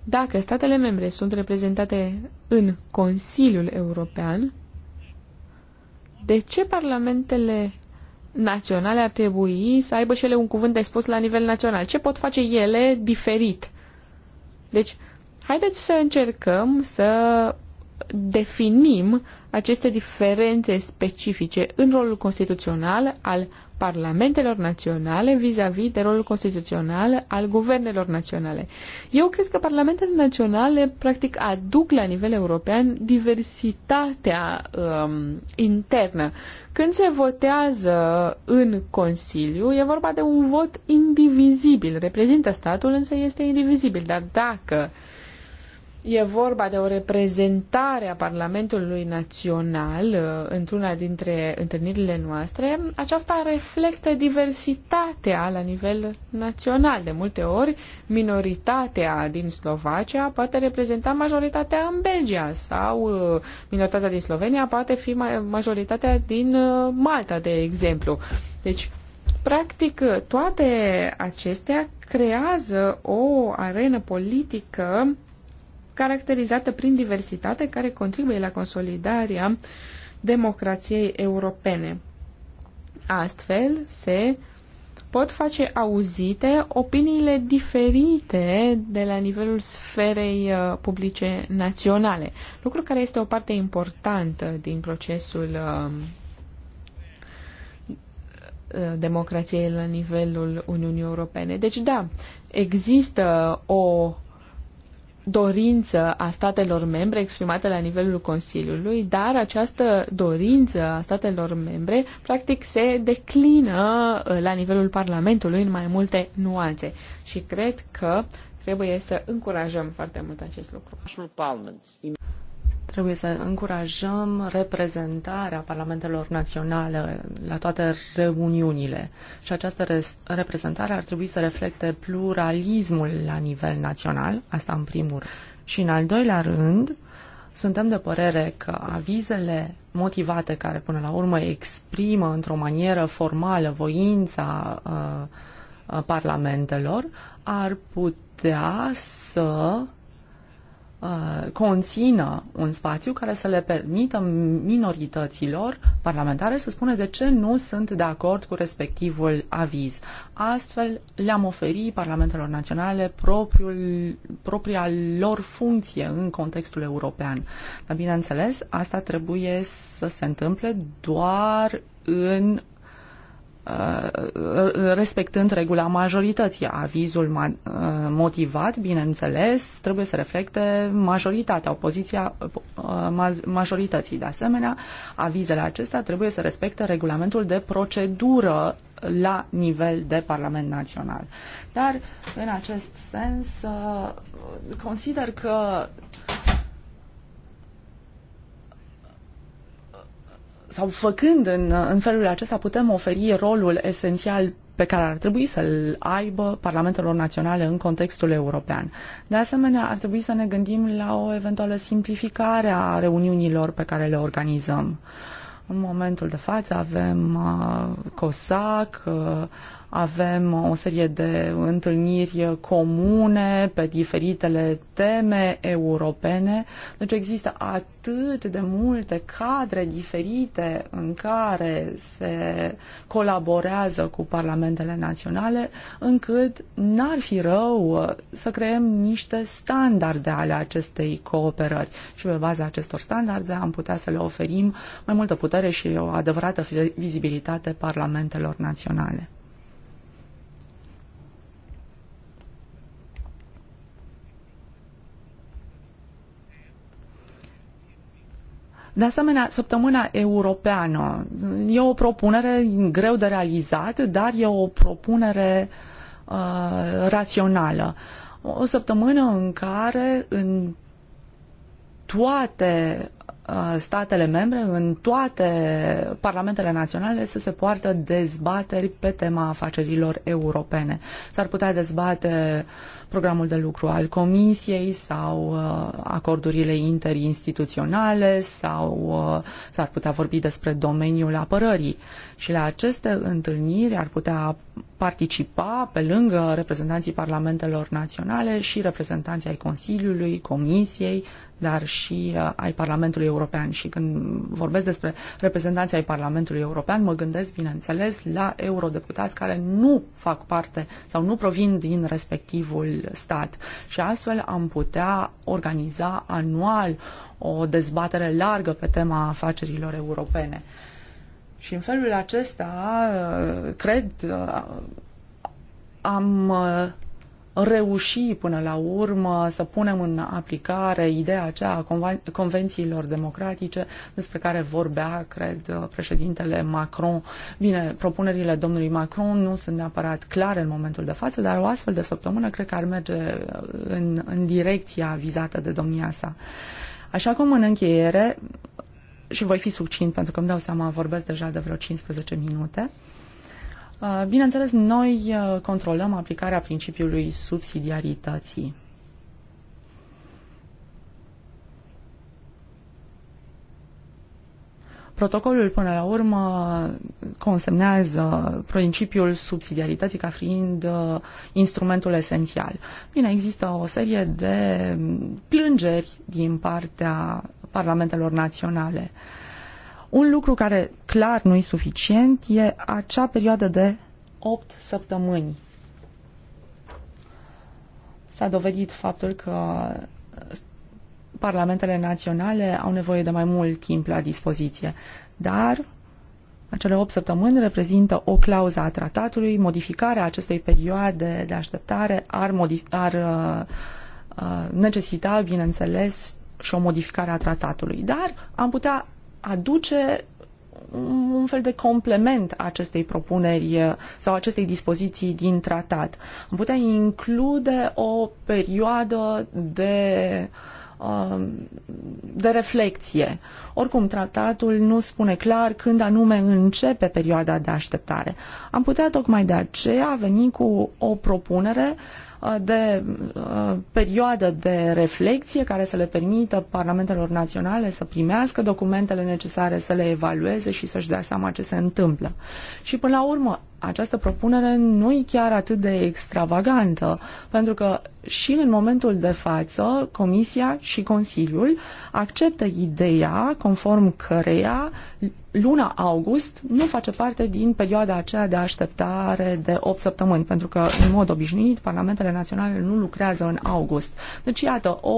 Dacă statele membre sunt reprezentate în Consiliul European, de ce parlamentele naționale ar trebui să aibă și ele un cuvânt de spus la nivel național? Ce pot face ele diferit? Deci, haideți să încercăm să definim aceste diferențe specifice în rolul constituțional al parlamentelor naționale vis-a-vis -vis de rolul constituțional al guvernelor naționale. Eu cred că parlamentele naționale practic aduc la nivel european diversitatea um, internă. Când se votează în Consiliu, e vorba de un vot indivizibil. Reprezintă statul, însă este indivizibil. Dar dacă uh, E vorba de o reprezentare a Parlamentului Național uh, într-una dintre întâlnirile noastre. Aceasta reflectă diversitatea la nivel național. De multe ori, minoritatea din Slovacia poate reprezenta majoritatea în Belgia sau uh, minoritatea din Slovenia poate fi majoritatea din uh, Malta, de exemplu. Deci, practic, toate acestea creează o arenă politică caracterizată prin diversitate care contribuie la consolidarea democrației europene. Astfel se pot face auzite opiniile diferite de la nivelul sferei uh, publice naționale, lucru care este o parte importantă din procesul um, uh, democrației la nivelul Uniunii Europene. Deci da, există o dorință a statelor membre exprimată la nivelul Consiliului, dar această dorință a statelor membre practic se declină uh, la nivelul Parlamentului în mai multe nuanțe și cred că trebuie să încurajăm foarte mult acest lucru. Trebuie să încurajăm reprezentarea parlamentelor naționale la toate reuniunile și această reprezentare ar trebui să reflecte pluralismul la nivel național, asta în primul rând. Și în al doilea rând, suntem de părere că avizele motivate care până la urmă exprimă într-o manieră formală voința uh, uh parlamentelor ar putea să Uh, conțină un spațiu care să le permită minorităților parlamentare să spună de ce nu sunt de acord cu respectivul aviz. Astfel le-am oferit parlamentelor naționale propriul, propria lor funcție în contextul european. Dar bineînțeles, asta trebuie să se întâmple doar în Uh, uh, respectând regula majorității. Avizul uh, motivat, bineînțeles, trebuie să reflecte majoritatea, opoziția majorității. De asemenea, avizele acestea trebuie să respecte regulamentul de procedură la nivel de Parlament Național. Dar, în acest sens, consider că sau făcând în, în felul acesta putem oferi rolul esențial pe care ar trebui să-l aibă parlamentelor naționale în contextul european. De asemenea, ar trebui să ne gândim la o eventuală simplificare a reuniunilor pe care le organizăm. În momentul de față avem uh, COSAC, uh, avem o serie de întâlniri comune pe diferitele teme europene. Deci există atât de multe cadre diferite în care se colaborează cu parlamentele naționale, încât n-ar fi rău să creăm niște standarde ale acestei cooperări. Și pe baza acestor standarde am putea să le oferim mai multă putere și o adevărată vizibilitate parlamentelor naționale. De asemenea, săptămâna europeană e o propunere greu de realizat, dar e o propunere uh, rațională. O săptămână în care în toate uh, statele membre, în toate parlamentele naționale să se poartă dezbateri pe tema afacerilor europene. S-ar putea dezbate uh, programul de lucru al Comisiei sau uh, acordurile interinstituționale sau uh, s-ar putea vorbi despre domeniul apărării. Și la aceste întâlniri ar putea participa pe lângă reprezentanții parlamentelor naționale și reprezentanții ai Consiliului, Comisiei, dar și uh, ai Parlamentului European. Și când vorbesc despre reprezentanții ai Parlamentului European, mă gândesc, bineînțeles, la eurodeputați care nu fac parte sau nu provin din respectivul stat. Și astfel am putea organiza anual o dezbatere largă pe tema afacerilor europene. Și în felul acesta, uh, cred, uh, am uh, reușit până la urmă să punem în aplicare ideea aceea a convențiilor democratice despre care vorbea, cred, președintele Macron. Bine, propunerile domnului Macron nu sunt neapărat clare în momentul de față, dar o astfel de săptămână cred că ar merge în, în direcția vizată de domnia sa. Așa cum în încheiere, și voi fi succint pentru că îmi dau seama, vorbesc deja de vreo 15 minute. Uh, bineînțeles, noi uh, controlăm aplicarea principiului subsidiarității. Protocolul, până la urmă, consemnează principiul subsidiarității ca fiind uh, instrumentul esențial. Bine, există o serie de plângeri din partea parlamentelor naționale. Un lucru care clar nu e suficient e acea perioadă de 8 săptămâni. S-a dovedit faptul că parlamentele naționale au nevoie de mai mult timp la dispoziție, dar acele 8 săptămâni reprezintă o clauză a tratatului, modificarea acestei perioade de așteptare ar, modific- ar uh, uh, necesita, bineînțeles, și o modificare a tratatului, dar am putea aduce un fel de complement acestei propuneri uh, sau acestei dispoziții din tratat. Am putea include o perioadă de um, de reflexie. Oricum, tratatul nu spune clar când anume începe perioada de așteptare. Am putea tocmai de aceea veni cu o propunere uh, Uh, de uh, perioadă de reflexie care să le permită parlamentelor naționale să primească documentele necesare, să le evalueze și să-și dea seama ce se întâmplă. Și până la urmă, această propunere nu e chiar atât de extravagantă, pentru că și în momentul de față Comisia și Consiliul acceptă ideea conform căreia luna august nu face parte din perioada aceea de așteptare de 8 săptămâni, pentru că, în mod obișnuit, parlamentele naționale nu lucrează în august. Deci, iată, o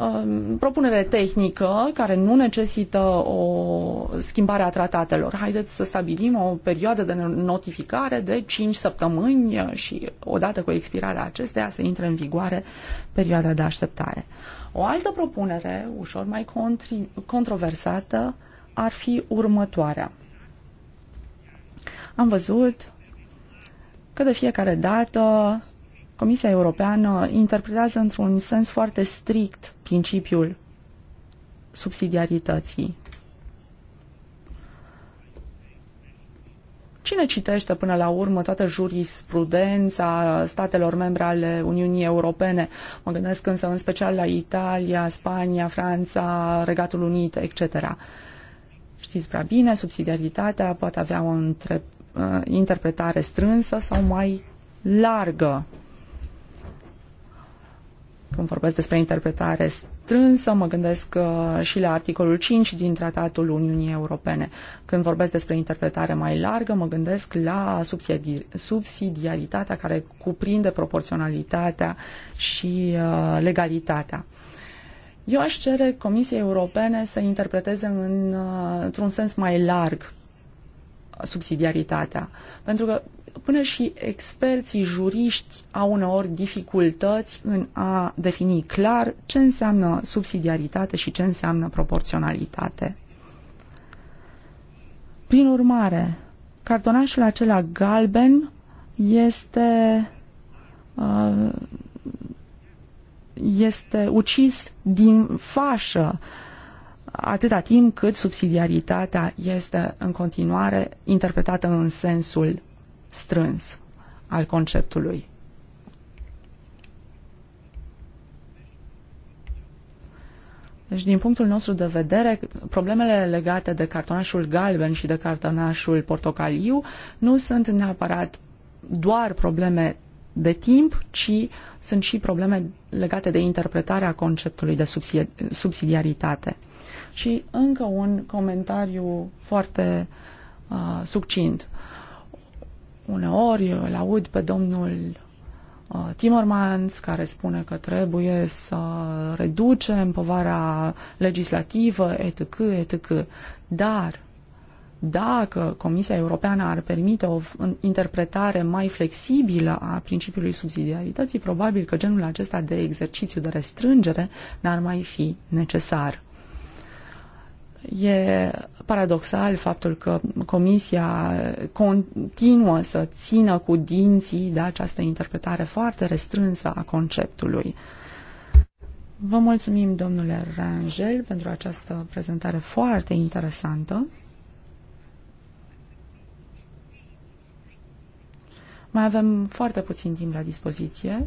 Um, propunere tehnică care nu necesită o schimbare a tratatelor. Haideți să stabilim o perioadă de notificare de 5 săptămâni și odată cu expirarea acesteia să intre în vigoare perioada de așteptare. O altă propunere, ușor mai controversată, ar fi următoarea. Am văzut că de fiecare dată Comisia Europeană interpretează într-un sens foarte strict principiul subsidiarității. Cine citește până la urmă toată jurisprudența statelor membre ale Uniunii Europene? Mă gândesc însă în special la Italia, Spania, Franța, Regatul Unit, etc. Știți prea bine, subsidiaritatea poate avea o între, interpretare strânsă sau mai largă când vorbesc despre interpretare strânsă, mă gândesc uh, și la articolul 5 din Tratatul Uniunii Europene. Când vorbesc despre interpretare mai largă, mă gândesc la subsidiaritatea care cuprinde proporționalitatea și uh, legalitatea. Eu aș cere Comisiei Europene să interpreteze în, uh, într-un sens mai larg subsidiaritatea. Pentru că până și experții juriști au uneori dificultăți în a defini clar ce înseamnă subsidiaritate și ce înseamnă proporționalitate. Prin urmare, cartonașul acela galben este uh, este ucis din fașă atâta timp cât subsidiaritatea este în continuare interpretată în sensul strâns al conceptului. Deci, din punctul nostru de vedere, problemele legate de cartonașul galben și de cartonașul portocaliu nu sunt neapărat doar probleme de timp, ci sunt și probleme legate de interpretarea conceptului de subsidiaritate. Și încă un comentariu foarte uh, succint. Uh, Uneori îl aud pe domnul uh, Timmermans care spune că trebuie să reducem povara legislativă, etc., etc. Dar dacă Comisia Europeană ar permite o interpretare mai flexibilă a principiului subsidiarității, probabil că genul acesta de exercițiu de restrângere n-ar mai fi necesar. E paradoxal faptul că Comisia continuă să țină cu dinții de această interpretare foarte restrânsă a conceptului. Vă mulțumim, domnule Rangel, pentru această prezentare foarte interesantă. Mai avem foarte puțin timp la dispoziție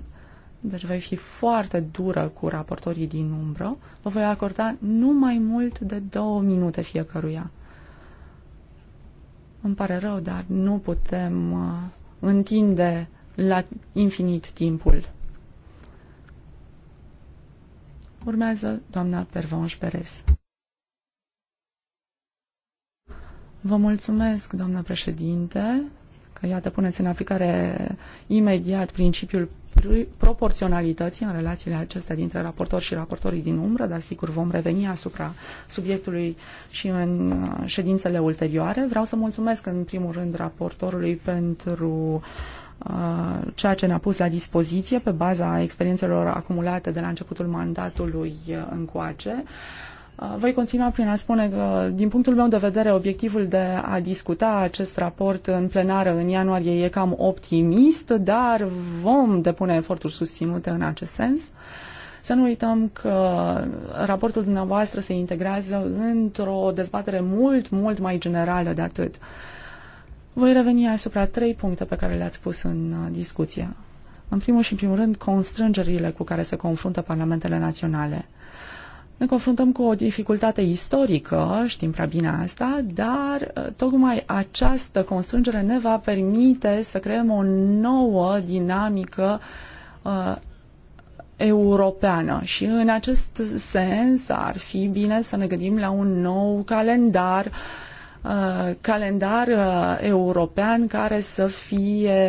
deci voi fi foarte dură cu raportorii din umbră, vă voi acorda nu mai mult de două minute fiecăruia. Îmi pare rău, dar nu putem uh, întinde la infinit timpul. Urmează doamna Pervonș Perez. Vă mulțumesc, doamna președinte, că iată puneți în aplicare imediat principiul proporționalității în relațiile acestea dintre raportor și raportorii din umbră, dar sigur vom reveni asupra subiectului și în uh, ședințele ulterioare. Vreau să mulțumesc în primul rând raportorului pentru uh, ceea ce ne-a pus la dispoziție pe baza experiențelor acumulate de la începutul mandatului uh, încoace. Uh, Uh, voi continua prin a spune că, din punctul meu de vedere, obiectivul de a discuta acest raport în plenară în ianuarie e cam optimist, dar vom depune eforturi susținute în acest sens. Să nu uităm că raportul dumneavoastră se integrează într-o dezbatere mult, mult mai generală de atât. Voi reveni asupra trei puncte pe care le-ați pus în uh, discuție. În primul și în primul rând, constrângerile cu care se confruntă parlamentele naționale – ne confruntăm cu o dificultate istorică, știm prea bine asta, dar uh, tocmai această constrângere ne va permite să creăm o nouă dinamică uh, europeană și în acest sens ar fi bine să ne gândim la un nou calendar uh, Uh, calendar uh, european care să fie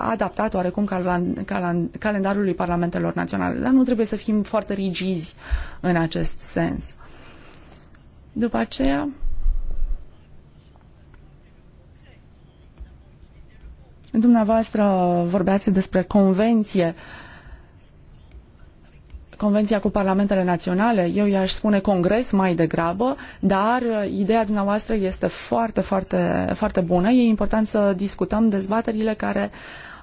adaptat oarecum calendarului parlamentelor naționale. Dar nu trebuie să fim foarte rigizi în acest sens. După aceea, dumneavoastră vorbeați despre convenție uh, convenția cu parlamentele naționale, eu i-aș spune congres mai degrabă, dar uh, ideea dumneavoastră este foarte, foarte, foarte bună. E important să discutăm dezbaterile care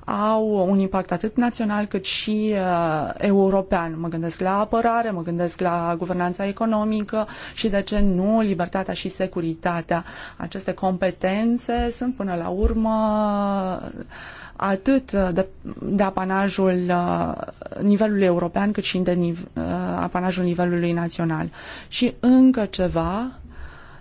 au un impact atât național cât și uh, european. Mă gândesc la apărare, mă gândesc la guvernanța economică și, de ce nu, libertatea și securitatea. Aceste competențe sunt, până la urmă, uh, atât de, de apanajul uh, nivelului european, cât și de nive, uh, apanajul nivelului național. Și încă ceva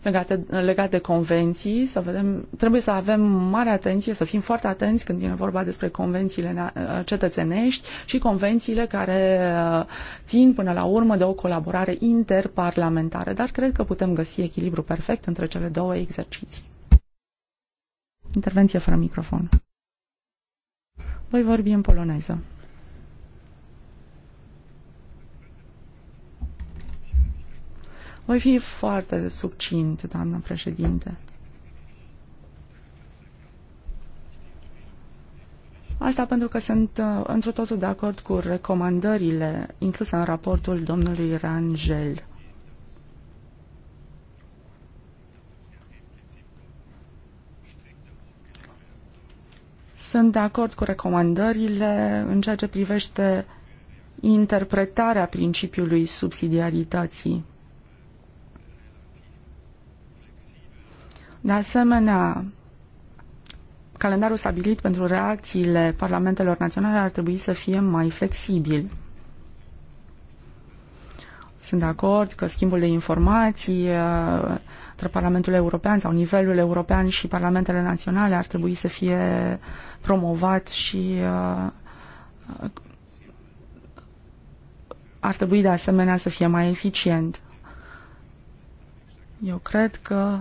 de, legat de convenții, să vedem, trebuie să avem mare atenție, să fim foarte atenți când vine vorba despre convențiile uh, cetățenești și convențiile care țin până la urmă de o colaborare interparlamentară, dar cred că putem găsi echilibru perfect între cele două exerciții. Intervenție fără microfon. Voi vorbi în poloneză. Voi fi foarte succint, doamnă președinte. Asta pentru că sunt uh, într totul de acord cu recomandările incluse în raportul domnului Rangel. Sunt de acord cu recomandările în ceea ce privește interpretarea principiului subsidiarității. De asemenea, calendarul stabilit pentru reacțiile parlamentelor naționale ar trebui să fie mai flexibil. Sunt de acord că schimbul de informații uh, între Parlamentul European sau nivelul european și parlamentele naționale ar trebui să fie promovat și uh, ar trebui de asemenea să fie mai eficient. Eu cred că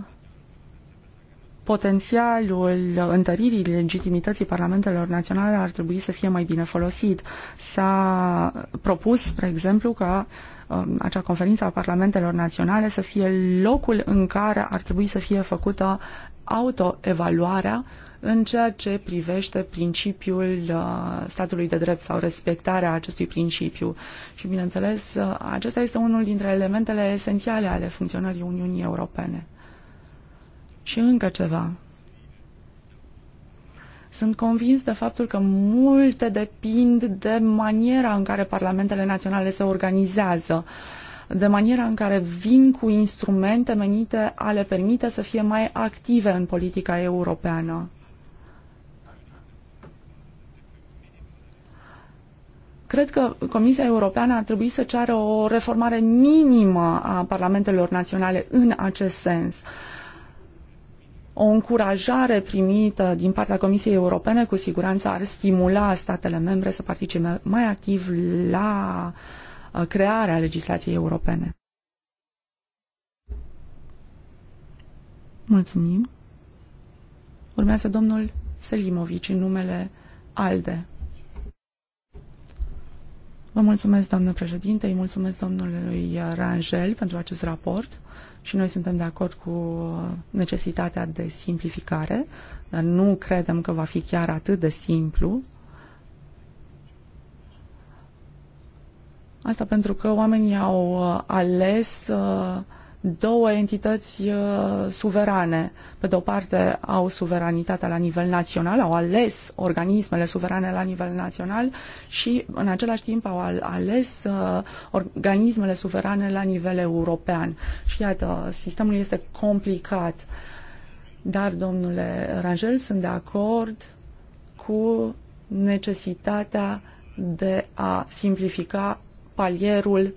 potențialul întăririi legitimității parlamentelor naționale ar trebui să fie mai bine folosit. S-a propus, spre exemplu, ca um, acea conferință a parlamentelor naționale să fie locul în care ar trebui să fie făcută autoevaluarea uh, în ceea ce privește principiul uh, statului de drept sau respectarea acestui principiu. Și, bineînțeles, uh, acesta este unul dintre elementele esențiale ale funcționării Uniunii Europene. Și încă ceva. Sunt convins de faptul că multe depind de maniera în care parlamentele naționale se organizează, de maniera în care vin cu instrumente menite a le permite să fie mai active în politica europeană. Cred că Comisia Europeană ar trebui să ceară o reformare minimă a parlamentelor naționale în acest sens. O încurajare primită din partea Comisiei Europene cu siguranță ar stimula statele membre să participe mai activ la uh, crearea legislației europene. Mulțumim. Urmează domnul Selimovici în numele ALDE. Vă mulțumesc, doamnă președinte, îi mulțumesc domnului Rangel pentru acest raport și noi suntem de acord cu necesitatea de simplificare, dar nu credem că va fi chiar atât de simplu. Asta pentru că oamenii au uh, ales uh, două entități uh, suverane. Pe de-o parte au suveranitatea la nivel național, au ales organismele suverane la nivel național și în același timp au ales uh, organismele suverane la nivel european. Și iată, sistemul este complicat. Dar, domnule Rangel, sunt de acord cu necesitatea de a simplifica palierul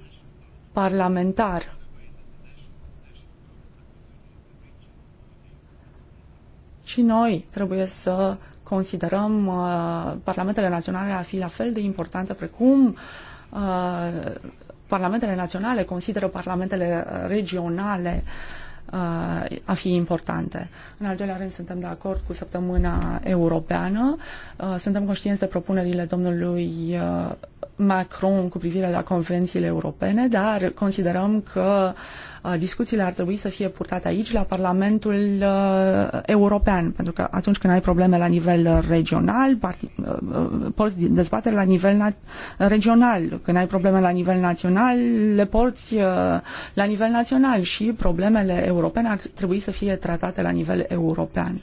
parlamentar Și noi trebuie să considerăm uh, parlamentele naționale a fi la fel de importante precum uh, parlamentele naționale consideră parlamentele regionale uh, a fi importante. În al doilea rând, suntem de acord cu săptămâna europeană. Uh, suntem conștienți de propunerile domnului uh, Macron cu privire la convențiile europene, dar considerăm că Uh, discuțiile ar trebui să fie purtate aici, la Parlamentul uh, European, pentru că atunci când ai probleme la nivel uh, regional, porți dezbatere la nivel regional. Când ai probleme la nivel național, le porți la nivel național și problemele europene ar trebui să fie tratate la nivel european.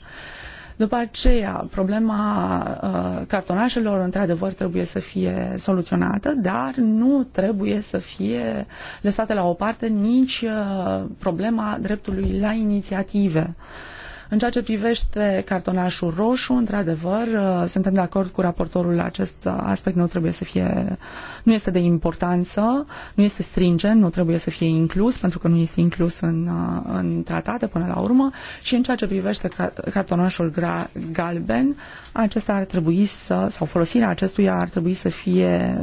După aceea, problema uh, cartonașelor, într-adevăr, trebuie să fie soluționată, dar nu trebuie să fie lăsată la o parte nici uh, problema dreptului la inițiative. Uh, în ceea ce privește cartonașul roșu, într-adevăr, uh, suntem de acord cu raportorul, acest uh, aspect nu trebuie să fie, nu este de importanță, nu este stringent, nu trebuie să fie inclus, pentru că nu este inclus în, uh, în tratate până la urmă și în ceea ce privește cartonașul galben, acesta ar trebui să, sau folosirea acestuia ar trebui să fie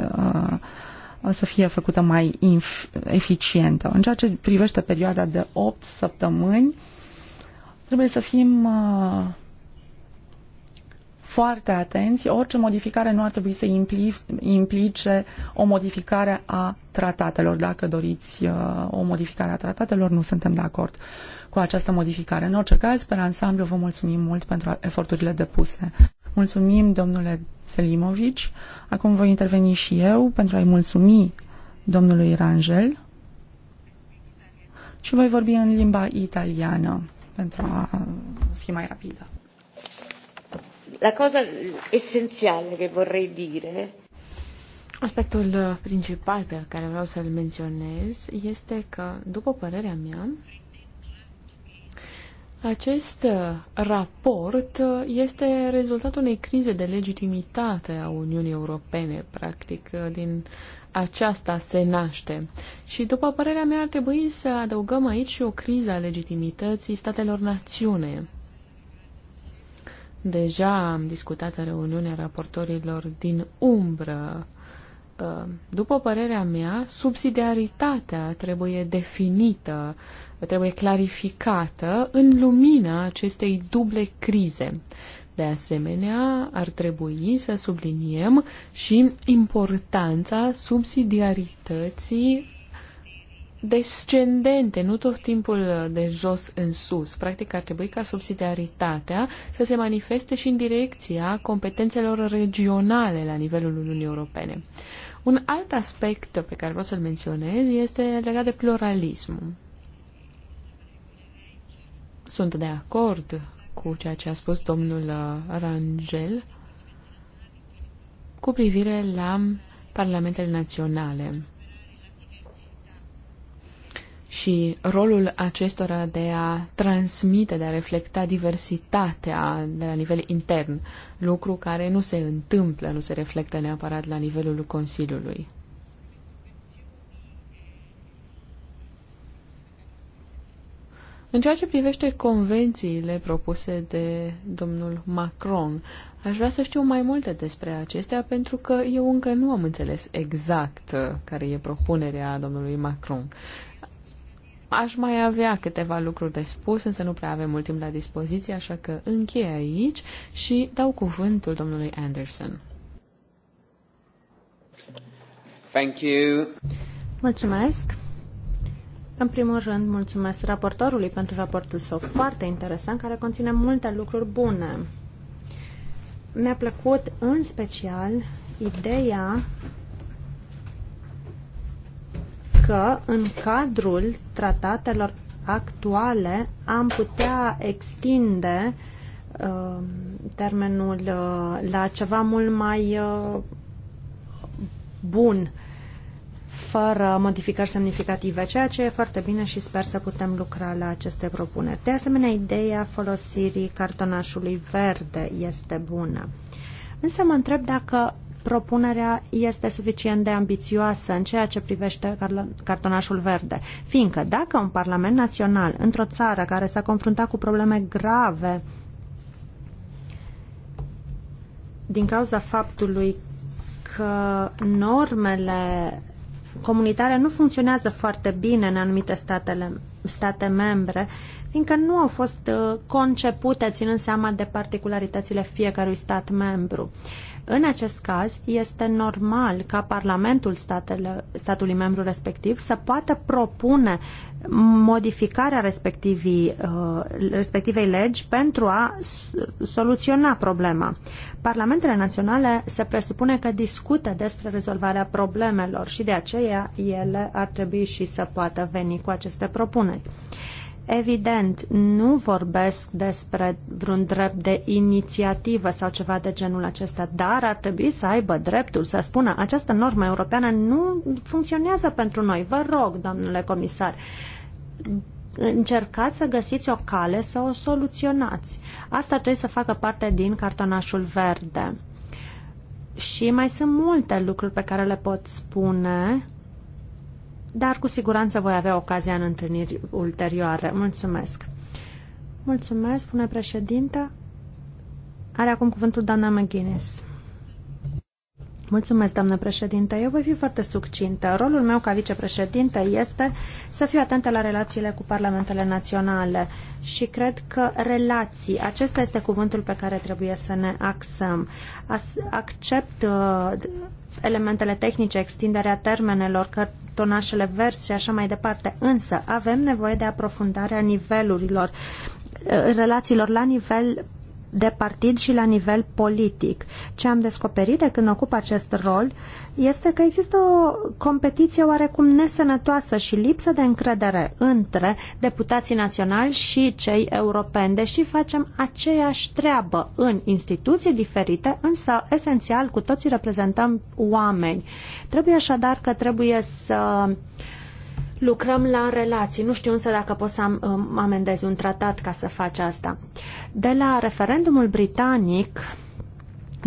să fie făcută mai eficientă. În ceea ce privește perioada de 8 săptămâni, Trebuie să fim uh, foarte atenți. Orice modificare nu ar trebui să implice o modificare a tratatelor. Dacă doriți uh, o modificare a tratatelor, nu suntem de acord cu această modificare. În orice caz, pe ansamblu, vă mulțumim mult pentru eforturile depuse. Mulțumim, domnule Selimovici. Acum voi interveni și eu pentru a-i mulțumi domnului Rangel și voi vorbi în limba italiană pentru a fi mai rapidă. La cosa esențială care vorrei dire Aspectul uh, principal pe care vreau să-l menționez este că, după părerea mea, acest uh, raport uh, este rezultatul unei crize de legitimitate a Uniunii Europene, practic, din aceasta se naște. Și după părerea mea ar trebui să adăugăm aici și o criză a legitimității statelor națiune. Deja am discutat în reuniunea raportorilor din umbră. Uh, după părerea mea, subsidiaritatea trebuie definită, trebuie clarificată în lumina acestei duble crize. De asemenea, ar trebui să subliniem și importanța subsidiarității descendente, nu tot timpul de jos în sus. Practic ar trebui ca subsidiaritatea să se manifeste și în direcția competențelor regionale la nivelul Uniunii Europene. Un alt aspect pe care vreau să-l menționez este legat de pluralism. Sunt de acord cu ceea ce a spus domnul uh, Rangel cu privire la parlamentele naționale și rolul acestora de a transmite, de a reflecta diversitatea de la nivel intern, lucru care nu se întâmplă, nu se reflectă neapărat la nivelul Consiliului. În ceea ce privește convențiile propuse de domnul Macron, aș vrea să știu mai multe despre acestea, pentru că eu încă nu am înțeles exact uh, care e propunerea domnului Macron. Aș mai avea câteva lucruri de spus, însă nu prea avem mult timp la dispoziție, așa că închei aici și dau cuvântul domnului Anderson. Thank you. Mulțumesc. În primul rând, mulțumesc raportorului pentru raportul său foarte interesant, care conține multe lucruri bune. Mi-a plăcut în special ideea că în cadrul tratatelor actuale am putea extinde uh, termenul uh, la ceva mult mai uh, bun fără modificări semnificative, ceea ce e foarte bine și sper să putem lucra la aceste propuneri. De asemenea, ideea folosirii cartonașului verde este bună. Însă mă întreb dacă propunerea este suficient de ambițioasă în ceea ce privește cartonașul verde, fiindcă dacă un Parlament Național într-o țară care s-a confruntat cu probleme grave din cauza faptului că normele comunitare nu funcționează foarte bine în anumite statele, state membre, fiindcă nu au fost uh, concepute ținând seama de particularitățile fiecărui stat membru. În acest caz, este normal ca Parlamentul statele, statului membru respectiv să poată propune modificarea respectivii, uh, respectivei legi pentru a soluționa problema. Parlamentele naționale se presupune că discută despre rezolvarea problemelor și de aceea ele ar trebui și să poată veni cu aceste propuneri. Evident, nu vorbesc despre vreun drept de inițiativă sau ceva de genul acesta, dar ar trebui să aibă dreptul să spună această normă europeană nu funcționează pentru noi. Vă rog, domnule comisar, încercați să găsiți o cale să o soluționați. Asta ar trebui să facă parte din cartonașul verde. Și mai sunt multe lucruri pe care le pot spune dar cu siguranță voi avea ocazia în întâlniri ulterioare. Mulțumesc! Mulțumesc, spune președintă. Are acum cuvântul doamna McGuinness. Mulțumesc, doamnă președinte. Eu voi fi foarte succintă. Rolul meu ca vicepreședinte este să fiu atentă la relațiile cu parlamentele naționale și cred că relații, acesta este cuvântul pe care trebuie să ne axăm. As accept uh, elementele tehnice, extinderea termenelor, cartonașele verzi și așa mai departe, însă avem nevoie de aprofundarea nivelurilor uh, relațiilor la nivel de partid și la nivel politic. Ce am descoperit de când ocup acest rol este că există o competiție oarecum nesănătoasă și lipsă de încredere între deputații naționali și cei europeni, deși facem aceeași treabă în instituții diferite, însă esențial cu toții reprezentăm oameni. Trebuie așadar că trebuie să uh, lucrăm la relații. Nu știu însă dacă pot să um, amendezi un tratat ca să faci asta. De la referendumul britanic,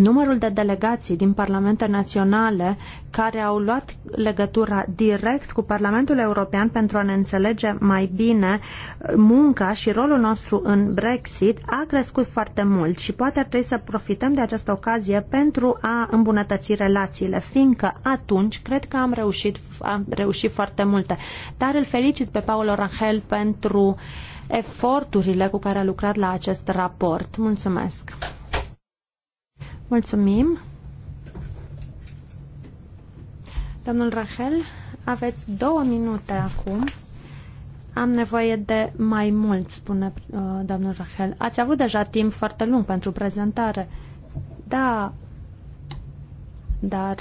numărul de delegații din parlamente naționale care au luat legătura direct cu Parlamentul European pentru a ne înțelege mai bine uh, munca și rolul nostru în Brexit a crescut foarte mult și poate ar trebui să profităm de această ocazie pentru a îmbunătăți relațiile, fiindcă atunci cred că am reușit, am reușit foarte multe. Dar îl felicit pe Paolo Rangel pentru eforturile cu care a lucrat la acest raport. Mulțumesc! Mulțumim. Domnul Rahel, aveți două minute acum. Am nevoie de mai mult, spune uh, domnul Rahel. Ați avut deja timp foarte lung pentru prezentare. Da, dar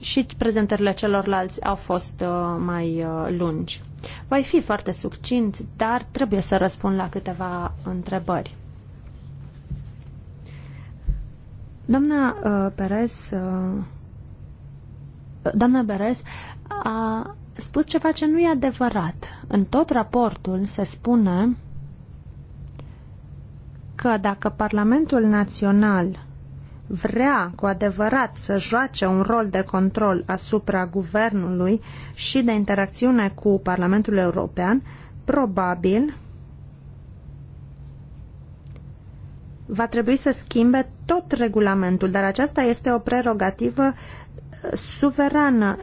și prezentările celorlalți au fost uh, mai uh, lungi. Voi fi foarte succint, dar trebuie să răspund la câteva întrebări. Doamna uh, Perez, uh, doamna Perez a spus ceva ce nu e adevărat. În tot raportul se spune că dacă Parlamentul Național vrea cu adevărat să joace un rol de control asupra guvernului și de interacțiune cu Parlamentul European, probabil va trebui să schimbe tot regulamentul, dar aceasta este o prerogativă uh, suverană.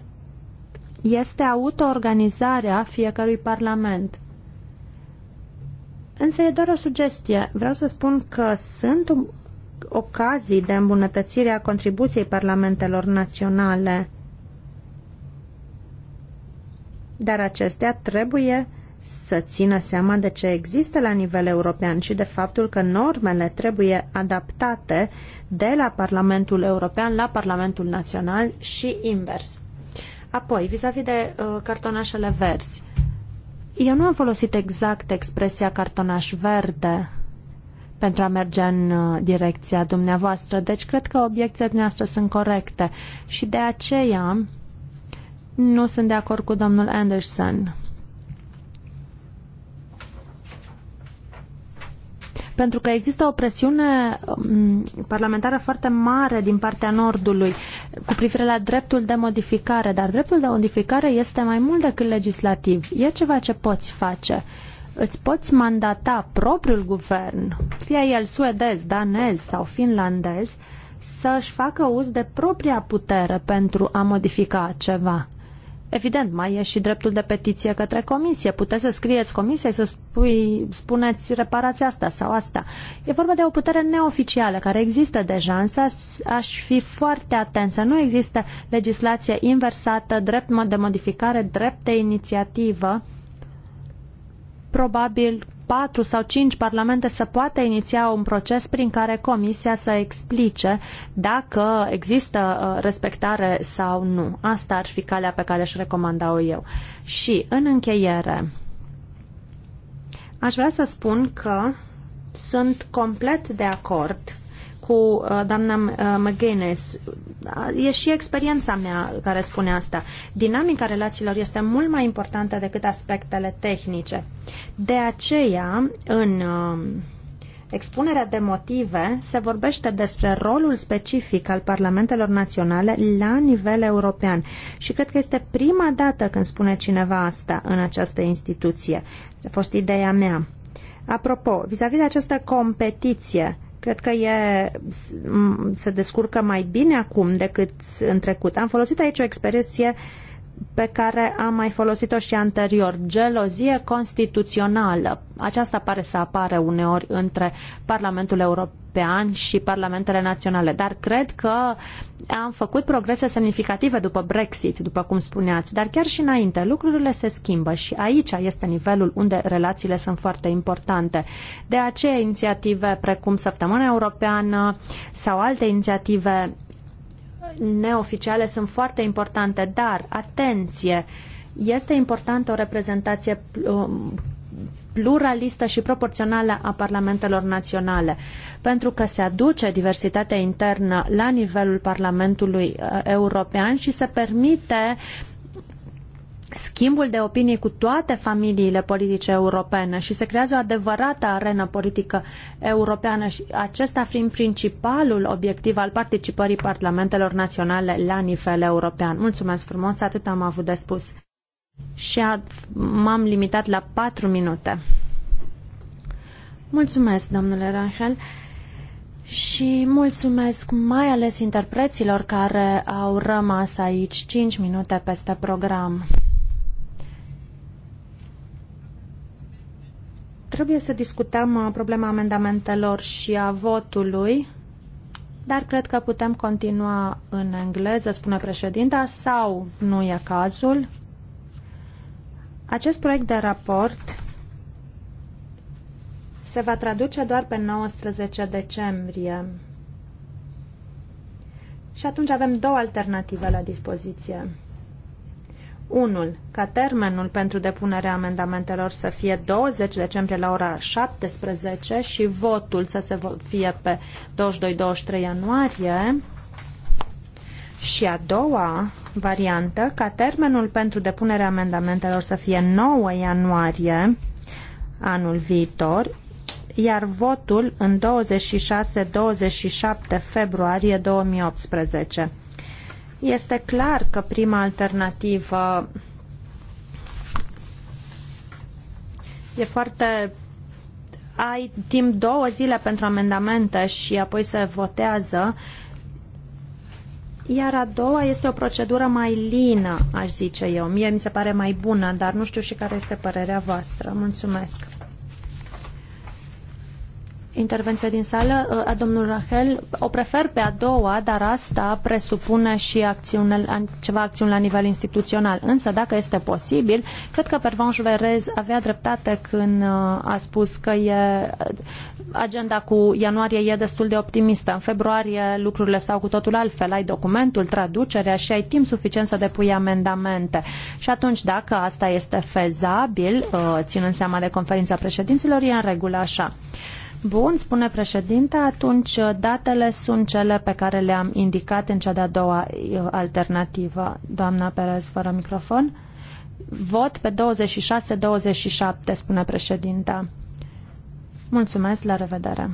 Este autoorganizarea fiecărui parlament. Însă e doar o sugestie. Vreau să spun că sunt um, ocazii de îmbunătățire a contribuției parlamentelor naționale, dar acestea trebuie să țină seama de ce există la nivel european și de faptul că normele trebuie adaptate de la Parlamentul European la Parlamentul Național și invers. Apoi, vis-a-vis -vis de uh, cartonașele verzi, eu nu am folosit exact expresia cartonaș verde pentru a merge în uh, direcția dumneavoastră, deci cred că obiecțiile dumneavoastră sunt corecte și de aceea nu sunt de acord cu domnul Anderson pentru că există o presiune um, parlamentară foarte mare din partea Nordului cu privire la dreptul de modificare, dar dreptul de modificare este mai mult decât legislativ. E ceva ce poți face. Îți poți mandata propriul guvern, fie el suedez, danez sau finlandez, să-și facă uz de propria putere pentru a modifica ceva. Evident, mai e și dreptul de petiție către comisie. Puteți să scrieți comisiei să spui, spuneți reparați asta sau asta. E vorba de o putere neoficială care există deja, însă aș fi foarte atent să nu există legislație inversată, drept de modificare, drept de inițiativă. Probabil patru sau cinci parlamente să poată iniția un proces prin care Comisia să explice dacă există uh, respectare sau nu. Asta ar fi calea pe care își recomandau eu. Și, în încheiere, aș vrea să spun că sunt complet de acord cu uh, doamna uh, McGuinness. Uh, e și experiența mea care spune asta. Dinamica relațiilor este mult mai importantă decât aspectele tehnice. De aceea, în um, expunerea de motive se vorbește despre rolul specific al parlamentelor naționale la nivel european și cred că este prima dată când spune cineva asta în această instituție. A fost ideea mea. Apropo, vis-a-vis -vis de această competiție, Cred că e, se descurcă mai bine acum decât în trecut. Am folosit aici o expresie uh, pe care am mai folosit-o și anterior, gelozie constituțională. Aceasta pare să apare uneori între Parlamentul European și Parlamentele Naționale, dar cred că am făcut progrese semnificative după Brexit, după cum spuneați, dar chiar și înainte lucrurile se schimbă și aici este nivelul unde relațiile sunt foarte importante. De aceea inițiative precum Săptămâna Europeană sau alte inițiative neoficiale sunt foarte importante, dar, atenție, este importantă o reprezentație um, pluralistă și proporțională a parlamentelor naționale, pentru că se aduce diversitatea internă la nivelul Parlamentului uh, European și se permite schimbul de opinii cu toate familiile politice europene și se creează o adevărată arenă politică europeană și acesta fiind principalul obiectiv al participării parlamentelor naționale la nivel european. Mulțumesc frumos, atât am avut de spus. Și m-am limitat la patru minute. Mulțumesc, domnule Rangel. Și mulțumesc mai ales interpreților care au rămas aici 5 minute peste program. Trebuie să discutăm uh, problema amendamentelor și a votului, dar cred că putem continua în engleză, spune președinta, sau nu e cazul. Acest proiect de raport se va traduce doar pe 19 decembrie. Și atunci avem două alternative la dispoziție. 1. Ca termenul pentru depunerea amendamentelor să fie 20 decembrie la ora 17 și votul să se fie pe 22-23 ianuarie. Și a doua variantă, ca termenul pentru depunerea amendamentelor să fie 9 ianuarie anul viitor, iar votul în 26-27 februarie 2018. Este clar că prima alternativă e foarte ai timp două zile pentru amendamente și apoi se votează. Iar a doua este o procedură mai lină, aș zice eu. Mie mi se pare mai bună, dar nu știu și care este părerea voastră. Mulțumesc intervenție din sală uh, a domnul Rahel. O prefer pe a doua, dar asta presupune și acțiune, ceva acțiuni la nivel instituțional. Însă, dacă este posibil, cred că Pervan Juverez avea dreptate când uh, a spus că e, agenda cu ianuarie e destul de optimistă. În februarie lucrurile stau cu totul altfel. Ai documentul, traducerea și ai timp suficient să depui amendamente. Și atunci, dacă asta este fezabil, uh, ținând seama de conferința președinților, e în regulă așa. Bun, spune președinte, atunci uh, datele sunt cele pe care le-am indicat în cea de-a doua uh, alternativă. Doamna Perez, fără microfon. Vot pe 26-27, spune președinte. Mulțumesc, la revedere.